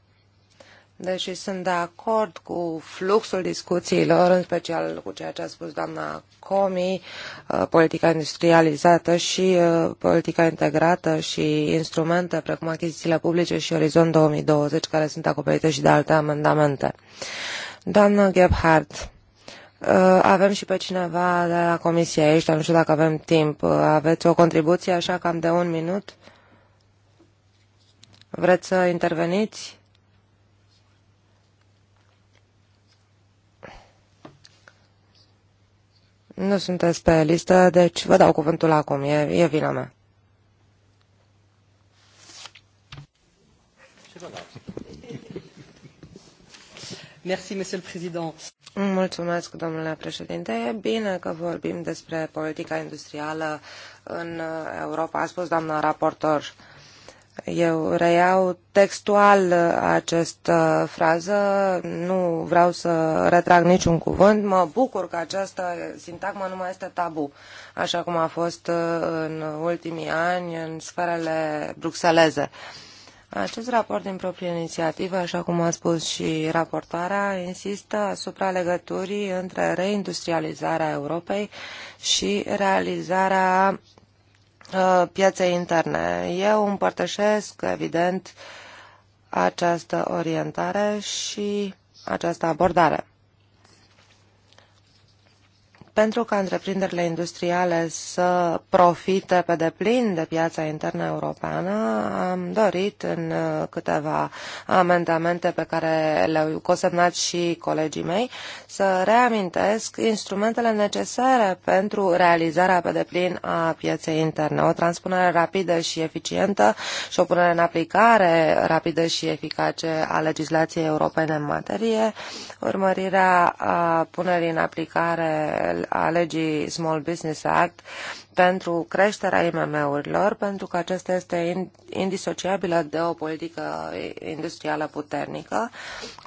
Deși sunt de acord cu fluxul discuțiilor, în special cu ceea ce a spus doamna Comi, uh, politica industrializată și uh, politica integrată și instrumente precum achizițiile publice și Orizont 2020, care sunt acoperite și de alte amendamente. Doamna Gebhardt, uh, avem și pe cineva de la comisie aici, dar nu știu dacă avem timp. Aveți o contribuție așa cam de un minut? Vreți să interveniți? Nu sunteți pe listă, deci vă dau cuvântul acum, e, e vina mea. Mulțumesc, domnule președinte. E bine că vorbim despre politica industrială în Europa, a spus doamna raportor. Eu reiau textual uh, această frază, nu vreau să retrag niciun cuvânt. Mă bucur că această sintagmă nu mai este tabu, așa cum a fost uh, în ultimii ani în sferele bruxeleze. Acest raport din proprie inițiativă, așa cum a spus și raportoarea, insistă asupra legăturii între reindustrializarea Europei și realizarea Uh, pieței interne. Eu împărtășesc, evident, această orientare și această abordare pentru ca întreprinderile industriale să profite pe deplin de piața internă europeană, am dorit în uh, câteva amendamente pe care le-au cosemnat și colegii mei să reamintesc instrumentele necesare pentru realizarea pe deplin a pieței interne. O transpunere rapidă și eficientă și o punere în aplicare rapidă și eficace a legislației europene în materie, urmărirea punerii în aplicare a legii Small Business Act pentru creșterea IMM-urilor, pentru că acesta este indisociabilă de o politică industrială puternică,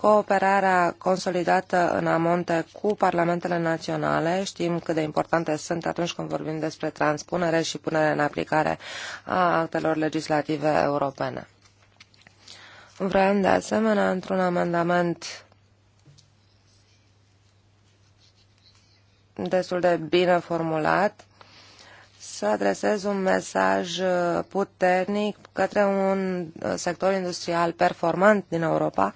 cooperarea consolidată în amonte cu parlamentele naționale, știm cât de importante sunt atunci când vorbim despre transpunere și punere în aplicare a actelor legislative europene. Vreau de asemenea, într-un amendament destul de bine formulat, să adresez un mesaj uh, puternic către un uh, sector industrial performant din Europa,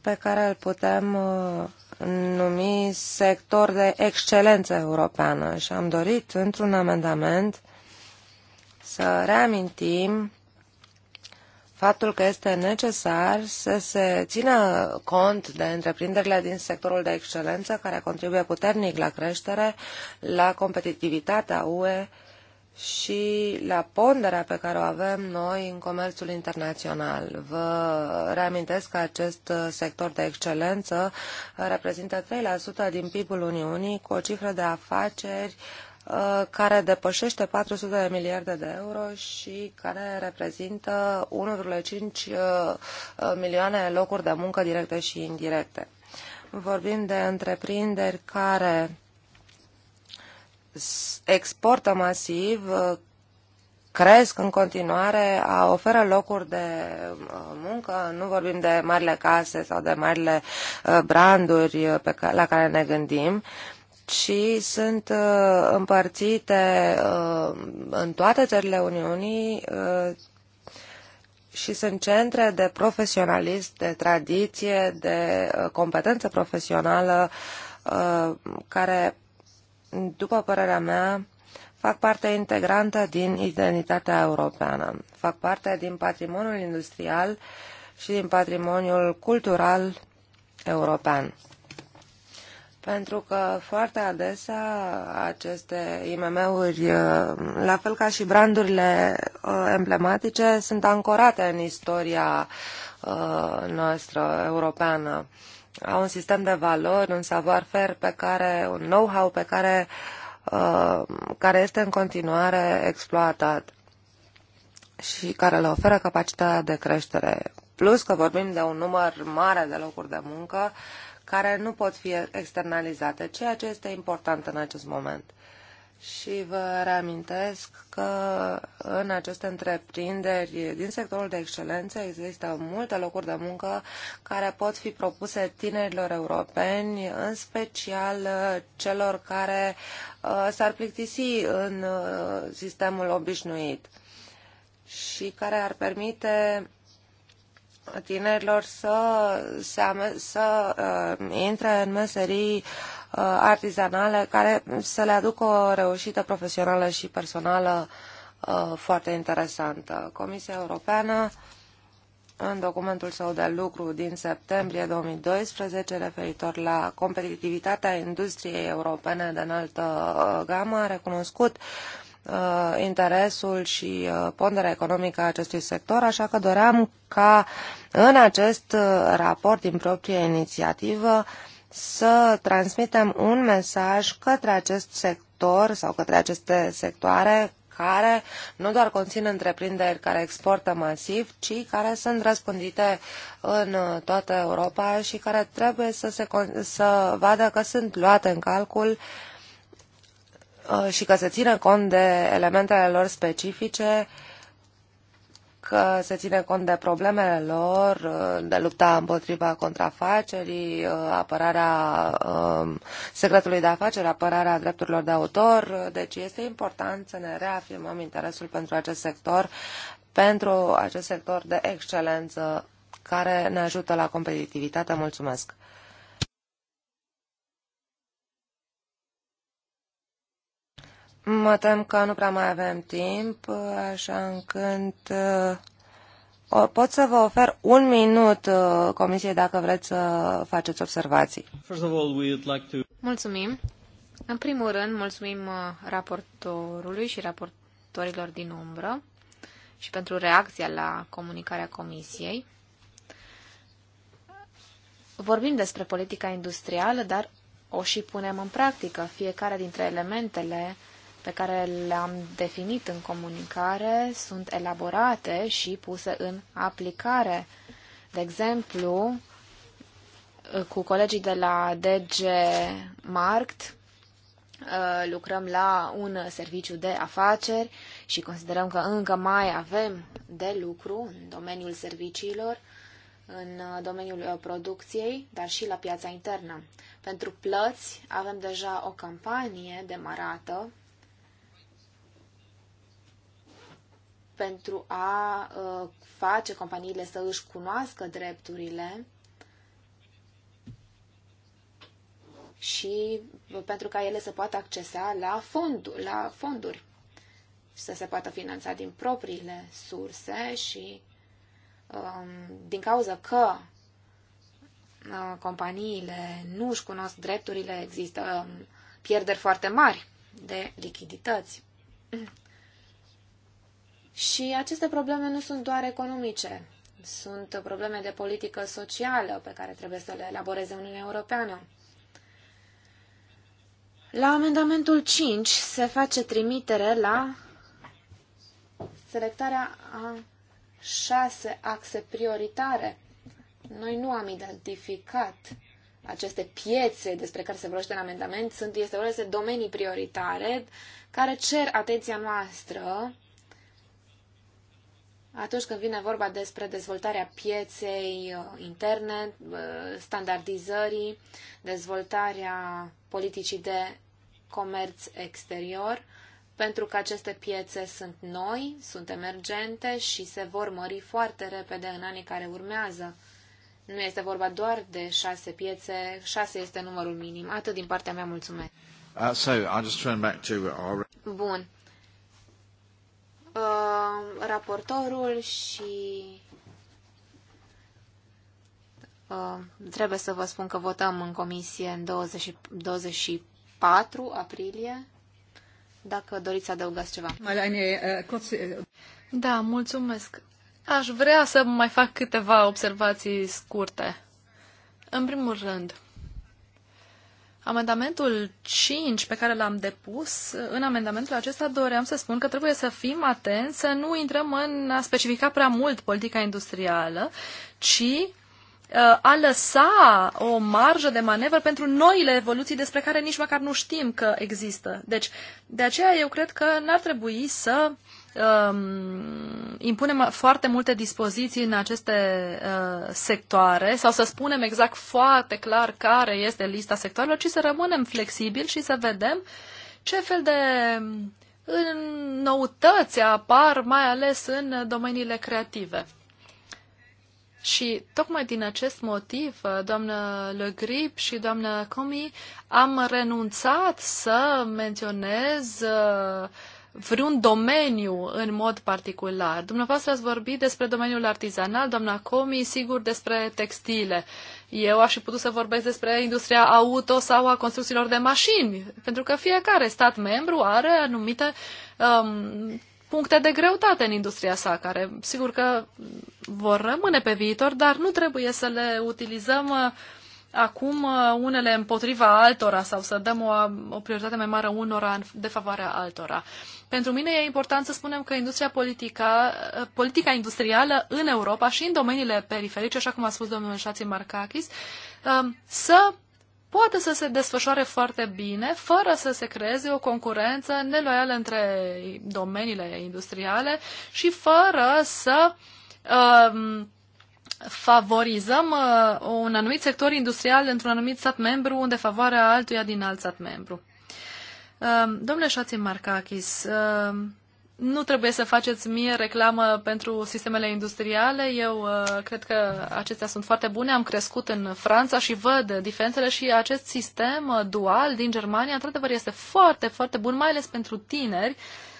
pe care îl putem uh, numi sector de excelență europeană. Și am dorit, într-un amendament, să reamintim faptul că este necesar să se țină cont de întreprinderile din sectorul de excelență care contribuie puternic la creștere, la competitivitatea UE și la ponderea pe care o avem noi în comerțul internațional. Vă reamintesc că acest sector de excelență reprezintă 3% din PIB-ul Uniunii cu o cifră de afaceri uh, Uh, care depășește 400 de miliarde de euro și care reprezintă 1,5 uh, uh, milioane locuri de muncă directe și indirecte. Vorbim de întreprinderi care exportă masiv, cresc în continuare, oferă locuri de muncă, nu vorbim de marile case sau de marile branduri pe care, la care ne gândim, ci sunt uh, împărțite uh, în toate țările Uniunii uh, și sunt centre de profesionalism, de tradiție, de uh, competență profesională, uh, care, după părerea mea, fac parte integrantă din identitatea europeană, fac parte din patrimoniul industrial și din patrimoniul cultural european. Pentru că foarte adesea aceste IMM-uri, uh, la fel ca și brandurile uh, emblematice, sunt ancorate în istoria uh, noastră europeană. Au un sistem de valori, un savoir-faire pe care, un know-how pe care, care este în continuare exploatat și care le oferă capacitatea de creștere. Plus că vorbim de un număr mare de locuri de muncă uh, care nu pot fi externalizate, ceea ce este important în acest moment. Și vă reamintesc că în aceste întreprinderi din sectorul de excelență există multe locuri de muncă care pot fi propuse tinerilor europeni, în special uh, celor care uh, s-ar plictisi în uh, sistemul obișnuit și care ar permite tinerilor să, să, să uh, intre în meserii uh, artizanale care să le aducă o reușită profesională și personală uh, foarte interesantă. Comisia Europeană, în documentul său de lucru din septembrie 2012 referitor la competitivitatea industriei europene de înaltă gamă, a recunoscut uh, Uh, interesul și uh, ponderea economică a acestui sector, așa că doream ca în acest uh, raport din proprie inițiativă să transmitem un mesaj către acest sector sau către aceste sectoare care nu doar conțin întreprinderi care exportă masiv, ci care sunt răspândite în toată Europa și care trebuie să, se, să vadă că sunt luate în calcul uh, Uh, și că se ține cont de elementele lor specifice, că se ține cont de problemele lor, uh, de lupta împotriva contrafacerii, uh, apărarea um, secretului de afaceri, apărarea drepturilor de autor. Deci este important să ne reafirmăm interesul pentru acest sector, pentru acest sector de excelență care ne ajută la competitivitate. Mulțumesc! Mă tem că nu prea mai avem timp, așa încât uh, o, pot să vă ofer un minut uh, Comisie, dacă vreți să faceți observații. Mulțumim. În primul rând, mulțumim uh, raportorului și raportorilor din umbră și pentru reacția la comunicarea comisiei. Vorbim despre politica industrială, dar o și punem în practică. Fiecare dintre elementele pe care le-am definit în comunicare sunt elaborate și puse în aplicare. De exemplu, cu colegii de la DG Markt uh, lucrăm la un serviciu de afaceri și considerăm că încă mai avem de lucru în domeniul serviciilor, în domeniul uh, producției, dar și la piața internă. Pentru plăți avem deja o campanie demarată pentru a uh, face companiile să își cunoască drepturile și pentru ca ele să poată accesa la, fonduri, la fonduri și să se poată finanța din propriile surse și um, din cauza că uh, companiile nu își cunosc drepturile, există um, pierderi foarte mari de lichidități. Și aceste probleme nu sunt doar economice, sunt probleme de politică socială pe care trebuie să le elaboreze Uniunea Europeană. La amendamentul 5 se face trimitere la selectarea a șase axe prioritare. Noi nu am identificat aceste piețe despre care se vorbește în amendament, sunt, este vorba de domenii prioritare care cer atenția noastră atunci când vine vorba despre dezvoltarea pieței uh, interne, uh, standardizării, dezvoltarea politicii de comerț exterior, pentru că aceste piețe sunt noi, sunt emergente și se vor mări foarte repede în anii care urmează. Nu este vorba doar de șase piețe, șase este numărul minim. Atât din partea mea, mulțumesc. Uh, so, I'll just turn back to our... Bun. Uh, raportorul și uh, trebuie să vă spun că votăm în comisie în 20, 24 aprilie. Dacă doriți să adăugați ceva. Uh, uh, da, mulțumesc. Aș vrea să mai fac câteva observații scurte. În primul rând, Amendamentul 5 pe care l-am depus, în amendamentul acesta doream să spun că trebuie să fim atenți să nu intrăm în a specifica prea mult politica industrială, ci uh, a lăsa o marjă de manevră pentru noile evoluții despre care nici măcar nu știm că există. Deci, de aceea eu cred că n-ar trebui să um, impunem foarte multe dispoziții în aceste uh, sectoare sau să spunem exact foarte clar care este lista sectoarelor, ci să rămânem flexibili și să vedem ce fel de noutăți apar, mai ales în domeniile creative. Și tocmai din acest motiv, uh, doamnă Le Grip și doamnă Comi, am renunțat să menționez uh, vreun domeniu în mod particular. Dumneavoastră ați vorbit despre domeniul artizanal, doamna Comi, sigur despre textile. Eu aș fi putut să vorbesc despre industria auto sau a construcțiilor de mașini, pentru că fiecare stat membru are anumite um, puncte de greutate în industria sa, care sigur că vor rămâne pe viitor, dar nu trebuie să le utilizăm uh, acum uh, unele împotriva altora sau să dăm o, o prioritate mai mare unora în defavoarea altora. Pentru mine e important să spunem că industria politică, uh, politica industrială în Europa și în domeniile periferice, așa cum a spus domnul Șații Marcachis, um, să poate să se desfășoare foarte bine, fără să se creeze o concurență neloială între domeniile industriale și fără să um, favorizăm uh, un anumit sector industrial într-un anumit stat membru unde favoarea altuia din alt stat membru. Uh, domnule Șațin Marcachis, uh, nu trebuie să faceți mie reclamă pentru sistemele industriale. Eu uh, cred că acestea sunt foarte bune. Am crescut în Franța și văd diferențele și acest sistem uh, dual din Germania, într-adevăr, este foarte, foarte bun, mai ales pentru tineri. Uh,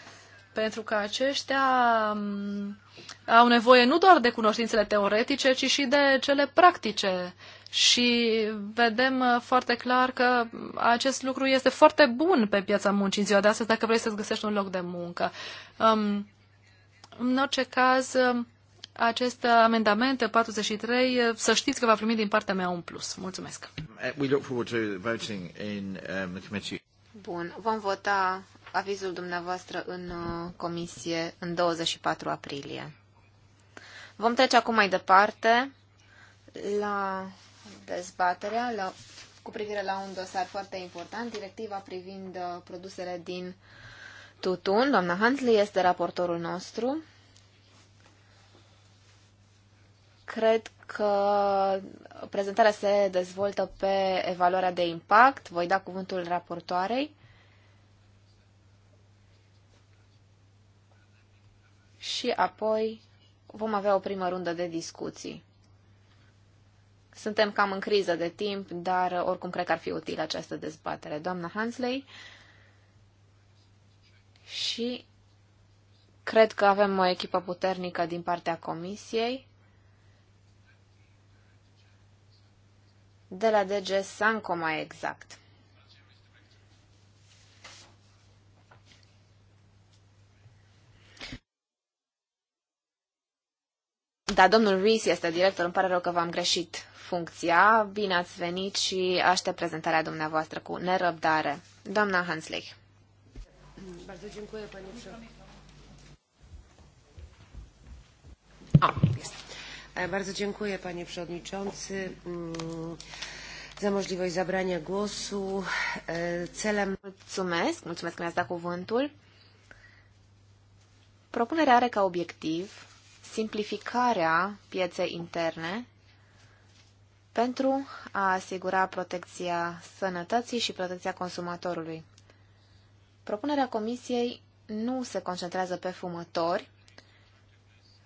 pentru că aceștia um, au nevoie nu doar de cunoștințele teoretice, ci și de cele practice. Și vedem uh, foarte clar că acest lucru este foarte bun pe piața muncii în ziua de astăzi, dacă vrei să-ți găsești un loc de muncă. Um, în orice caz, um, acest amendament 43, uh, să știți că va primi din partea mea un plus. Mulțumesc. Bun, vom vota avizul dumneavoastră în uh, comisie în 24 aprilie. Vom trece acum mai departe la dezbaterea la, cu privire la un dosar foarte important, directiva privind uh, produsele din tutun. Doamna Huntley este raportorul nostru. Cred că prezentarea se dezvoltă pe evaluarea de impact. Voi da cuvântul raportoarei și apoi vom avea o primă rundă de discuții. Suntem cam în criză de timp, dar oricum cred că ar fi util această dezbatere. Doamna Hansley și cred că avem o echipă puternică din partea comisiei. De la DG Sanco mai exact. Da, domnul Rees este director, îmi pare rău că v-am greșit funcția. Bine ați venit și aștept prezentarea dumneavoastră cu nerăbdare. Doamna Hanslich. Bardzo Bardzo dziękuję, panie przewodniczący mm, za możliwość zabrania głosu. Celem... Mulțumesc, mulțumesc că mi-ați dat cuvântul. Propunerea are ca obiectiv simplificarea pieței interne pentru a asigura protecția sănătății și protecția consumatorului. Propunerea Comisiei nu se concentrează pe fumători,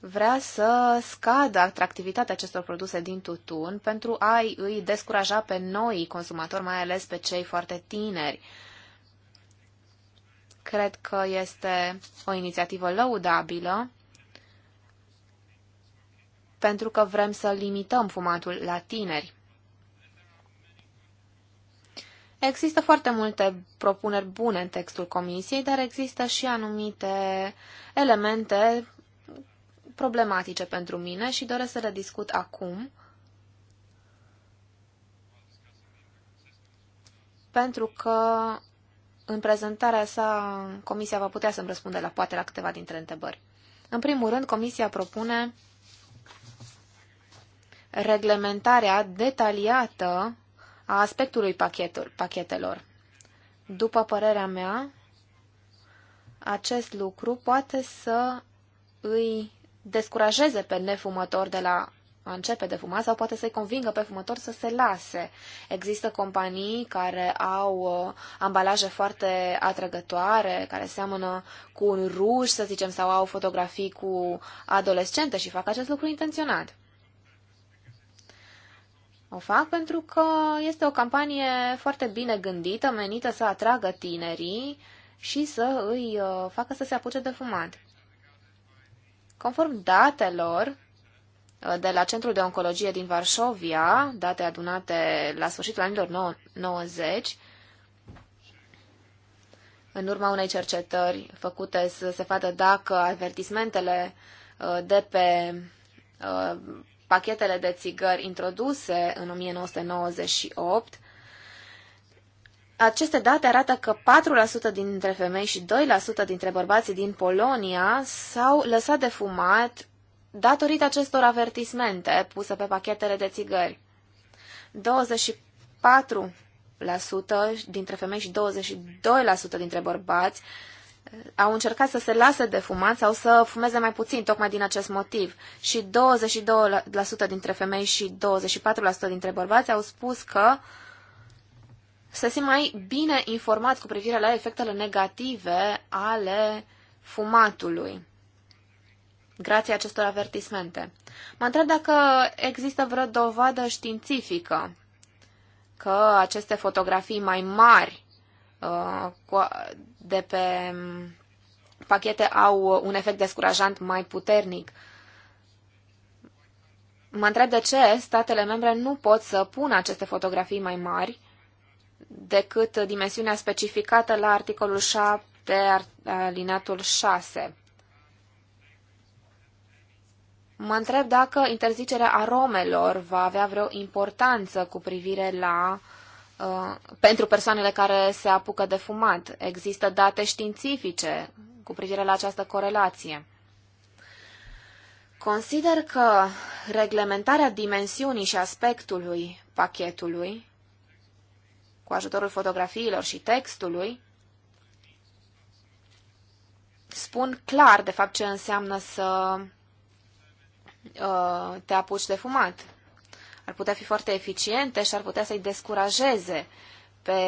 vrea să scadă atractivitatea acestor produse din tutun pentru a îi descuraja pe noi consumatori, mai ales pe cei foarte tineri. Cred că este o inițiativă lăudabilă pentru că vrem să limităm fumatul la tineri. Există foarte multe propuneri bune în textul comisiei, dar există și anumite elemente problematice pentru mine și doresc să le discut acum. Pentru că în prezentarea sa comisia va putea să-mi răspunde la poate la câteva dintre întrebări. În primul rând, comisia propune reglementarea detaliată a aspectului pachetul, pachetelor. După părerea mea, acest lucru poate să îi descurajeze pe nefumători de la a începe de fumat sau poate să-i convingă pe fumător să se lase. Există companii care au uh, ambalaje foarte atrăgătoare, care seamănă cu un ruș, să zicem, sau au fotografii cu adolescente și fac acest lucru intenționat o fac pentru că este o campanie foarte bine gândită, menită să atragă tinerii și să îi uh, facă să se apuce de fumat. Conform datelor uh, de la Centrul de Oncologie din Varșovia, date adunate la sfârșitul anilor 90, în urma unei cercetări făcute să se vadă dacă avertismentele uh, de pe pachetele de țigări introduse în 1998, aceste date arată că 4% dintre femei și 2% dintre bărbații din Polonia s-au lăsat de fumat datorită acestor avertismente puse pe pachetele de țigări. 24% dintre femei și 22% dintre bărbați au încercat să se lase de fumat sau să fumeze mai puțin, tocmai din acest motiv. Și 22% dintre femei și 24% dintre bărbați au spus că se simt mai bine informați cu privire la efectele negative ale fumatului, grație acestor avertismente. Mă întreb dacă există vreo dovadă științifică că aceste fotografii mai mari de pe pachete au un efect descurajant mai puternic. Mă întreb de ce statele membre nu pot să pună aceste fotografii mai mari decât dimensiunea specificată la articolul 7, alineatul 6. Mă întreb dacă interzicerea aromelor va avea vreo importanță cu privire la uh, Uh, pentru persoanele care se apucă de fumat. Există date științifice cu privire la această corelație. Consider că reglementarea dimensiunii și aspectului pachetului, cu ajutorul fotografiilor și textului, spun clar, de fapt, ce înseamnă să uh, te apuci de fumat ar putea fi foarte eficiente și ar putea să-i descurajeze pe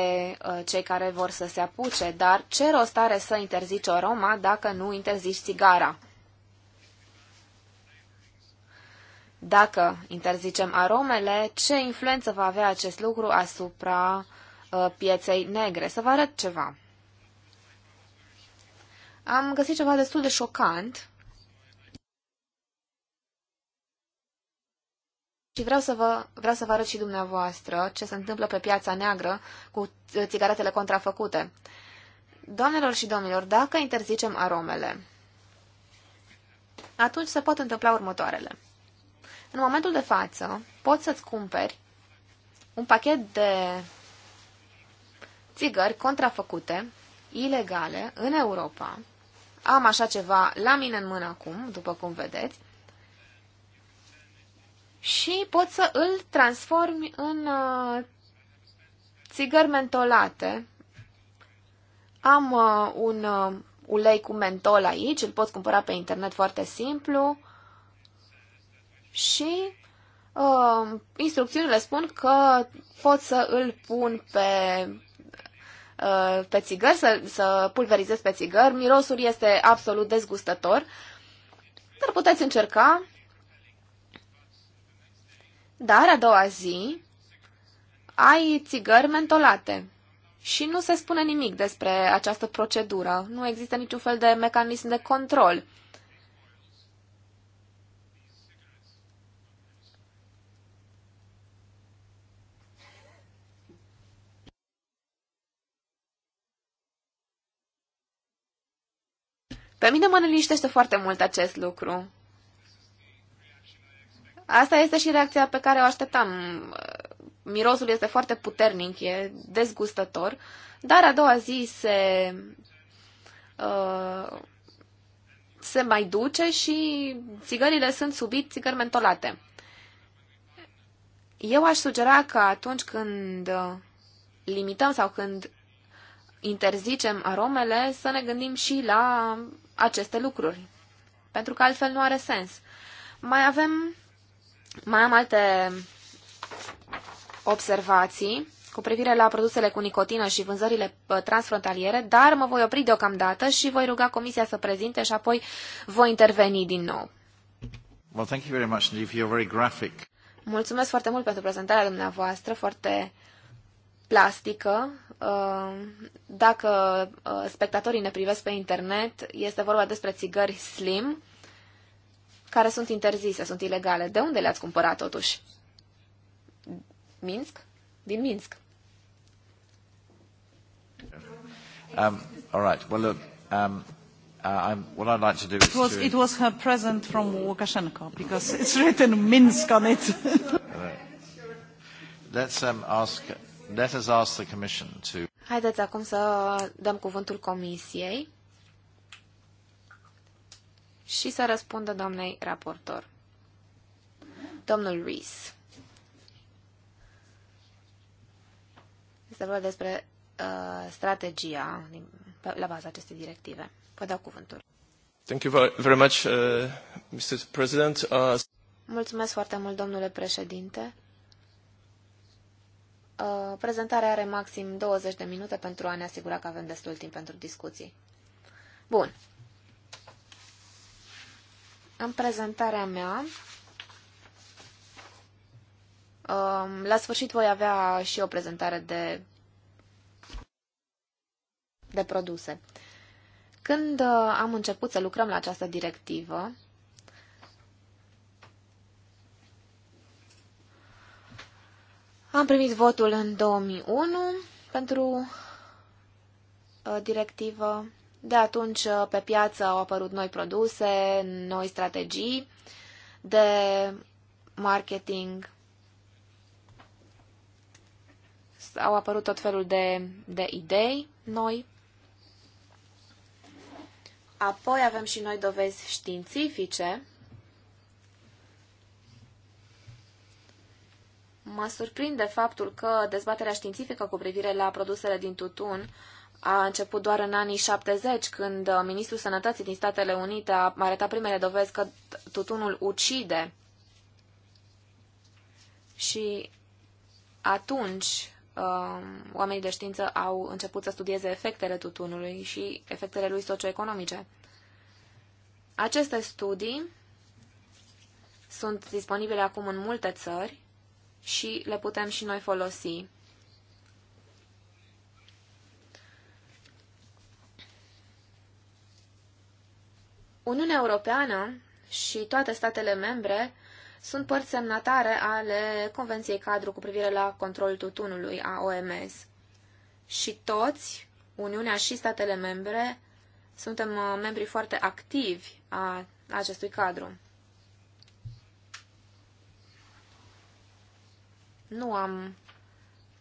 uh, cei care vor să se apuce, dar ce rost are să interzici o Roma dacă nu interzici țigara? Dacă interzicem aromele, ce influență va avea acest lucru asupra uh, pieței negre? Să vă arăt ceva. Am găsit ceva destul de șocant Și vreau să, vă, vreau să vă arăt și dumneavoastră ce se întâmplă pe piața neagră cu țigaretele contrafăcute. Doamnelor și domnilor, dacă interzicem aromele, atunci se pot întâmpla următoarele. În momentul de față, poți să-ți cumperi un pachet de țigări contrafăcute, ilegale, în Europa. Am așa ceva la mine în mână acum, după cum vedeți, și poți să îl transformi în uh, țigări mentolate. Am uh, un uh, ulei cu mentol aici, îl poți cumpăra pe internet foarte simplu și uh, instrucțiunile spun că pot să îl pun pe uh, pe țigări, să, să pulverizez pe țigări. Mirosul este absolut dezgustător, dar puteți încerca dar a doua zi ai țigări mentolate. Și nu se spune nimic despre această procedură. Nu există niciun fel de mecanism de control. Pe mine mă liniștește foarte mult acest lucru. Asta este și reacția pe care o așteptam. Mirosul este foarte puternic, e dezgustător, dar a doua zi se, uh, se mai duce și țigările sunt subit țigări mentolate. Eu aș sugera că atunci când limităm sau când interzicem aromele, să ne gândim și la aceste lucruri. Pentru că altfel nu are sens. Mai avem mai am alte observații cu privire la produsele cu nicotină și vânzările transfrontaliere, dar mă voi opri deocamdată și voi ruga Comisia să prezinte și apoi voi interveni din nou. Well, thank you very much indeed for your very graphic. Mulțumesc foarte mult pentru prezentarea dumneavoastră, foarte plastică. Uh, dacă uh, spectatorii ne privesc pe internet, este vorba despre țigări slim, care sunt interzise, sunt ilegale. De unde le-ați cumpărat totuși? Minsk? Din Minsk. Um, all right. Well, look, um, uh, I'm, what I'd like to do is it was, to... It was her present from Lukashenko because it's written Minsk on it. Let's um, ask, let us ask the Commission to... Haideți acum să dăm cuvântul Comisiei și să răspundă doamnei raportor. Domnul Rees. Este vorba despre uh, strategia din, la baza acestei directive. Vă dau cuvântul. Thank you very much, uh, Mr. President. Uh... Mulțumesc foarte mult, domnule președinte. Uh, prezentarea are maxim 20 de minute pentru a ne asigura că avem destul timp pentru discuții. Bun, în prezentarea mea, um, la sfârșit voi avea și o prezentare de, de produse. Când uh, am început să lucrăm la această directivă, am primit votul în 2001 pentru uh, directivă de atunci, uh, pe piață au apărut noi produse, noi strategii de marketing. Au apărut tot felul de, de idei noi. Apoi avem și noi dovezi științifice. Mă surprinde faptul că dezbaterea științifică cu privire la produsele din tutun uh, a început doar în anii 70, când ministrul sănătății din Statele Unite a arătat primele dovezi că tutunul ucide. Și atunci um, oamenii de știință au început să studieze efectele tutunului și efectele lui socioeconomice. Aceste studii sunt disponibile acum în multe țări și le putem și noi folosi Uniunea Europeană și toate statele membre sunt părți semnatare ale Convenției Cadru cu privire la controlul tutunului a OMS. Și toți, Uniunea și statele membre, suntem uh, membri foarte activi a acestui cadru. Nu am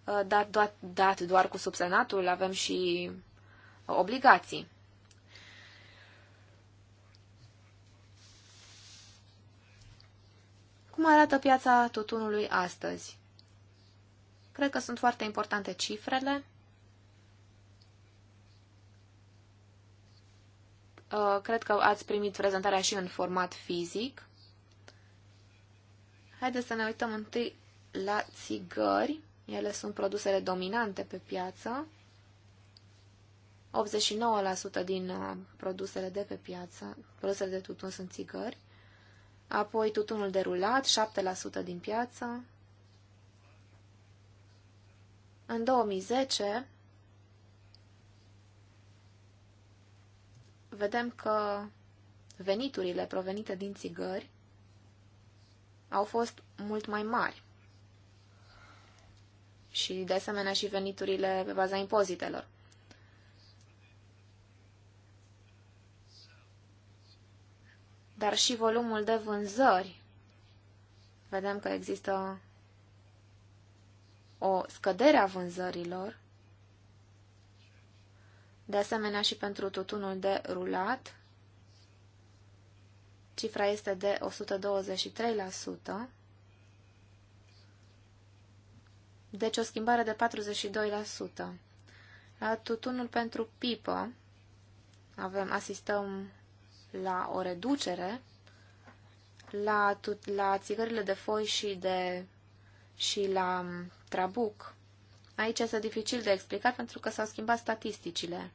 uh, dat, dat, dat doar cu subsenatul, avem și obligații. Cum arată piața tutunului astăzi? Cred că sunt foarte importante cifrele. Uh, cred că ați primit prezentarea și în format fizic. Haideți să ne uităm întâi la țigări. Ele sunt produsele dominante pe piață. 89% din uh, produsele de pe piață, produsele de tutun sunt țigări apoi tutunul derulat, 7% din piață. În 2010 vedem că veniturile provenite din țigări au fost mult mai mari. Și, de asemenea, și veniturile pe baza impozitelor. dar și volumul de vânzări. Vedem că există o scădere a vânzărilor, de asemenea și pentru tutunul de rulat, cifra este de 123%, deci o schimbare de 42%. La tutunul pentru pipă avem, asistăm la o reducere la, tut, la țigările de foi și, de, și la um, trabuc. Aici este dificil de explicat pentru că s-au schimbat statisticile.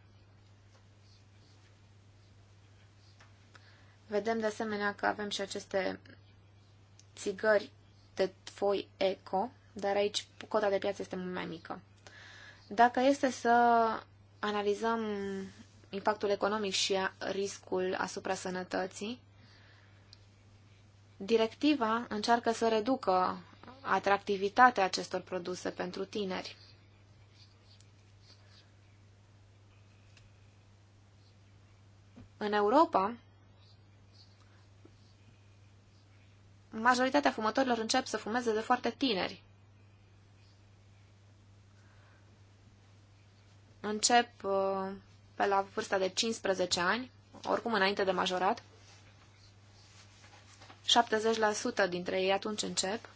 Vedem de asemenea că avem și aceste țigări de foi eco, dar aici cota de piață este mult mai mică. Dacă este să analizăm impactul economic și riscul asupra sănătății. Directiva încearcă să reducă atractivitatea acestor produse pentru tineri. În Europa, majoritatea fumătorilor încep să fumeze de foarte tineri. Încep uh, pe la vârsta de 15 ani, oricum înainte de majorat. 70% dintre ei atunci încep.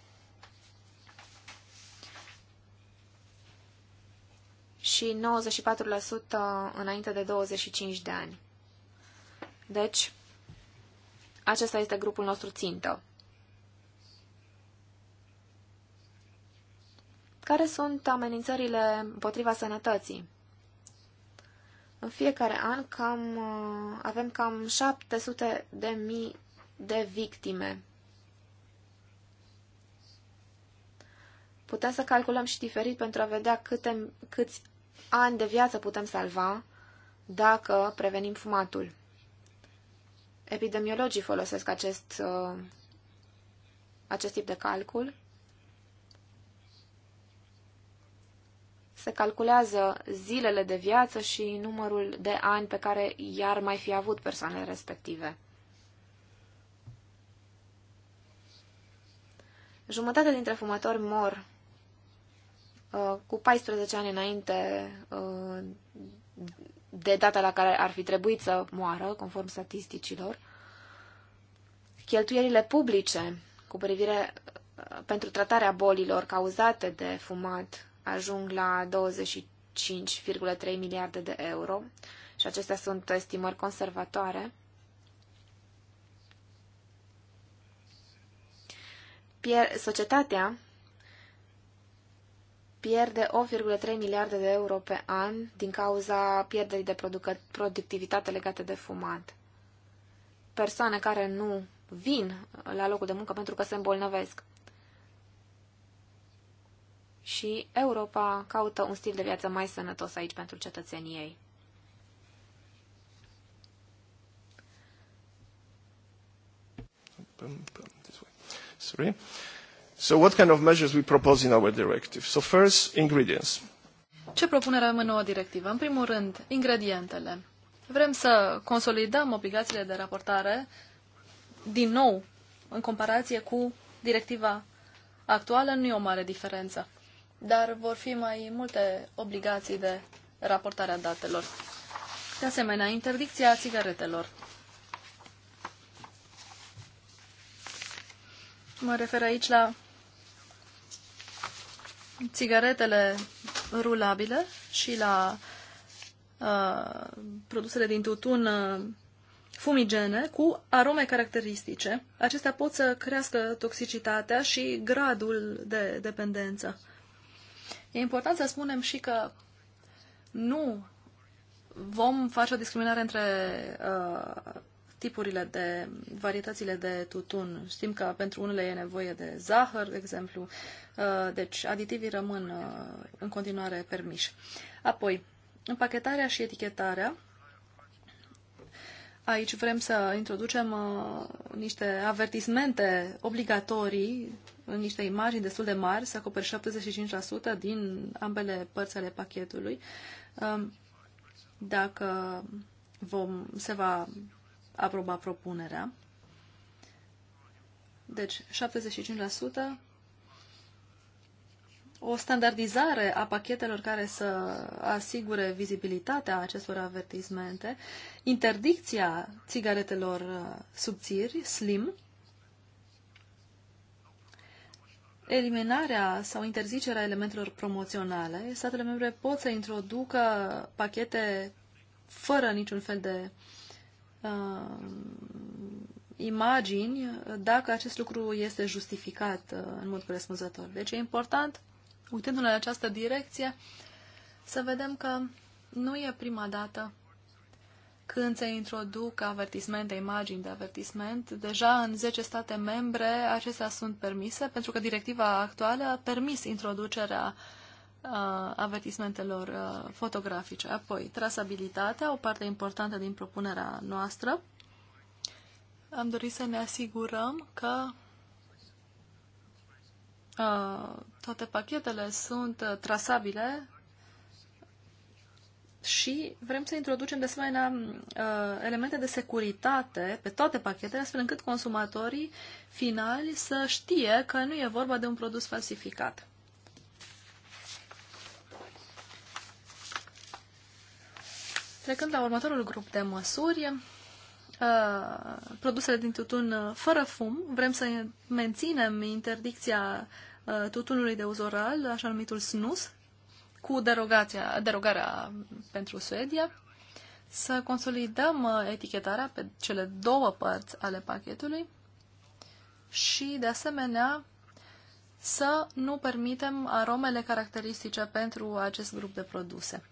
Și 94% înainte de 25 de ani. Deci, acesta este grupul nostru țintă. Care sunt amenințările împotriva sănătății? În fiecare an cam, uh, avem cam 700 de mii de victime. Putem să calculăm și diferit pentru a vedea câte, câți ani de viață putem salva dacă prevenim fumatul. Epidemiologii folosesc acest, uh, acest tip de calcul se calculează zilele de viață și numărul de ani pe care i-ar mai fi avut persoanele respective. Jumătate dintre fumători mor uh, cu 14 ani înainte uh, de data la care ar fi trebuit să moară, conform statisticilor. Cheltuielile publice cu privire uh, pentru tratarea bolilor cauzate de fumat ajung la 25,3 miliarde de euro și acestea sunt estimări conservatoare. Pier societatea pierde 8,3 miliarde de euro pe an din cauza pierderii de productivitate legate de fumat. Persoane care nu vin la locul de muncă pentru că se îmbolnăvesc și Europa caută un stil de viață mai sănătos aici pentru cetățenii ei. Sorry. So what kind of measures we propose in our directive? So first, ingredients. Ce propunere avem în noua directivă? În primul rând, ingredientele. Vrem să consolidăm obligațiile de raportare din nou în comparație cu directiva actuală, nu e o mare diferență dar vor fi mai multe obligații de raportare a datelor. De asemenea, interdicția țigaretelor. Mă refer aici la țigaretele rulabile și la uh, produsele din tutun uh, fumigene cu arome caracteristice. Acestea pot să crească toxicitatea și gradul de dependență. E important să spunem și că nu vom face o discriminare între uh, tipurile de varietățile de tutun. Știm că pentru unele e nevoie de zahăr, de exemplu, uh, deci aditivii rămân uh, în continuare permiși. Apoi, împachetarea și etichetarea Aici vrem să introducem uh, niște avertismente obligatorii în niște imagini destul de mari, să acoperi 75% din ambele părți ale pachetului. Um, dacă vom, se va aproba propunerea. Deci 75% o standardizare a pachetelor care să asigure vizibilitatea acestor avertismente, interdicția țigaretelor uh, subțiri, slim, eliminarea sau interzicerea elementelor promoționale. Statele membre pot să introducă pachete fără niciun fel de uh, imagini dacă acest lucru este justificat uh, în mod corespunzător. Deci e important uitându-ne în această direcție, să vedem că nu e prima dată când se introduc avertismente, imagini de avertisment. Deja în 10 state membre acestea sunt permise, pentru că directiva actuală a permis introducerea uh, avertismentelor uh, fotografice. Apoi, trasabilitatea, o parte importantă din propunerea noastră. Am dorit să ne asigurăm că Uh, toate pachetele sunt uh, trasabile și vrem să introducem de asemenea uh, elemente de securitate pe toate pachetele, astfel încât consumatorii finali să știe că nu e vorba de un produs falsificat. Trecând la următorul grup de măsuri, produsele din tutun fără fum, vrem să menținem interdicția Uh, tutunului de uz oral, așa numitul SNUS, cu derogația, derogarea pentru Suedia, să consolidăm uh, etichetarea pe cele două părți ale pachetului și, de asemenea, să nu permitem aromele caracteristice pentru acest grup de produse.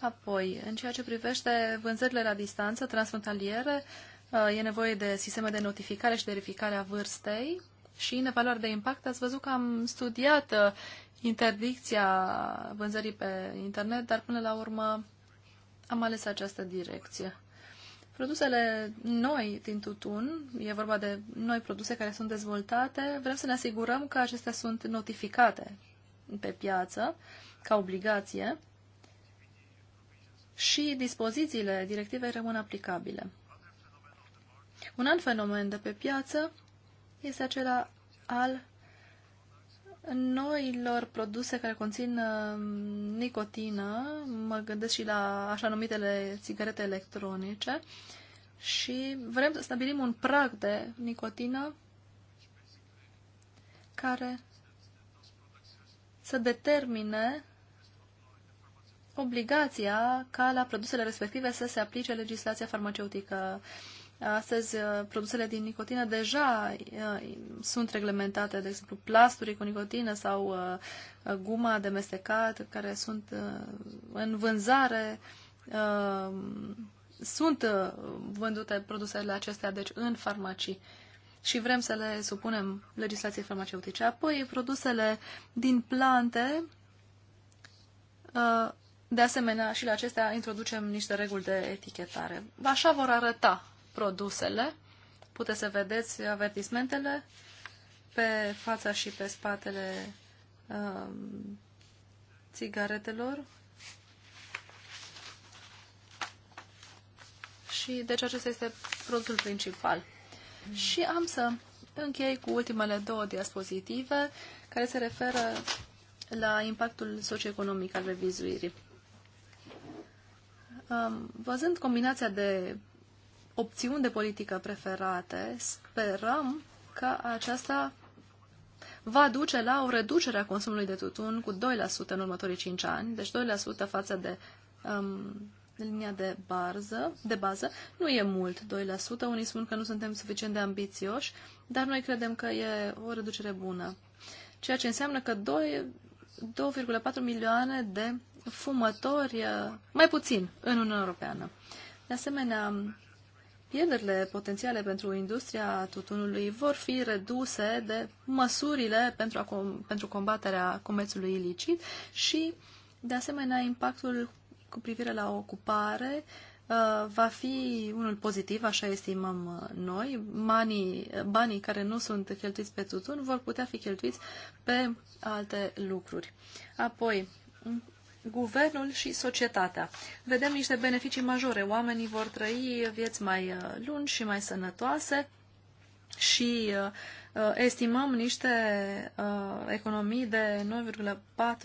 Apoi, în ceea ce privește vânzările la distanță transfrontaliere, uh, e nevoie de sisteme de notificare și verificare a vârstei și în evaluare de impact ați văzut că am studiat uh, interdicția vânzării pe internet, dar până la urmă am ales această direcție. Produsele noi din tutun, e vorba de noi produse care sunt dezvoltate, vrem să ne asigurăm că acestea sunt notificate pe piață ca obligație și dispozițiile directivei rămân aplicabile. Un alt fenomen de pe piață este acela al noilor produse care conțin uh, nicotină, mă gândesc și la așa numitele țigarete electronice, și vrem să stabilim un prag de nicotină care să determine obligația ca la produsele respective să se aplice legislația farmaceutică Astăzi, uh, produsele din nicotină deja uh, sunt reglementate, de exemplu, plasturii cu nicotină sau uh, guma de mestecat care sunt în vânzare. Sunt vândute produsele acestea, deci, în farmacii și vrem să le supunem legislației farmaceutice. Apoi, produsele din plante, de asemenea, și la acestea introducem niște reguli de etichetare. Așa vor arăta produsele. Puteți să vedeți avertismentele pe fața și pe spatele uh, țigaretelor. Și deci acesta este produsul principal. Mm. Și am să închei cu ultimele două diapozitive care se referă la impactul socioeconomic al revizuirii. Um, văzând combinația de opțiuni de politică preferate, sperăm că aceasta va duce la o reducere a consumului de tutun cu 2% în următorii 5 ani, deci 2% față de um, linia de, barză, de bază. Nu e mult, 2%. Unii spun că nu suntem suficient de ambițioși, dar noi credem că e o reducere bună. Ceea ce înseamnă că 2, 2,4 milioane de fumători, uh, mai puțin, în Uniunea Europeană. De asemenea, pierderile potențiale pentru industria tutunului vor fi reduse de măsurile pentru, a, pentru combaterea comerțului ilicit și, de asemenea, impactul cu privire la ocupare uh, va fi unul pozitiv, așa estimăm uh, noi. Banii, uh, banii care nu sunt cheltuiți pe tutun vor putea fi cheltuiți pe alte lucruri. Apoi, guvernul și societatea. Vedem niște beneficii majore. Oamenii vor trăi vieți mai uh, lungi și mai sănătoase și uh, uh estimăm niște uh, economii de 9,4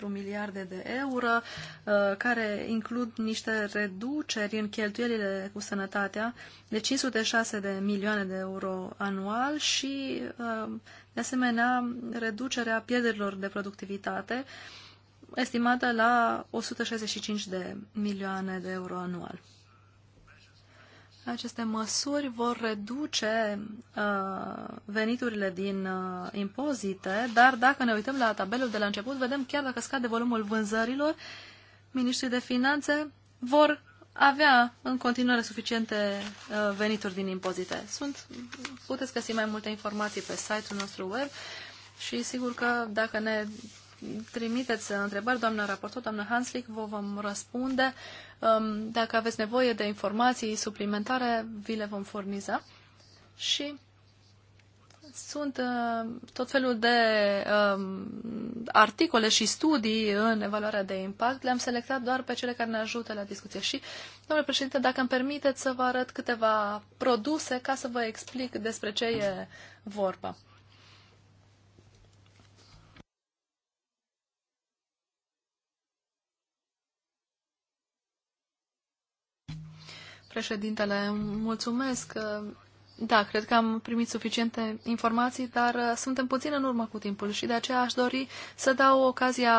miliarde de euro, uh, care includ niște reduceri în cheltuielile cu sănătatea de 506 de milioane de euro anual și, uh, de asemenea, reducerea pierderilor de productivitate uh, estimată la 165 de milioane de euro anual. Aceste măsuri vor reduce uh, veniturile din uh, impozite, dar dacă ne uităm la tabelul de la început, vedem chiar dacă scade volumul vânzărilor, ministrii de finanțe vor avea în continuare suficiente uh, venituri din impozite. Sunt, puteți găsi mai multe informații pe site-ul nostru web și sigur că dacă ne trimiteți întrebări, doamna raportor, doamna Hanslick, vă vom răspunde. Um, dacă aveți nevoie de informații suplimentare, vi le vom furniza. Și sunt uh, tot felul de um, articole și studii în evaluarea de impact. Le-am selectat doar pe cele care ne ajută la discuție. Și, domnule președinte, dacă îmi permiteți să vă arăt câteva produse ca să vă explic despre ce e vorba. Președintele, mulțumesc. Da, cred că am primit suficiente informații, dar uh, suntem puțin în urmă cu timpul și de aceea aș dori să dau ocazia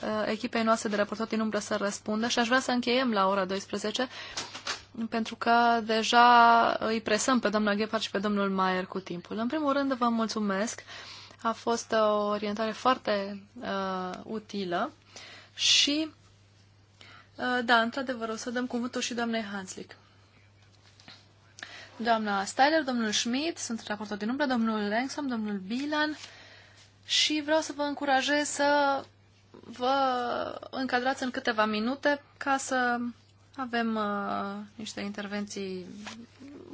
uh, echipei noastre de raportat din umbră să răspundă și aș vrea să încheiem la ora 12, pentru că deja îi presăm pe doamna Gephardt și pe domnul Maier cu timpul. În primul rând, vă mulțumesc. A fost uh, o orientare foarte uh, utilă și, uh, da, într-adevăr, o să dăm cuvântul și doamnei Hanslick doamna Steiler, domnul Schmidt, sunt raportor din umbră, domnul Langsom, domnul Bilan și vreau să vă încurajez să vă încadrați în câteva minute ca să avem uh, niște intervenții.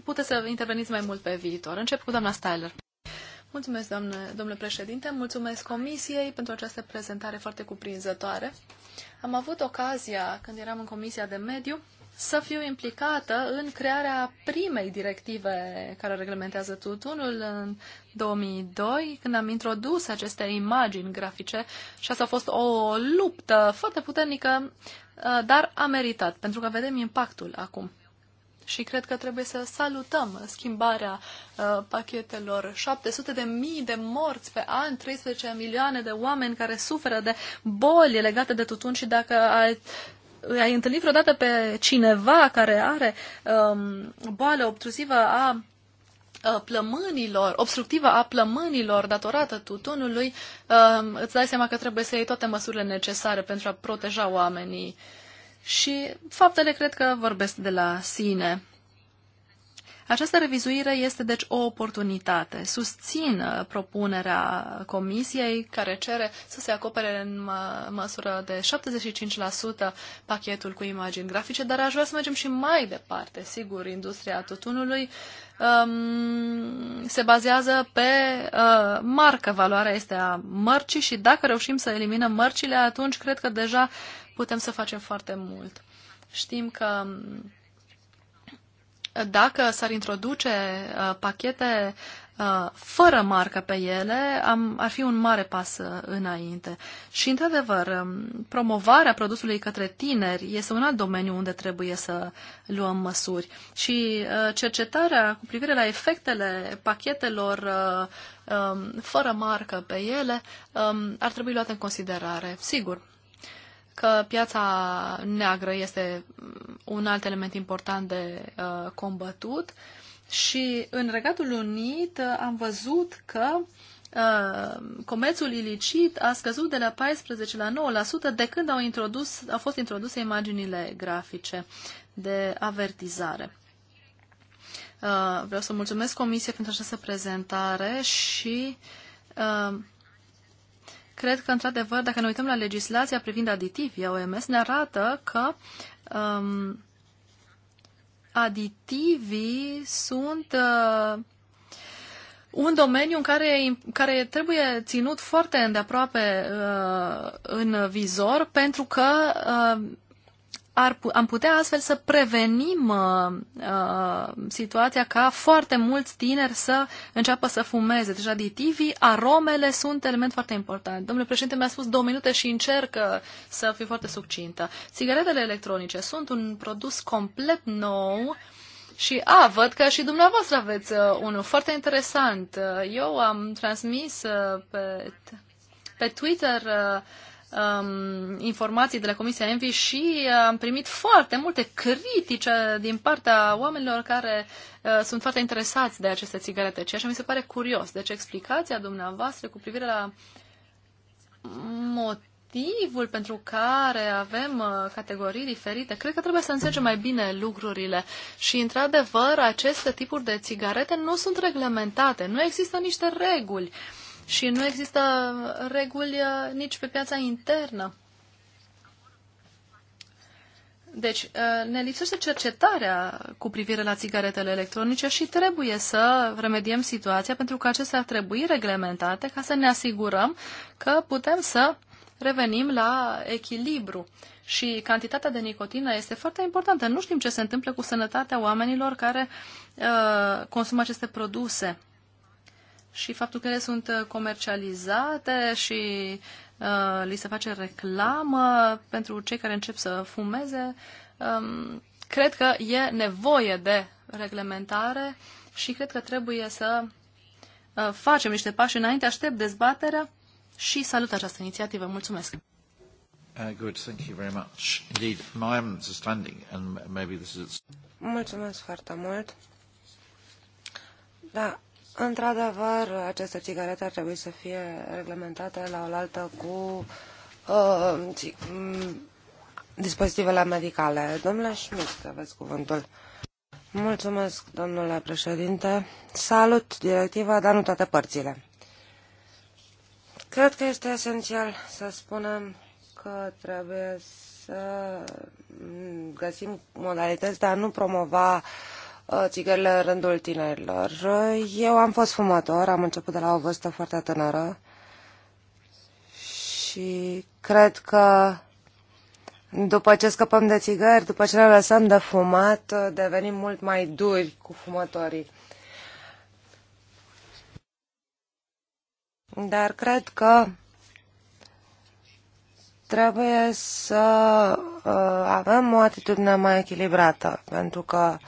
Puteți să interveniți mai mult pe viitor. Încep cu doamna Steiler. Mulțumesc, doamne, domnule președinte, mulțumesc comisiei pentru această prezentare foarte cuprinzătoare. Am avut ocazia, când eram în Comisia de Mediu, să fiu implicată în crearea primei directive care reglementează tutunul în 2002, când am introdus aceste imagini grafice și asta a fost o luptă foarte puternică, uh, dar a meritat, pentru că vedem impactul acum. Și cred că trebuie să salutăm schimbarea uh, pachetelor. 700 de mii de morți pe an, 13 milioane de oameni care suferă de boli legate de tutun și dacă ai ai întâlnit vreodată pe cineva care are um, boală obtruzivă a plămânilor, obstructivă a plămânilor datorată tutunului, um, îți dai seama că trebuie să iei toate măsurile necesare pentru a proteja oamenii. Și faptele cred că vorbesc de la sine. Această revizuire este deci o oportunitate. Susțin uh, propunerea Comisiei care cere să se acopere în mă uh, măsură de 75% pachetul cu imagini grafice, dar aș vrea să mergem și mai departe. Sigur, industria tutunului um, se bazează pe uh, marcă. Valoarea este a mărcii și dacă reușim să eliminăm mărcile, atunci cred că deja putem să facem foarte mult. Știm că um, dacă s-ar introduce uh, pachete uh, fără marcă pe ele, am, ar fi un mare pas uh, înainte. Și, într-adevăr, um, promovarea produsului către tineri este un alt domeniu unde trebuie să luăm măsuri. Și uh, cercetarea cu privire la efectele pachetelor um, fără marcă pe ele um, ar trebui luată în considerare. Sigur, că piața neagră este un alt element important de uh, combătut și în Regatul Unit uh, am văzut că uh, comerțul ilicit a scăzut de la 14 la 9% de când au, introdus, au fost introduse imaginile grafice de avertizare. Uh, vreau să mulțumesc Comisiei pentru această prezentare și uh, Cred că, într-adevăr, dacă ne uităm la legislația privind aditivii OMS, ne arată că um, aditivii sunt uh, un domeniu în care, care trebuie ținut foarte îndeaproape uh, în vizor, pentru că uh, ar, am putea astfel să prevenim uh, uh, situația ca foarte mulți tineri să înceapă să fumeze. Deci aditivii, aromele sunt element foarte important. Domnule președinte, mi-a spus două minute și încerc uh, să fiu foarte succintă. Sigaretele electronice sunt un produs complet nou și, a, văd că și dumneavoastră aveți uh, unul foarte interesant. Uh, eu am transmis uh, pe, pe Twitter uh, um, informații de la Comisia Envi și uh, am primit foarte multe critice din partea oamenilor care uh, sunt foarte interesați de aceste țigarete, ceea ce mi se pare curios. Deci explicația dumneavoastră cu privire la motivul pentru care avem uh, categorii diferite, cred că trebuie să înțelegem mai bine lucrurile și, într-adevăr, aceste tipuri de țigarete nu sunt reglementate, nu există niște reguli. Uh, și nu există reguli uh, nici pe piața internă. Deci, uh, ne lipsește cercetarea cu privire la țigaretele electronice și trebuie să remediem situația pentru că acestea ar trebui reglementate ca să ne asigurăm că putem să revenim la echilibru. Și cantitatea de nicotină este foarte importantă. Nu știm ce se întâmplă cu sănătatea oamenilor care uh, consumă aceste produse și faptul că ele sunt uh, comercializate și uh, li se face reclamă pentru cei care încep să fumeze, um, cred că e nevoie de reglementare și cred că trebuie să uh, facem niște pași înainte. Aștept dezbaterea și salut această inițiativă. Mulțumesc! Uh, good, thank you very much. Indeed, my understanding, and maybe this is... Mulțumesc foarte mult. Da, Într-adevăr, aceste țigarete ar trebui să fie reglementate la oaltă cu uh, mm, dispozitivele medicale. Domnule Schmidt, aveți cuvântul. Mulțumesc, domnule președinte. Salut directiva, dar nu toate părțile. Cred că este esențial să spunem că trebuie să găsim modalități de a nu promova uh, Uh, țigările în rândul tinerilor. Eu am fost fumător, am început de la o vârstă foarte tânără și cred că după ce scăpăm de țigări, după ce ne lăsăm de fumat, uh, devenim mult mai duri cu fumătorii. Dar cred că trebuie să uh, avem o atitudine mai echilibrată, pentru că uh,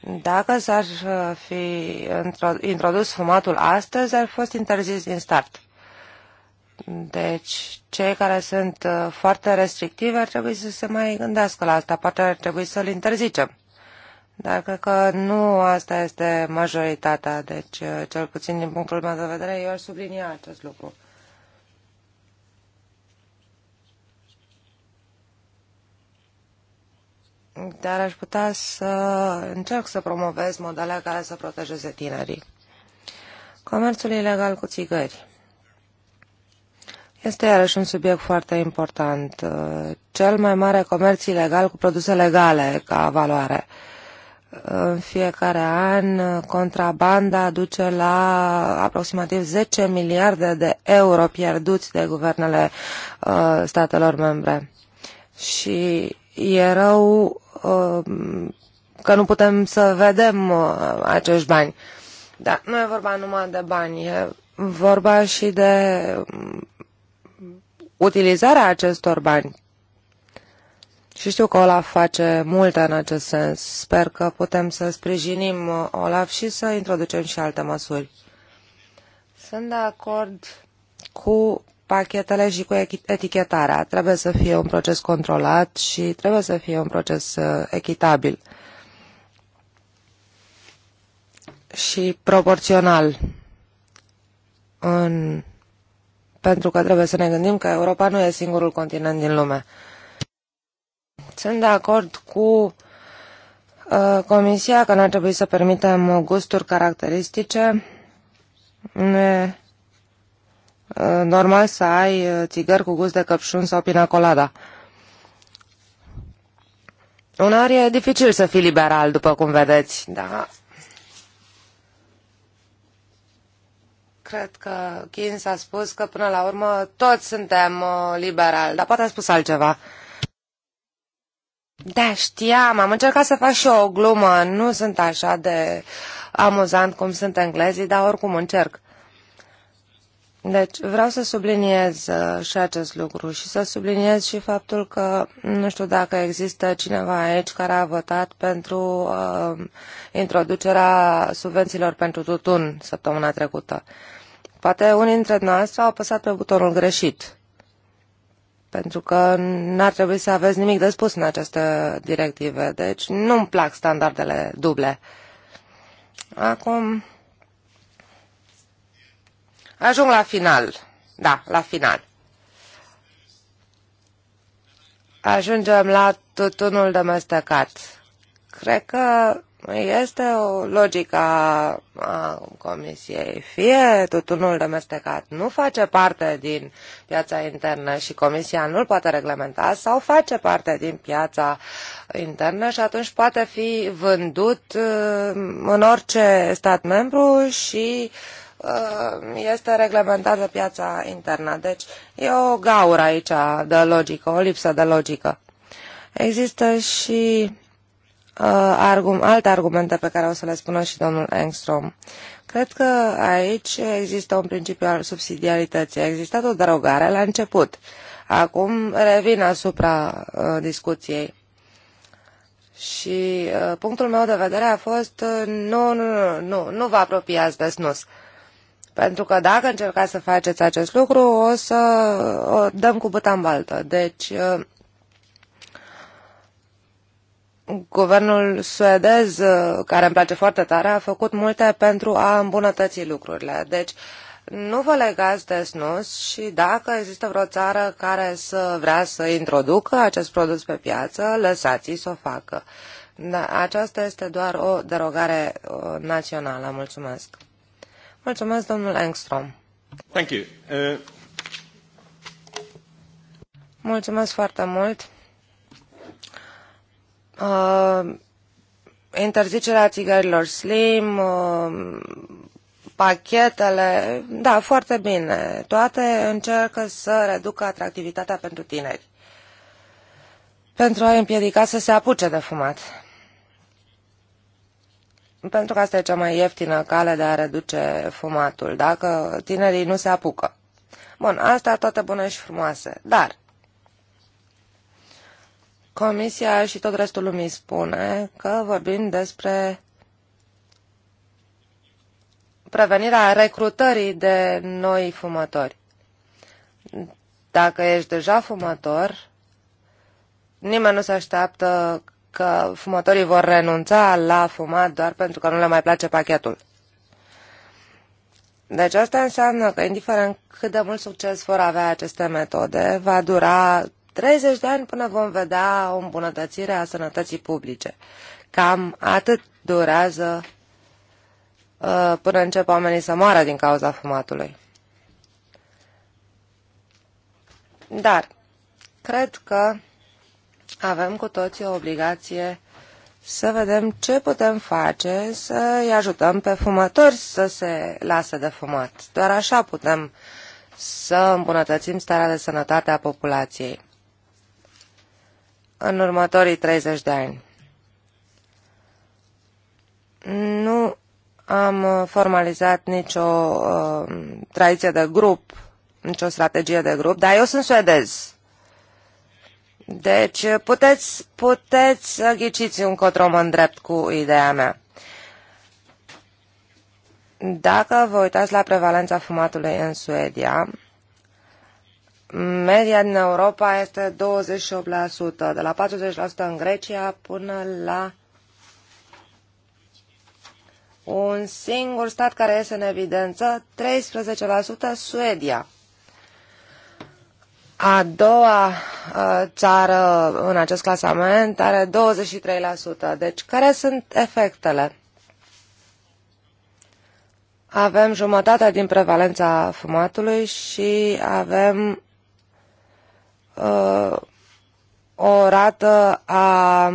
dacă s-ar uh, fi introdus fumatul astăzi, ar fi fost interzis din start. Deci, cei care sunt uh, foarte restrictivi ar trebui să se mai gândească la asta. Poate ar trebui să-l interzicem. Dar cred că nu asta este majoritatea. Deci, uh, cel puțin din punctul meu de vedere, eu aș sublinia acest lucru. dar aș putea să încerc să promovez modele care să protejeze tinerii. Comerțul ilegal cu țigări. Este iarăși un subiect foarte important. Cel mai mare comerț ilegal cu produse legale ca valoare. În fiecare an, contrabanda duce la aproximativ 10 miliarde de euro pierduți de guvernele uh, statelor membre. Și e rău Uh, că nu putem să vedem uh, acești bani. Dar nu e vorba numai de bani, e vorba și de mm, utilizarea acestor bani. Și știu că Olaf face multe în acest sens. Sper că putem să sprijinim uh, Olaf și să introducem și alte măsuri. Sunt de acord cu pachetele și cu etichetarea. Trebuie să fie un proces controlat și trebuie să fie un proces uh, echitabil și proporțional în... pentru că trebuie să ne gândim că Europa nu e singurul continent din lume. Sunt de acord cu uh, Comisia că n-ar trebui să permitem gusturi caracteristice. Ne Uh, normal să ai uh, țigări cu gust de căpșun sau pina colada. Uneori e dificil să fii liberal, după cum vedeți, da. Cred că Kins a spus că până la urmă toți suntem uh, liberali, dar poate a spus altceva. Da, știam, am încercat să fac și eu o glumă, nu sunt așa de amuzant cum sunt englezii, dar oricum încerc. Deci vreau să subliniez uh, și acest lucru și să subliniez și faptul că nu știu dacă există cineva aici care a votat pentru uh, introducerea subvențiilor pentru tutun săptămâna trecută. Poate unii dintre noastre au apăsat pe butonul greșit, pentru că n-ar trebui să aveți nimic de spus în aceste directive. Deci nu-mi plac standardele duble. Acum, Ajung la final. Da, la final. Ajungem la tutunul de măstăcat. Cred că este o logică a Comisiei. Fie tutunul de măstăcat nu face parte din piața internă și Comisia nu-l poate reglementa, sau face parte din piața internă și atunci poate fi vândut uh, în orice stat membru și uh, Uh, este reglementată piața internă. Deci e o gaură aici de logică, o lipsă de logică. Există și uh, alte argumente pe care o să le spună și domnul Engstrom. Cred că aici există un principiu al subsidiarității. A existat o derogare la început. Acum revin asupra uh, discuției. Și uh, punctul meu de vedere a fost uh, nu, nu, nu, nu, nu vă apropiați de snus. Uh, pentru că dacă încercați să faceți acest lucru, o să o dăm cu băta în baltă. Deci, uh, guvernul suedez, uh, care îmi place foarte tare, a făcut multe pentru a îmbunătăți lucrurile. Deci, nu vă legați de snus și dacă există vreo țară care să vrea să introducă acest produs pe piață, lăsați-i să o facă. Da, aceasta este doar o derogare uh, națională. Mulțumesc domnul Engstrom. Thank you. Uh, foarte mult. Uh, interzicerea țigărilor slim, uh, pachetele, da, foarte bine. Toate încearcă să reducă atractivitatea pentru tineri, pentru a împiedica să se apuce de fumat pentru că asta e cea mai ieftină cale de a reduce fumatul, dacă tinerii nu se apucă. Bun, asta toate bune și frumoase, dar Comisia și tot restul lumii spune că vorbim despre prevenirea recrutării de noi fumători. Dacă ești deja fumător, nimeni nu se așteaptă că fumătorii vor renunța la fumat doar pentru că nu le mai place pachetul. Deci asta înseamnă că, indiferent cât de mult succes vor avea aceste metode, va dura 30 de ani până vom vedea o îmbunătățire a sănătății publice. Cam atât durează uh, până încep oamenii să moară din cauza fumatului. Dar cred că avem cu toții o obligație să vedem ce putem face să-i ajutăm pe fumători să se lase de fumat. Doar așa putem să îmbunătățim starea de sănătate a populației în următorii 30 de ani. Nu am formalizat nicio uh, tradiție de grup, nicio strategie de grup, dar eu sunt suedez deci puteți, puteți să ghiciți încotro mă îndrept cu ideea mea. Dacă vă uitați la prevalența fumatului în Suedia, media din Europa este 28%, de la 40% în Grecia până la un singur stat care este în evidență, 13% Suedia. A doua țară în acest clasament are 23%. Deci, care sunt efectele? Avem jumătate din prevalența fumatului și avem uh, o rată a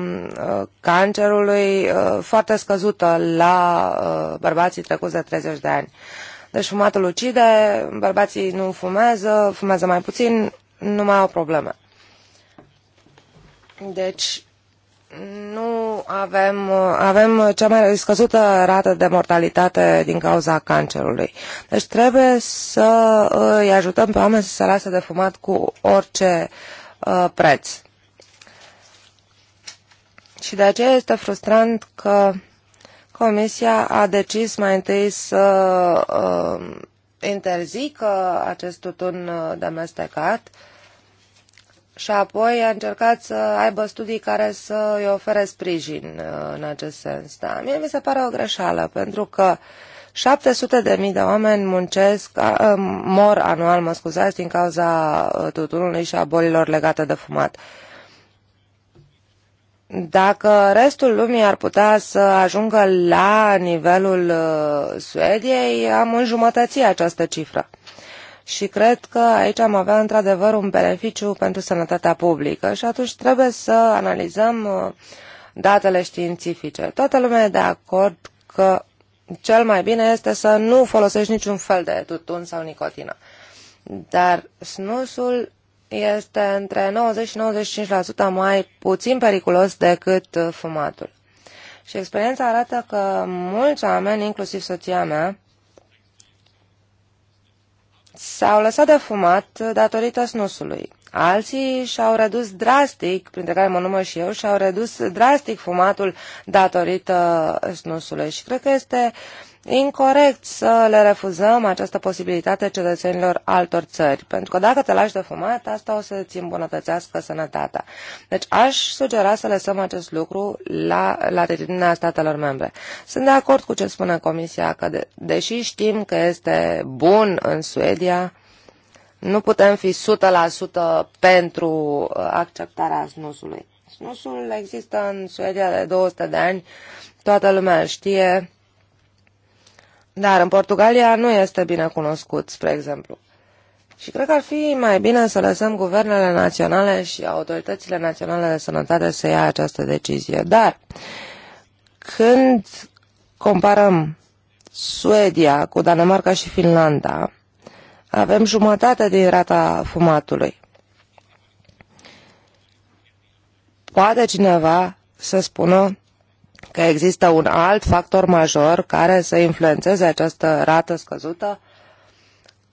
cancerului uh, foarte scăzută la uh, bărbații trecuți de 30 de ani. Deci fumatul ucide, bărbații nu fumează, fumează mai puțin, nu mai au probleme. Deci, nu avem, avem cea mai scăzută rată de mortalitate din cauza cancerului. Deci trebuie să îi ajutăm pe oameni să se lasă de fumat cu orice uh, preț. Și de aceea este frustrant că Comisia a decis mai întâi să uh, interzică acest tutun uh, de amestecat uh, și apoi a încercat să aibă studii care să îi ofere sprijin uh, în acest sens. Da, mie mi se pare o greșeală, pentru că 700 de mii de oameni muncesc, uh, mor anual, mă scuzați, din cauza uh, tutunului și a bolilor legate de fumat. Dacă restul lumii ar putea să ajungă la nivelul Suediei, am înjumătățit această cifră și cred că aici am avea într-adevăr un beneficiu pentru sănătatea publică și atunci trebuie să analizăm uh, datele științifice. Toată lumea e de acord că cel mai bine este să nu folosești niciun fel de tutun sau nicotină. Dar snusul este între 90 și 95% mai puțin periculos decât uh, fumatul. Și experiența arată că mulți oameni, inclusiv soția mea, s-au lăsat de fumat datorită snusului. Alții și-au redus drastic, printre care mă număr și eu, și-au redus drastic fumatul datorită snusului. Și cred că este uh, incorrect să le refuzăm această posibilitate cetățenilor altor țări, pentru că dacă te lași de fumat, asta o să îți îmbunătățească sănătatea. Deci aș sugera să lăsăm acest lucru la latitudinea statelor membre. Sunt de acord cu ce spune Comisia, că de, deși știm că este bun în Suedia, nu putem fi 100% pentru uh, acceptarea snusului. Snusul există în Suedia de 200 de ani, toată lumea știe, dar în Portugalia nu este bine cunoscut, spre exemplu. Și cred că ar fi mai bine să lăsăm guvernele naționale și autoritățile naționale de sănătate să ia această decizie. Dar când comparăm Suedia cu Danemarca și Finlanda, avem jumătate din rata fumatului. Poate cineva să spună că există un alt factor major care să influențeze această rată scăzută?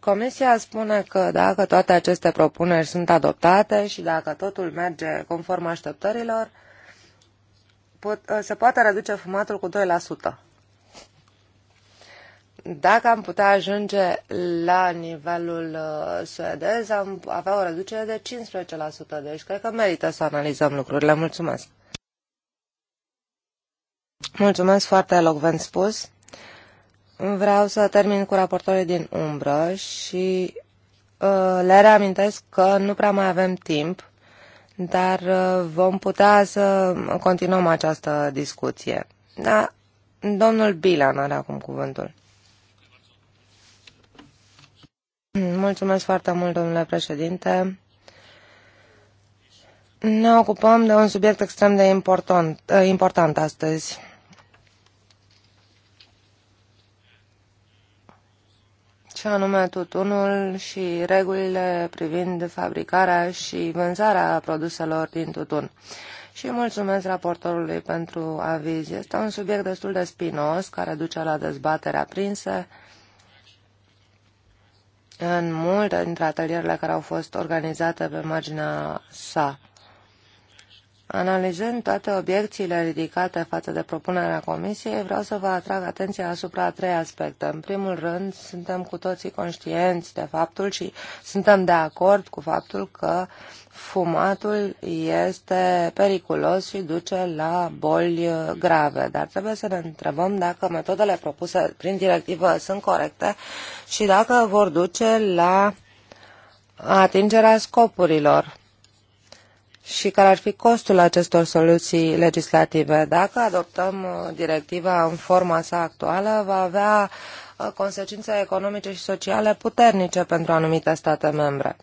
Comisia spune că dacă toate aceste propuneri sunt adoptate și dacă totul merge conform așteptărilor, pot, uh, se poate reduce fumatul cu 2%. Dacă am putea ajunge la nivelul uh, suedez, am avea o reducere de 15%, deci cred că merită să analizăm lucrurile. Mulțumesc! Mulțumesc, foarte elocvent spus. Vreau să termin cu raportorii din umbră și uh, le reamintesc că nu prea mai avem timp, dar uh, vom putea să continuăm această discuție. Da, domnul Bilan are acum cuvântul. Mulțumesc foarte mult, domnule președinte. Ne ocupăm de un subiect extrem de important, uh, important astăzi și anume tutunul și regulile privind fabricarea și vânzarea produselor din tutun. Și mulțumesc raportorului pentru aviz. Este un subiect destul de spinos, care duce la dezbatere aprinse în multe dintre atelierele care au fost organizate pe marginea sa. Analizând toate obiecțiile ridicate față de propunerea Comisiei, vreau să vă atrag atenția asupra a trei aspecte. În primul rând, suntem cu toții conștienți de faptul și suntem de acord cu faptul că fumatul este periculos și duce la boli grave, dar trebuie să ne întrebăm dacă metodele propuse prin directivă sunt corecte și dacă vor duce la atingerea scopurilor și care ar fi costul acestor soluții legislative. Dacă adoptăm uh, directiva în forma sa actuală, va avea uh, consecințe economice și sociale puternice pentru anumite state membre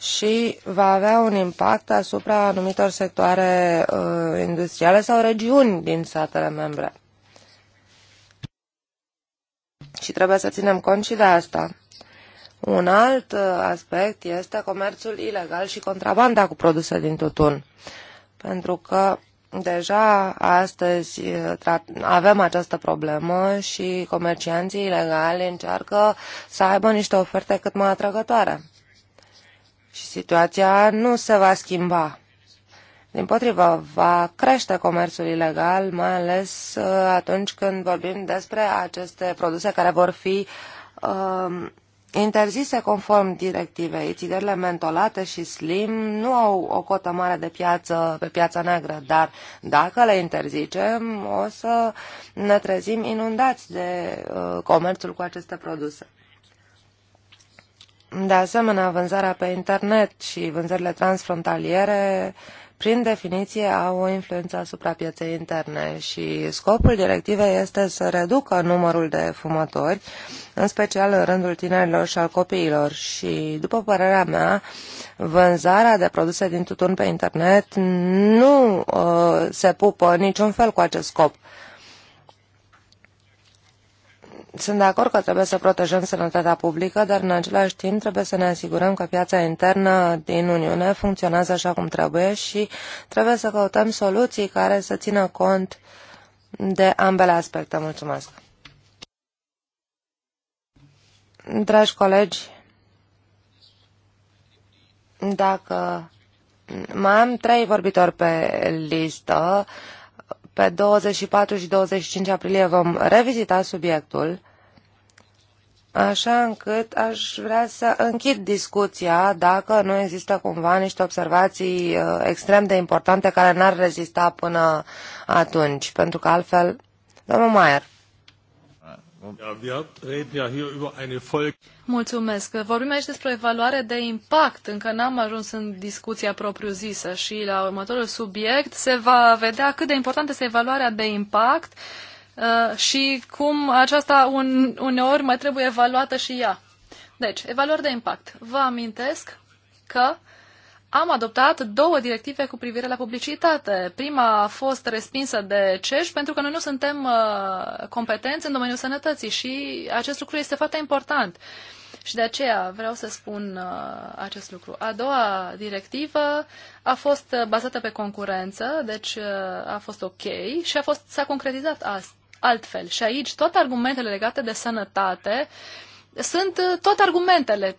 și va avea un impact asupra anumitor sectoare uh, industriale sau regiuni din statele membre. Și trebuie să ținem cont și de asta. Un alt uh, aspect este comerțul ilegal și contrabanda cu produse din tutun. Pentru că deja astăzi uh, avem această problemă și comercianții ilegali încearcă să aibă niște oferte cât mai atrăgătoare. Și situația nu se va schimba. Din potrivă, va crește comerțul ilegal, mai ales uh, atunci când vorbim despre aceste produse care vor fi uh, interzise conform directivei, țigările mentolate și slim nu au o cotă mare de piață pe piața neagră, dar dacă le interzicem, o să ne trezim inundați de uh, comerțul cu aceste produse. De asemenea, vânzarea pe internet și vânzările transfrontaliere uh, prin definiție, au o influență asupra pieței interne și scopul directivei este să reducă numărul de fumători, în special în rândul tinerilor și al copiilor. Și, după părerea mea, vânzarea de produse din tutun pe internet nu uh, se pupă niciun fel cu acest scop. Uh, sunt de acord că trebuie să protejăm sănătatea publică, dar în același timp trebuie să ne asigurăm că piața internă din Uniune funcționează așa cum trebuie și trebuie să căutăm soluții care să țină cont de ambele aspecte. Mulțumesc! Dragi colegi, dacă mai am trei vorbitori pe listă, pe 24 și 25 aprilie vom revizita subiectul așa încât aș vrea să închid discuția dacă nu există cumva niște observații uh, extrem de importante care n-ar rezista până atunci, pentru că altfel... Domnul Maier. Mulțumesc. Vorbim aici despre evaluare de impact. Încă n-am ajuns în discuția propriu-zisă și la următorul subiect se va vedea cât de importantă este evaluarea de impact Uh, și cum aceasta un, uneori mai trebuie evaluată și ea. Deci, evaluări de impact. Vă amintesc că am adoptat două directive cu privire la publicitate. Prima a fost respinsă de CEJ pentru că noi nu suntem uh, competenți în domeniul sănătății și acest lucru este foarte important. Și de aceea vreau să spun uh, acest lucru. A doua directivă a fost uh, bazată pe concurență, deci uh, a fost ok și a fost, s-a concretizat astăzi altfel. Și aici toate argumentele legate de sănătate sunt uh, toate argumentele.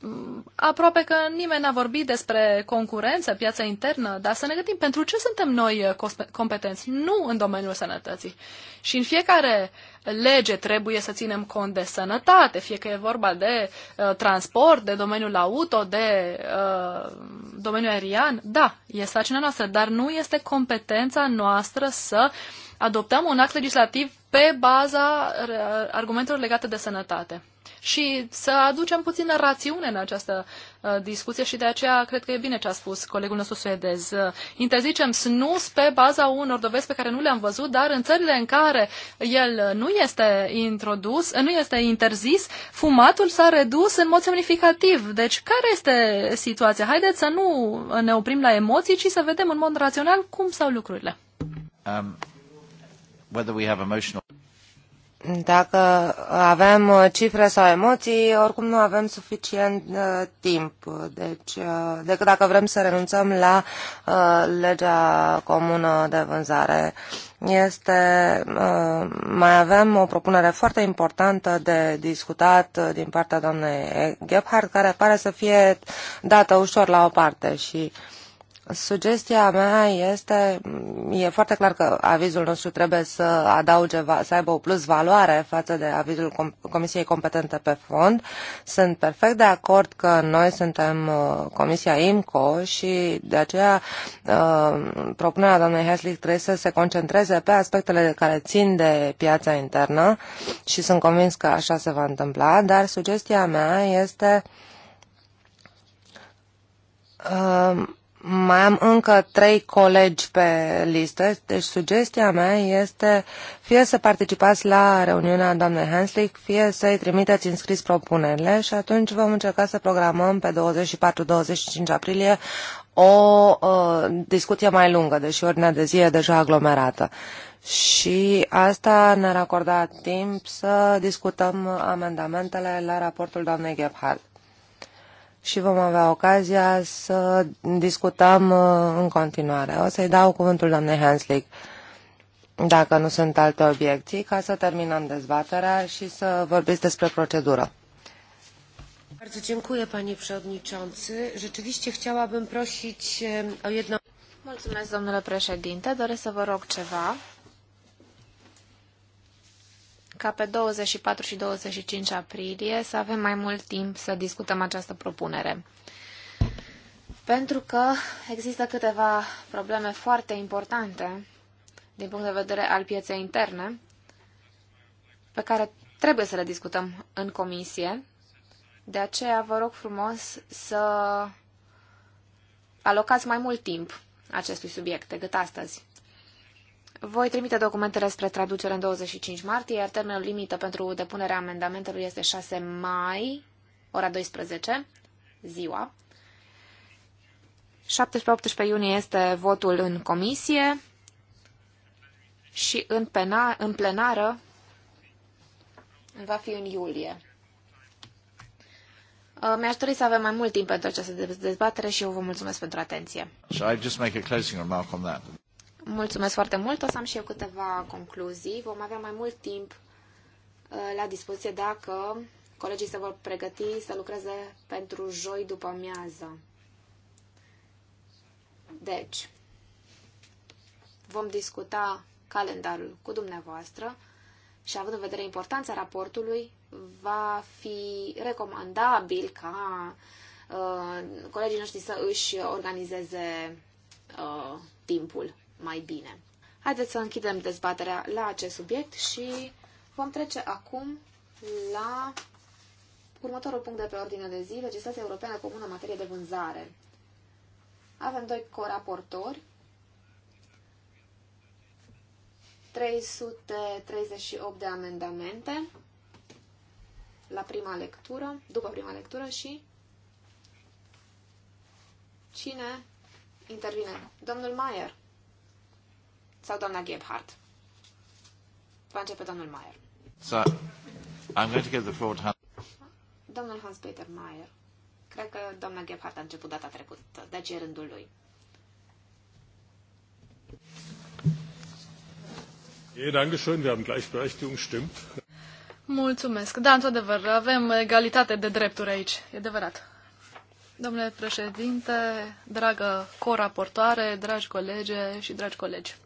Mm, aproape că nimeni n-a vorbit despre concurență, piața internă, dar să ne gândim pentru ce suntem noi uh, competenți, nu în domeniul sănătății. Și în fiecare lege trebuie să ținem cont de sănătate, fie că e vorba de uh, transport, de domeniul auto, de uh, domeniul aerian. Da, e sarcina noastră, dar nu este competența noastră să uh, adoptăm un act legislativ pe baza uh, argumentelor legate de sănătate. Și să aducem puțină rațiune în această uh, discuție și de aceea cred că e bine ce a spus colegul nostru suedez. Uh, interzicem snus pe baza unor dovezi pe care nu le-am văzut, dar în țările în care el nu este introdus, uh, nu este interzis, fumatul s-a redus în mod semnificativ. Deci care este situația? Haideți să nu ne oprim la emoții, ci să vedem în mod rațional cum stau lucrurile. Um whether we have emotional... Dacă avem uh, cifre sau emoții, oricum nu avem suficient uh, timp. Deci, uh, decât dacă vrem să renunțăm la uh, legea comună de vânzare. Este, uh, mai avem o propunere foarte importantă de discutat uh, din partea doamnei Gebhardt, care pare să fie dată ușor la o parte și uh, Sugestia mea este, e foarte clar că avizul nostru trebuie să adauge, să aibă o plus valoare față de avizul Comisiei Competente pe fond. Sunt perfect de acord că noi suntem uh, Comisia IMCO și de aceea uh, propunerea doamnei Heslick trebuie să se concentreze pe aspectele care țin de piața internă și sunt convins că așa se va întâmpla, dar sugestia mea este uh, mai am încă trei colegi pe listă, deci sugestia mea este fie să participați la reuniunea doamnei Hanslick, fie să-i trimiteți înscris propunerile și atunci vom încerca să programăm pe 24-25 aprilie o uh, discuție mai lungă, deși ordinea de zi e deja aglomerată. Și asta ne-ar acorda timp să discutăm amendamentele la raportul doamnei Gebhardt și vom avea ocazia să discutăm uh, în continuare. O să-i dau cuvântul doamnei Hanslick dacă nu sunt alte obiecții, ca să terminăm dezbaterea și să vorbiți despre procedură. Bardzo dziękuję, panie przewodniczący. Rzeczywiście chciałabym prosić o jedno... Mulțumesc, domnule președinte. Doresc să vă rog ceva ca pe 24 și 25 aprilie să avem mai mult timp să discutăm această propunere. Pentru că există câteva probleme foarte importante din punct de vedere al pieței interne pe care trebuie să le discutăm în comisie. De aceea vă rog frumos să alocați mai mult timp acestui subiect decât astăzi. Voi trimite documentele spre traducere în 25 martie, iar termenul limită pentru depunerea amendamentelor este 6 mai, ora 12, ziua. 17-18 iunie este votul în comisie și în, pena, în plenară va fi în iulie. Uh, mi-aș dori să avem mai mult timp pentru această dezbatere și eu vă mulțumesc pentru atenție. Mulțumesc foarte mult. O să am și eu câteva concluzii. Vom avea mai mult timp uh, la dispoziție dacă colegii se vor pregăti să lucreze pentru joi după amiază. Deci, vom discuta calendarul cu dumneavoastră și având în vedere importanța raportului, va fi recomandabil ca uh, colegii noștri să își organizeze uh, timpul mai bine. Haideți să închidem dezbaterea la acest subiect și vom trece acum la următorul punct de pe ordine de zi, legislația europeană comună în materie de vânzare. Avem doi coraportori, 338 de amendamente la prima lectură, după prima lectură și cine intervine? Domnul Maier. Sau doamna Gebhardt? Va începe domnul Mayer. So, I'm going to give the floor to Hans. Domnul Hans-Peter Mayer. Cred că doamna Gebhardt a început data trecută, De e rândul lui. Mulțumesc. Da, într-adevăr, avem egalitate de drepturi aici. E adevărat. Domnule președinte, dragă coraportoare, dragi colege și dragi colegi.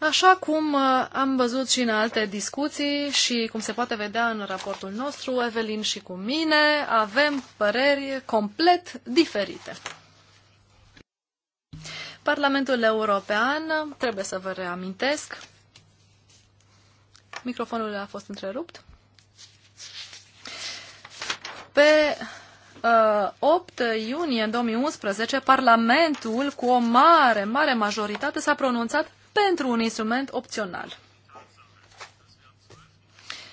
Așa cum uh, am văzut și în alte discuții și cum se poate vedea în raportul nostru, Evelin și cu mine avem păreri complet diferite. Parlamentul European, trebuie să vă reamintesc, microfonul a fost întrerupt. Pe 8 uh, iunie 2011, Parlamentul, cu o mare, mare majoritate, s-a pronunțat pentru un instrument opțional.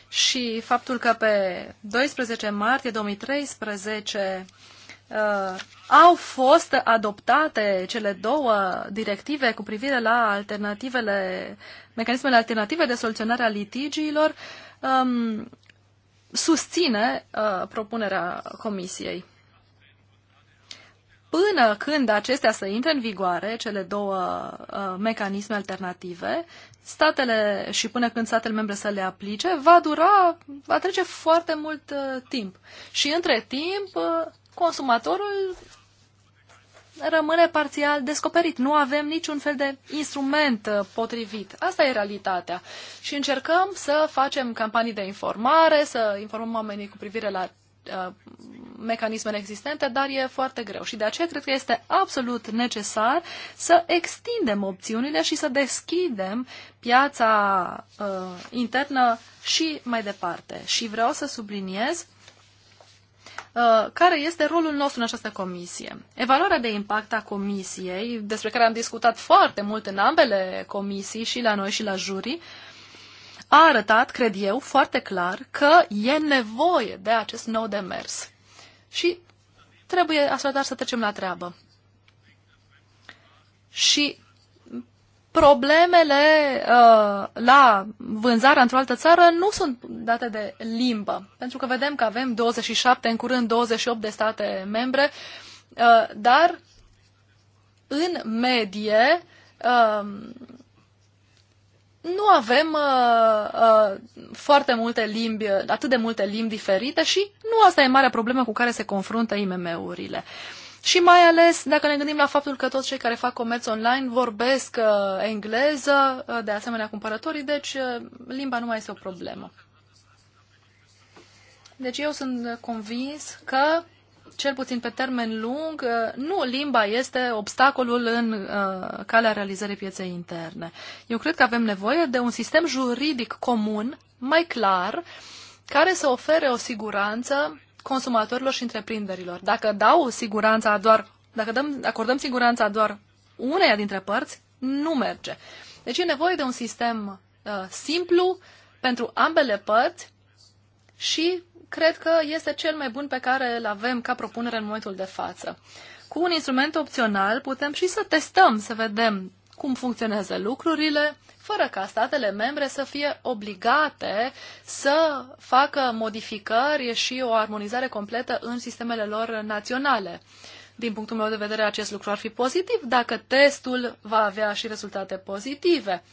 Și faptul că pe 12 martie 2013 uh, au fost adoptate cele două directive cu privire la alternativele, mecanismele alternative de soluționare a litigiilor, um, susține uh, propunerea Comisiei până când acestea să intre în vigoare, cele două uh, mecanisme alternative, statele și până când statele membre să le aplice, va dura, va trece foarte mult uh, timp. Și între timp, uh, consumatorul rămâne parțial descoperit. Nu avem niciun fel de instrument uh, potrivit. Asta e realitatea. Și încercăm să facem campanii de informare, să informăm oamenii cu privire la Uh, mecanismele existente, dar e foarte greu. Și de aceea cred că este absolut necesar să extindem opțiunile și să deschidem piața uh, internă și mai departe. Și vreau să subliniez uh, care este rolul nostru în această comisie. Evaluarea de impact a comisiei, despre care am discutat foarte mult în ambele comisii, și la noi și la jurii, uh, a arătat, cred eu, foarte clar că e nevoie de acest nou demers. Și trebuie așadar să trecem la treabă. Și problemele uh, la vânzarea într-o altă țară nu sunt date de limbă, pentru că vedem că avem 27, în curând 28 de state membre, uh, dar în medie uh, nu avem uh, uh, foarte multe limbi, atât de multe limbi diferite și nu asta e marea problemă cu care se confruntă IMM-urile. Și mai ales dacă ne gândim la faptul că toți cei care fac comerț online vorbesc uh, engleză, uh, de asemenea cumpărătorii, deci uh, limba nu mai este o problemă. Deci eu sunt convins că cel puțin pe termen lung, uh, nu limba este obstacolul în uh, calea realizării pieței interne. Eu cred că avem nevoie de un sistem juridic comun, mai clar, care să ofere o siguranță consumatorilor și întreprinderilor. Dacă dau siguranța doar, dacă dăm, acordăm siguranța doar uneia dintre părți, nu merge. Deci e nevoie de un sistem uh, simplu pentru ambele părți și cred că este cel mai bun pe care îl avem ca propunere în momentul de față. Cu un instrument opțional putem și să testăm, să vedem cum funcționează lucrurile, fără ca statele membre să fie obligate să facă modificări și o armonizare completă în sistemele lor naționale. Din punctul meu de vedere, acest lucru ar fi pozitiv dacă testul va avea și rezultate pozitive.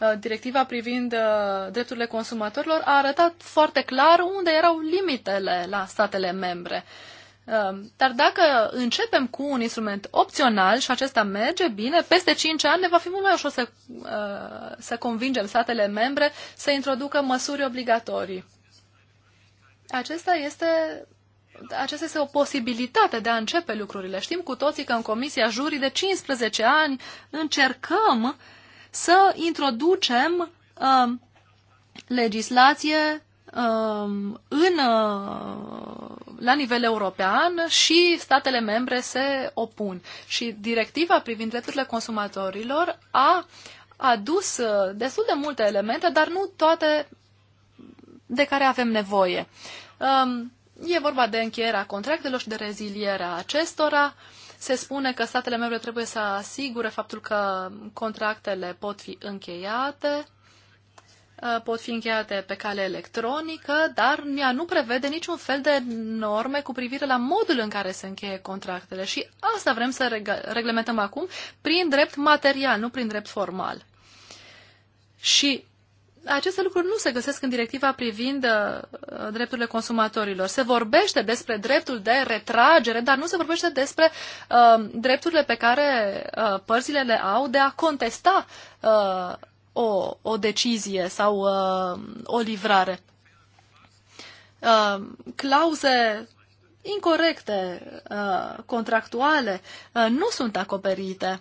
Uh, directiva privind uh, drepturile consumatorilor a arătat foarte clar unde erau limitele la statele membre. Uh, dar dacă începem cu un instrument opțional și acesta merge bine, peste 5 ani ne va fi mult mai ușor să, să convingem statele membre să introducă măsuri obligatorii. Acesta este acesta este o posibilitate de a începe lucrurile. Știm cu toții că în Comisia Jurii de 15 ani încercăm să introducem um, um, uh, legislație în, la nivel european și statele membre se opun. Și directiva privind drepturile consumatorilor a adus uh, destul de multe elemente, dar nu toate de care avem nevoie. Um, e vorba de încheierea contractelor și de rezilierea acestora. Uh, se spune că statele membre trebuie să asigure faptul că contractele pot fi încheiate, uh, pot fi încheiate pe cale electronică, dar ea nu prevede niciun fel de norme cu privire la modul în care se încheie contractele și asta vrem să reg reglementăm acum prin drept material, nu prin drept formal. Și aceste lucruri nu se găsesc în directiva privind uh, drepturile consumatorilor. Se vorbește despre dreptul de retragere, dar nu se vorbește despre uh, drepturile pe care uh, părțile le au de a contesta uh, o, o decizie sau uh, o livrare. Uh, clauze incorrecte, uh, contractuale, uh, nu sunt acoperite.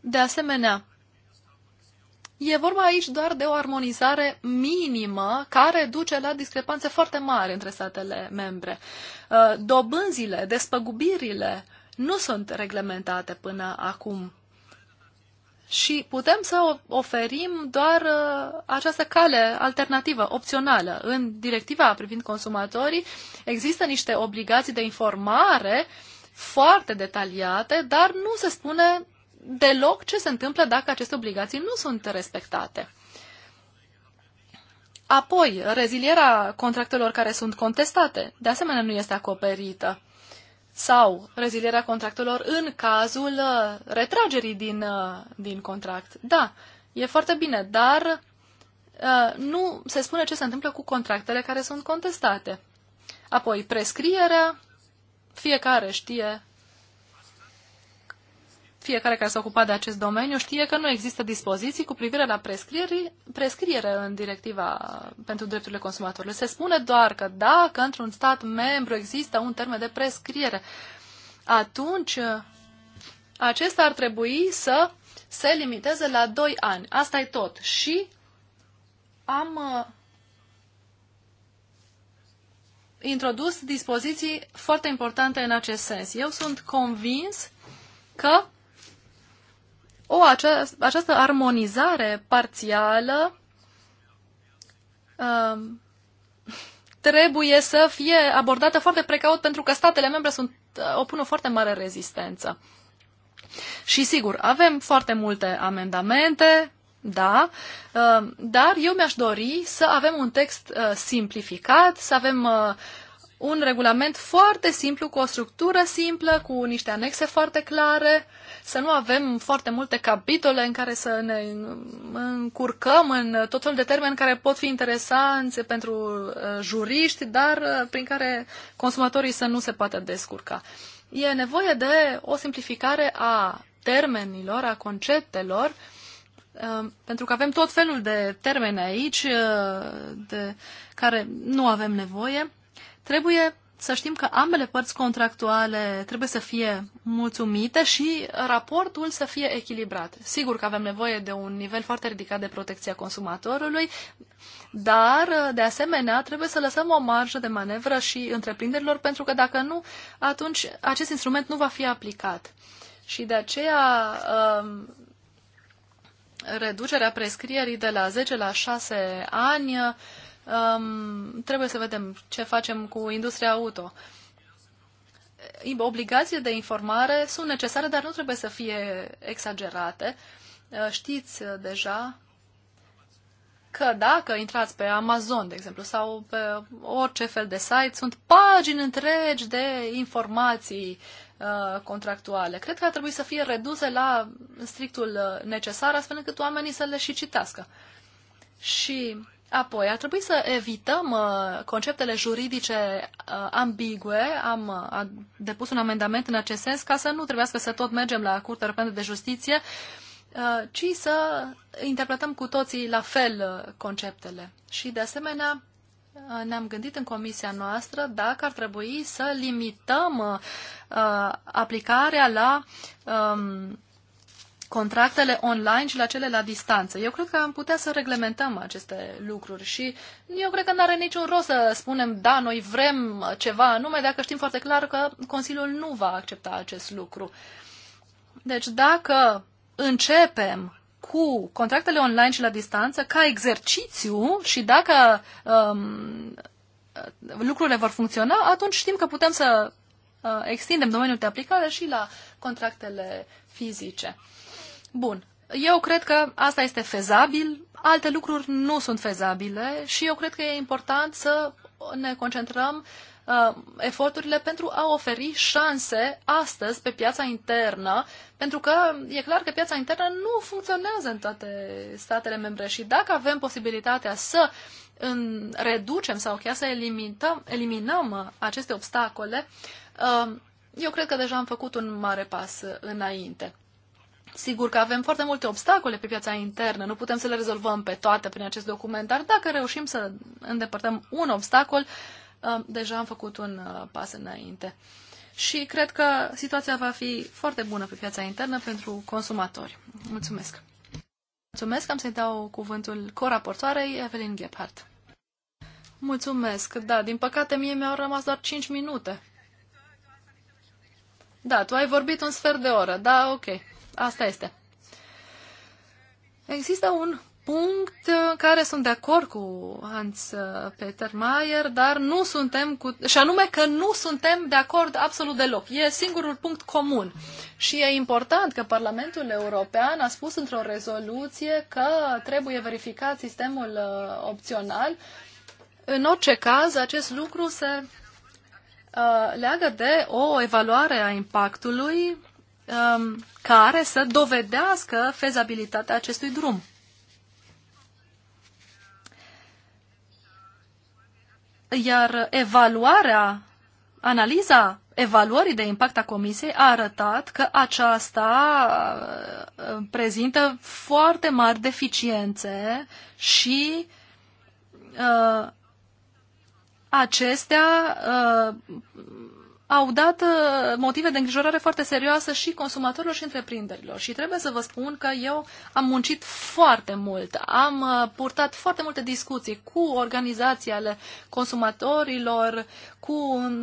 De asemenea, E vorba aici doar de o armonizare minimă care duce la discrepanțe foarte mari între statele membre. Uh, dobânzile, despăgubirile nu sunt reglementate până acum. Și putem să oferim doar uh, această cale alternativă, opțională. În directiva privind consumatorii există niște obligații de informare foarte detaliate, dar nu se spune deloc ce se întâmplă dacă aceste obligații nu sunt respectate. Apoi, rezilierea contractelor care sunt contestate, de asemenea, nu este acoperită. Sau rezilierea contractelor în cazul uh, retragerii din, uh, din contract. Da, e foarte bine, dar uh, nu se spune ce se întâmplă cu contractele care sunt contestate. Apoi, prescrierea, fiecare știe fiecare care s-a ocupat de acest domeniu știe că nu există dispoziții cu privire la prescriere în directiva pentru drepturile consumatorilor. Se spune doar că dacă într-un stat membru există un termen de prescriere, atunci uh, acesta ar trebui să se limiteze la 2 ani. Asta e tot. Și am uh, introdus dispoziții foarte importante în acest sens. Eu sunt convins că o acea, această armonizare parțială um, trebuie să fie abordată foarte precaut pentru că statele membre sunt, uh, opun o foarte mare rezistență. Și sigur, avem foarte multe amendamente, da, um, dar eu mi-aș dori să avem un text uh, simplificat, să avem uh, un regulament foarte simplu, cu o structură simplă, cu niște anexe foarte clare, să nu avem foarte multe capitole în care să ne încurcăm în tot felul de termeni care pot fi interesanți pentru uh, juriști, dar uh, prin care consumatorii să nu se poată descurca. E nevoie de o simplificare a termenilor, a conceptelor, uh, pentru că avem tot felul de termeni aici de care nu avem nevoie, trebuie să știm că ambele părți contractuale trebuie să fie mulțumite și raportul să fie echilibrat. Sigur că avem nevoie de un nivel foarte ridicat de a consumatorului, dar, de asemenea, trebuie să lăsăm o marjă de manevră și întreprinderilor, pentru că dacă nu, atunci acest instrument nu va fi aplicat. Și de aceea um, reducerea prescrierii de la 10 la 6 ani Um, trebuie să vedem ce facem cu industria auto. Obligațiile de informare sunt necesare, dar nu trebuie să fie exagerate. Uh, știți uh, deja că dacă intrați pe Amazon, de exemplu, sau pe orice fel de site, sunt pagini întregi de informații uh, contractuale. Cred că ar trebui să fie reduse la strictul necesar, astfel încât oamenii să le și citească. Și Apoi, ar trebui să evităm uh, conceptele juridice uh, ambigue. Am uh, depus un amendament în acest sens ca să nu trebuiască să tot mergem la Curtea Europeană de Justiție, ci să interpretăm cu toții la fel conceptele. Și, de asemenea, ne-am gândit în comisia noastră dacă ar trebui să limităm aplicarea la um, contractele online și la cele la distanță. Eu cred că am putea să reglementăm aceste lucruri și eu cred că nu are niciun rost să spunem da, noi vrem ceva anume dacă știm foarte clar că Consiliul nu va accepta acest lucru. Deci dacă începem cu contractele online și la distanță ca exercițiu și dacă um, lucrurile vor funcționa, atunci știm că putem să uh, extindem domeniul de aplicare și la contractele fizice. Bun. Eu cred că asta este fezabil, alte lucruri nu sunt fezabile și eu cred că e important să ne concentrăm uh, eforturile pentru a oferi șanse astăzi pe piața internă, pentru că e clar că piața internă nu funcționează în toate statele membre și dacă avem posibilitatea să în, reducem sau chiar să eliminăm, eliminăm aceste obstacole, uh, eu cred că deja am făcut un mare pas înainte. Sigur că avem foarte multe obstacole pe piața internă, nu putem să le rezolvăm pe toate prin acest document, dar dacă reușim să îndepărtăm un obstacol, uh, deja am făcut un uh, pas înainte. Și cred că situația va fi foarte bună pe piața internă pentru consumatori. Mulțumesc! Mulțumesc, am să-i dau cuvântul coraportoarei Evelyn Gephardt. Mulțumesc, da, din păcate mie mi-au rămas doar 5 minute. Da, tu ai vorbit un sfert de oră, da, ok asta este. Există un punct în care sunt de acord cu Hans uh, Peter Mayer, dar nu suntem cu... și anume că nu suntem de acord absolut deloc. E singurul punct comun. Și e important că Parlamentul European a spus într-o rezoluție că trebuie verificat sistemul uh, opțional. În orice caz, acest lucru se uh, leagă de o evaluare a impactului um, care să dovedească fezabilitatea acestui drum. Iar evaluarea, analiza evaluării de impact a Comisiei a arătat că aceasta uh, prezintă foarte mari deficiențe și uh, acestea uh, au dat uh, motive de îngrijorare foarte serioasă și consumatorilor și întreprinderilor. Și trebuie să vă spun că eu am muncit foarte mult, am uh, purtat foarte multe discuții cu organizații ale consumatorilor, cu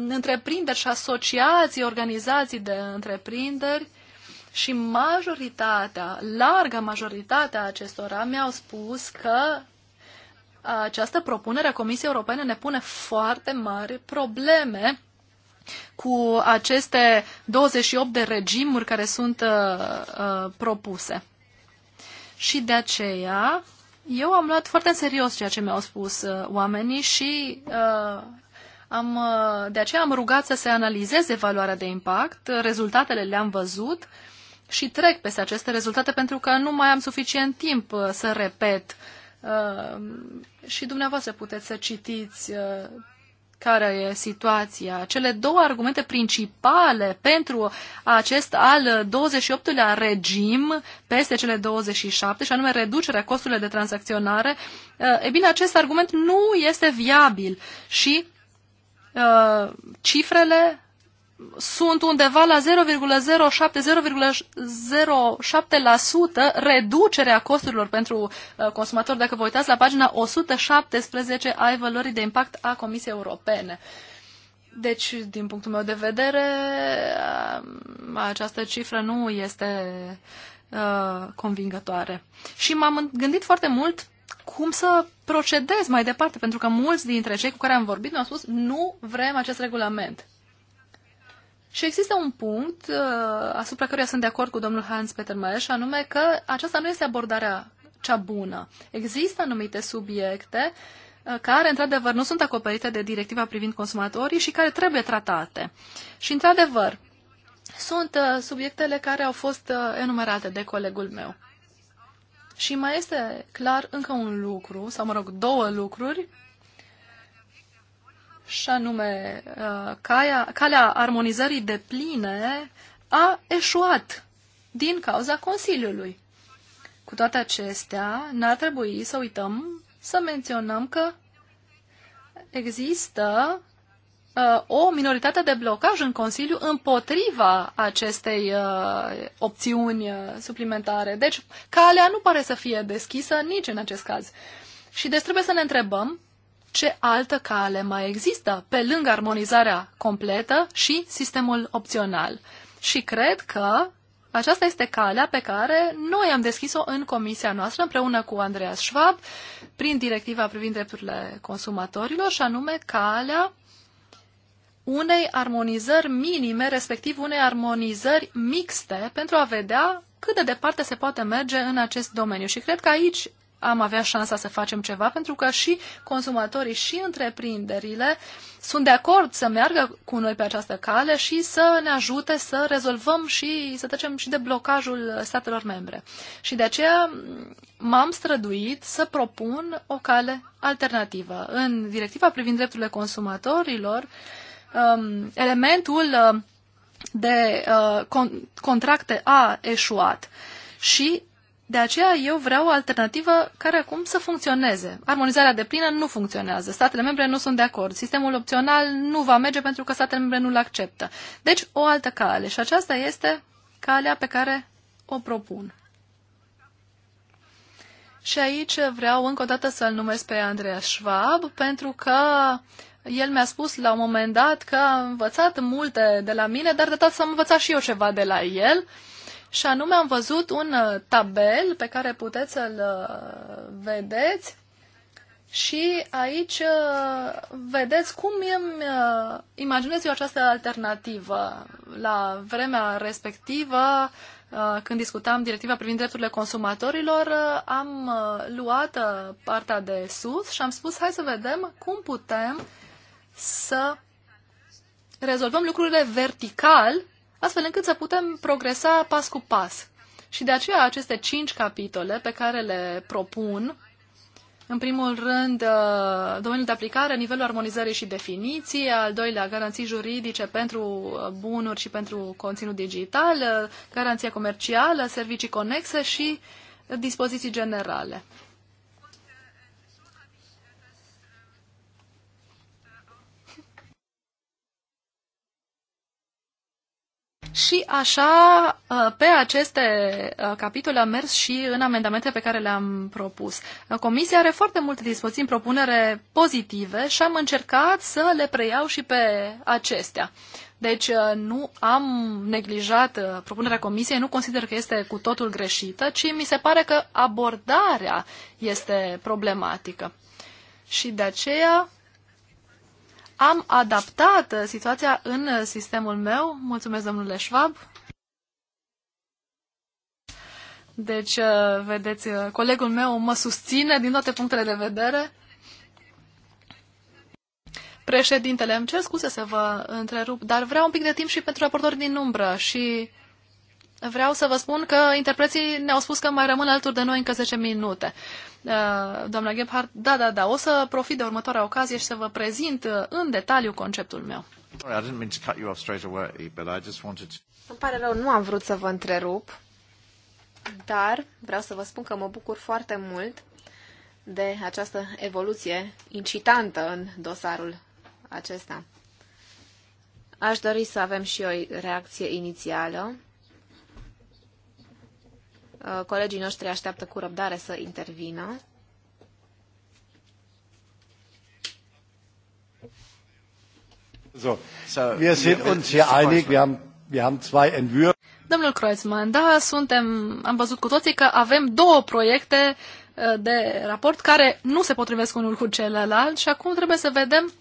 întreprinderi și asociații, organizații de întreprinderi și majoritatea, larga majoritatea acestora mi-au spus că această propunere a Comisiei Europene ne pune foarte mari probleme cu aceste 28 de regimuri care sunt uh, uh, propuse. Și de aceea eu am luat foarte în serios ceea ce mi-au spus uh, oamenii și uh, am, uh, de aceea am rugat să se analizeze valoarea de impact, rezultatele le-am văzut și trec peste aceste rezultate pentru că nu mai am suficient timp uh, să repet. Uh, și dumneavoastră puteți să citiți uh, care e situația. Cele două argumente principale pentru acest al 28-lea regim peste cele 27, și anume reducerea costurilor de tranzacționare, eh, e bine, acest argument nu este viabil și uh, cifrele sunt undeva la 0,07-0,07% reducerea costurilor pentru uh, consumatori. Dacă vă uitați la pagina 117 ai valorii de impact a Comisiei Europene. Deci, din punctul meu de vedere, um, această cifră nu este uh, convingătoare. Și m-am gândit foarte mult cum să procedez mai departe, pentru că mulți dintre cei cu care am vorbit mi-au spus nu vrem acest regulament și există un punct uh, asupra căruia sunt de acord cu domnul Hans-Peter Mayer, anume că aceasta nu este abordarea cea bună. Există anumite subiecte uh, care, într-adevăr, nu sunt acoperite de directiva privind consumatorii și care trebuie tratate. Și, într-adevăr, sunt uh, subiectele care au fost uh, enumerate de colegul meu. Și mai este clar încă un lucru, sau mă rog, două lucruri și anume uh, calea, calea armonizării de pline, a eșuat din cauza Consiliului. Cu toate acestea, n-ar trebui să uităm să menționăm că există uh, o minoritate de blocaj în Consiliu împotriva acestei uh, opțiuni uh, suplimentare. Deci, calea nu pare să fie deschisă nici în acest caz. Și deci trebuie să ne întrebăm ce altă cale mai există pe lângă armonizarea completă și sistemul opțional. Și cred că aceasta este calea pe care noi am deschis-o în comisia noastră împreună cu Andreas Schwab prin directiva privind drepturile consumatorilor și anume calea unei armonizări minime, respectiv unei armonizări mixte pentru a vedea cât de departe se poate merge în acest domeniu. Și cred că aici am avea șansa să facem ceva, pentru că și consumatorii și întreprinderile sunt de acord să meargă cu noi pe această cale și să ne ajute să rezolvăm și să trecem și de blocajul statelor membre. Și de aceea m-am străduit să propun o cale alternativă. În directiva privind drepturile consumatorilor, um, elementul um, de uh, contracte a eșuat și de aceea eu vreau o alternativă care acum să funcționeze. Armonizarea de plină nu funcționează. Statele membre nu sunt de acord. Sistemul opțional nu va merge pentru că statele membre nu-l acceptă. Deci o altă cale și aceasta este calea pe care o propun. Și aici vreau încă o dată să-l numesc pe Andreea Schwab pentru că el mi-a spus la un moment dat că a învățat multe de la mine, dar de tot să am învățat și eu ceva de la el. Uh, și anume am văzut un uh, tabel pe care puteți să-l uh, vedeți și aici uh, vedeți cum îmi imaginez eu această alternativă. La vremea respectivă, când discutam directiva privind drepturile consumatorilor, am luat partea de sus și am spus hai să vedem cum putem să rezolvăm lucrurile vertical astfel încât să putem progresa pas cu pas. Și de aceea aceste cinci capitole pe care le propun, în primul rând, uh, domeniul de aplicare, nivelul armonizării și definiții, al doilea, garanții juridice pentru uh, bunuri și pentru conținut digital, uh, garanția comercială, servicii conexe și dispoziții generale. Și așa, uh, pe aceste uh, capitole am mers și în amendamente pe care le-am propus. Uh, Comisia are foarte multe dispoziții în propunere pozitive și am încercat să le preiau și pe acestea. Deci nu am neglijat propunerea comisiei, nu consider că este cu totul greșită, ci mi se pare că abordarea este problematică. Și de aceea am adaptat uh, situația în uh, sistemul meu. Mulțumesc, domnule Schwab. Deci, uh, vedeți, colegul meu mă susține din toate punctele de vedere. Președintele, îmi cer scuze să vă întrerup, dar vreau un pic de timp și pentru raportori din umbră și vreau să vă spun că interpreții ne-au spus că mai rămân alături de noi încă 10 minute. Uh, doamna Gebhardt, da, da, da, o să profit de următoarea ocazie și să vă prezint uh, în detaliu conceptul meu. Îmi pare rău, nu am vrut să vă întrerup, dar vreau să vă spun că mă bucur foarte mult de această evoluție incitantă în dosarul acesta. Aș dori să avem și o reacție inițială Uh, colegii noștri așteaptă cu răbdare să intervină. So, wir sind uns hier einig, wir haben, wir haben zwei Entwürfe. Domnul Kreuzmann, da, suntem, am văzut cu toții că avem două proiecte uh, de raport care nu se potrivesc unul cu celălalt și acum trebuie să vedem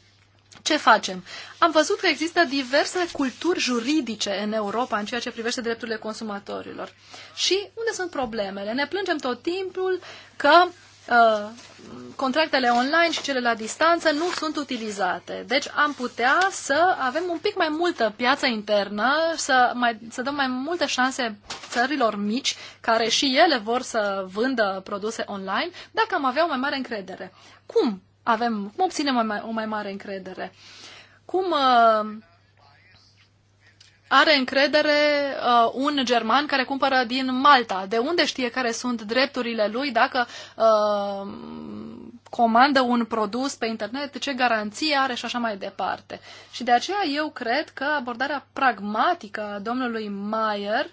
ce facem? Am văzut că există diverse culturi juridice în Europa în ceea ce privește drepturile consumatorilor. Și unde sunt problemele? Ne plângem tot timpul că uh, contractele online și cele la distanță nu sunt utilizate. Deci am putea să avem un pic mai multă piață internă, să, mai, să dăm mai multe șanse țărilor mici, care și ele vor să vândă produse online, dacă am avea o mai mare încredere. Cum avem, cum obținem o mai, o mai mare încredere? Cum uh, are încredere uh, un german care cumpără din Malta? De unde știe care sunt drepturile lui dacă uh, comandă un produs pe internet, ce garanție are și așa mai departe. Și de aceea eu cred că abordarea pragmatică a domnului Mayer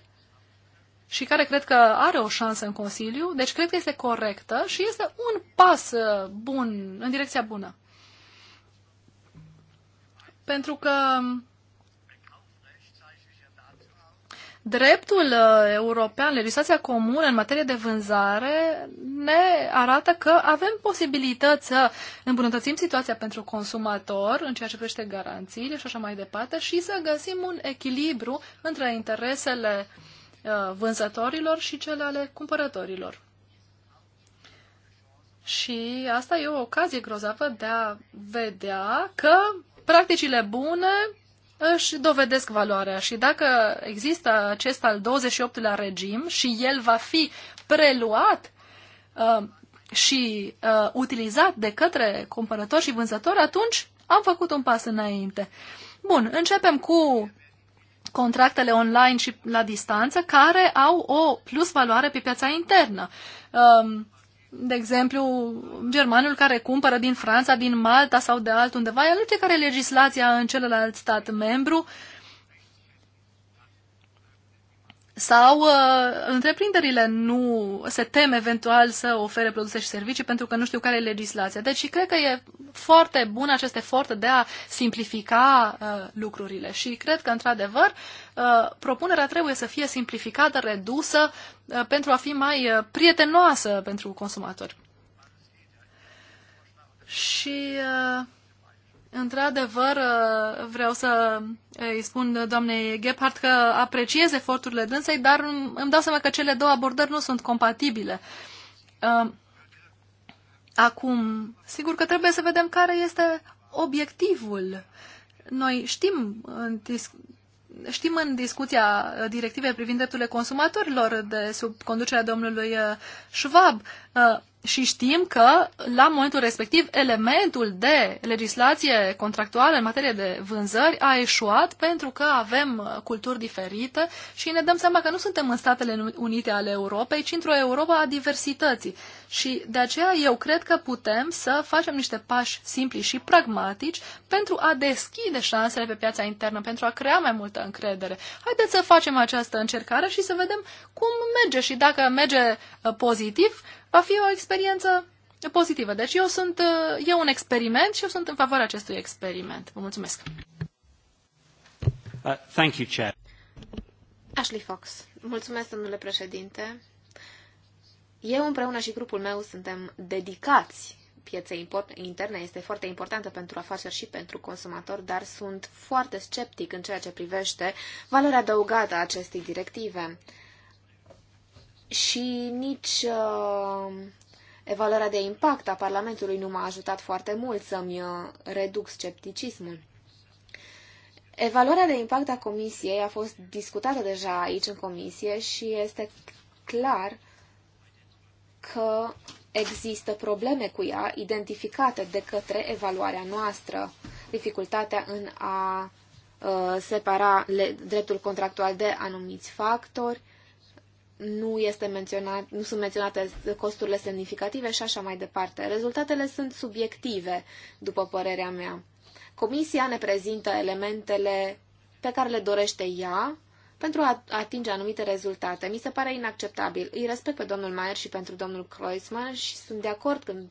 și care cred că are o șansă în Consiliu, deci cred că este corectă și este un pas uh, bun, în direcția bună. Pentru că dreptul uh, european, legislația comună în materie de vânzare ne arată că avem posibilități să îmbunătățim situația pentru consumator în ceea ce privește garanțiile și așa mai departe și să găsim un echilibru între interesele uh, Uh, vânzătorilor și cele ale cumpărătorilor. Și asta e o ocazie grozavă de a vedea că practicile bune își dovedesc valoarea și dacă există acest al 28-lea regim și el va fi preluat uh, și uh, utilizat de către cumpărători și vânzători, atunci am făcut un pas înainte. Bun, începem cu contractele online și la distanță care au o plus valoare pe piața internă. Um, de exemplu, germanul care cumpără din Franța, din Malta sau de altundeva, el nu care legislația în celălalt stat membru uh, Sau uh, întreprinderile nu se tem eventual să ofere produse și servicii pentru că nu știu care e legislația. Deci cred că e foarte bun acest efort de a simplifica uh, lucrurile și cred că, într-adevăr, uh, propunerea trebuie să fie simplificată, redusă uh, pentru a fi mai uh, prietenoasă pentru consumatori. Și uh, Într-adevăr, uh, vreau să uh, îi spun doamnei Gephardt că apreciez eforturile dânsei, dar îmi dau seama că cele două abordări nu sunt compatibile. Uh, acum, sigur că trebuie să vedem care este obiectivul. Noi știm în, știm în discuția directivei privind drepturile consumatorilor de sub conducerea domnului Schwab și știm că, la momentul respectiv, elementul de legislație contractuală în materie de vânzări a eșuat pentru că avem uh, culturi diferite și ne dăm seama că nu suntem în Statele Unite ale Europei, ci într-o Europa a diversității. Și de aceea eu cred că putem să facem niște pași simpli și pragmatici pentru a deschide șansele pe piața internă, pentru a crea mai multă încredere. Haideți să facem această încercare și să vedem cum merge și dacă merge uh, pozitiv, va fi o experiență pozitivă. Deci eu sunt, uh, e un experiment și eu sunt în favoarea acestui experiment. Vă mulțumesc. Uh, thank you, Chair. Ashley Fox. Mulțumesc, domnule președinte. Eu împreună și grupul meu suntem dedicați pieței interne. Este foarte importantă pentru afaceri și pentru consumatori, dar sunt foarte sceptic în ceea ce privește valoarea adăugată a acestei directive și nici uh, evaluarea de impact a Parlamentului nu m-a ajutat foarte mult să-mi uh, reduc scepticismul. Evaluarea de impact a Comisiei a fost discutată deja aici în Comisie și este clar că există probleme cu ea identificate de către evaluarea noastră, dificultatea în a uh, separa le, dreptul contractual de anumiți factori, nu, este menționat, nu sunt menționate costurile semnificative și așa mai departe. Rezultatele sunt subiective, după părerea mea. Comisia ne prezintă elementele pe care le dorește ea pentru a atinge anumite rezultate. Mi se pare inacceptabil. Îi respect pe domnul Mayer și pentru domnul Kreuzmann și sunt de acord când,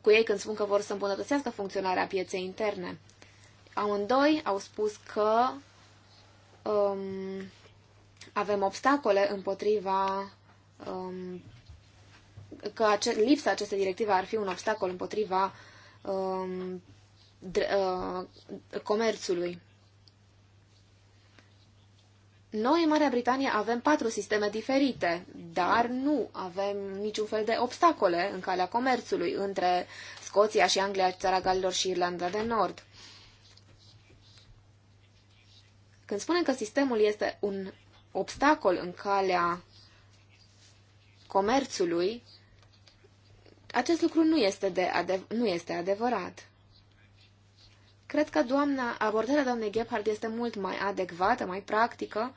cu ei când spun că vor să îmbunătățească funcționarea pieței interne. Amândoi au spus că um, avem obstacole împotriva um, că ace- lipsa acestei directive ar fi un obstacol împotriva um, uh, comerțului. Noi, în Marea Britanie, avem patru sisteme diferite, dar nu avem niciun fel de obstacole în calea comerțului între Scoția și Anglia, Țara Galilor și Irlanda de Nord. Când spunem că sistemul este un obstacol în calea comerțului, acest lucru nu este, de adev- nu este adevărat. Cred că doamna, abordarea doamnei Gephardt este mult mai adecvată, mai practică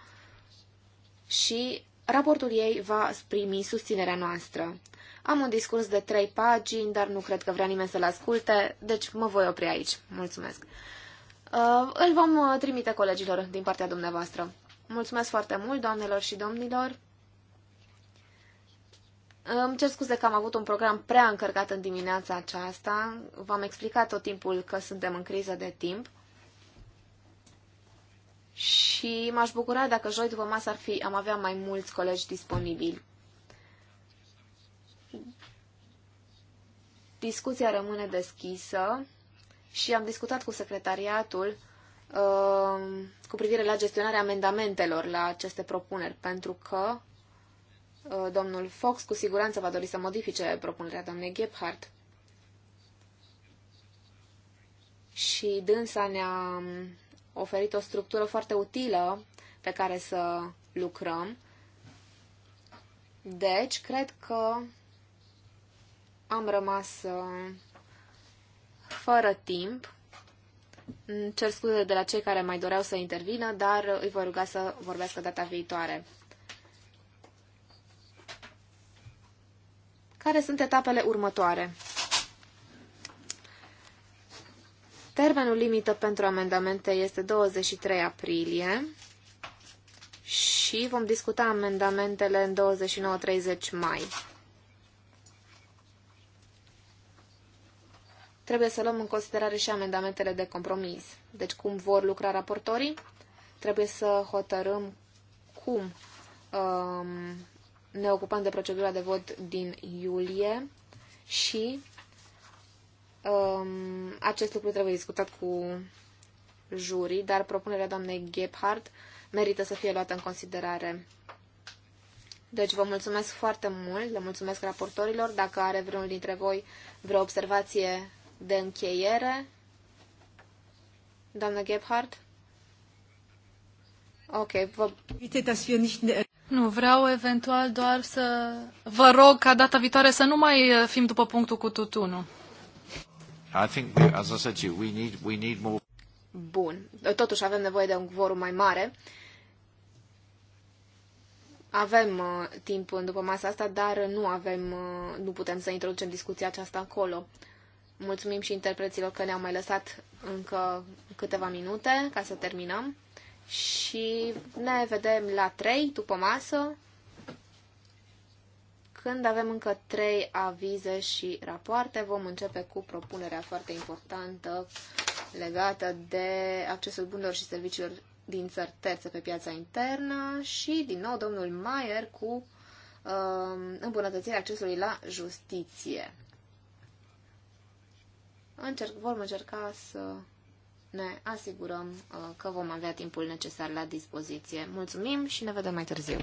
și raportul ei va primi susținerea noastră. Am un discurs de trei pagini, dar nu cred că vrea nimeni să-l asculte, deci mă voi opri aici. Mulțumesc. Uh, îl vom uh, trimite colegilor din partea dumneavoastră. Mulțumesc foarte mult, doamnelor și domnilor. Îmi cer scuze că am avut un program prea încărcat în dimineața aceasta. V-am explicat tot timpul că suntem în criză de timp. Și m-aș bucura dacă joi după masă ar fi, am avea mai mulți colegi disponibili. Discuția rămâne deschisă și am discutat cu secretariatul Uh, cu privire la gestionarea amendamentelor la aceste propuneri, pentru că uh, domnul Fox cu siguranță va dori să modifice propunerea doamnei Gebhardt. Și dânsa ne-a oferit o structură foarte utilă pe care să lucrăm. Deci, cred că am rămas uh, fără timp Cer scuze de la cei care mai doreau să intervină, dar îi voi ruga să vorbească data viitoare. Care sunt etapele următoare? Termenul limită pentru amendamente este 23 aprilie și vom discuta amendamentele în 29-30 mai. Trebuie să luăm în considerare și amendamentele de compromis. Deci cum vor lucra raportorii, trebuie să hotărâm cum um, ne ocupăm de procedura de vot din iulie și um, acest lucru trebuie discutat cu jurii, dar propunerea doamnei Gebhardt merită să fie luată în considerare. Deci vă mulțumesc foarte mult, le mulțumesc raportorilor. Dacă are vreunul dintre voi vreo observație de încheiere. Doamna Gebhardt? Ok, vă... Nu, vreau eventual doar să vă rog ca data viitoare să nu mai uh, fim după punctul cu tutunul. I think we, as I said to you, we need, we need more... Bun. Totuși avem nevoie de un quorum mai mare. Avem uh, timp după masa asta, dar nu avem, uh, nu putem să introducem discuția aceasta acolo. Mulțumim și interpreților că ne-au mai lăsat încă câteva minute ca să terminăm și ne vedem la 3 după masă când avem încă trei avize și rapoarte, vom începe cu propunerea foarte importantă legată de accesul bunurilor și serviciilor din țări terțe pe piața internă și, din nou, domnul Maier cu uh, îmbunătățirea accesului la justiție încerc, vom încerca să ne asigurăm uh, că vom avea timpul necesar la dispoziție. Mulțumim și ne vedem mai târziu.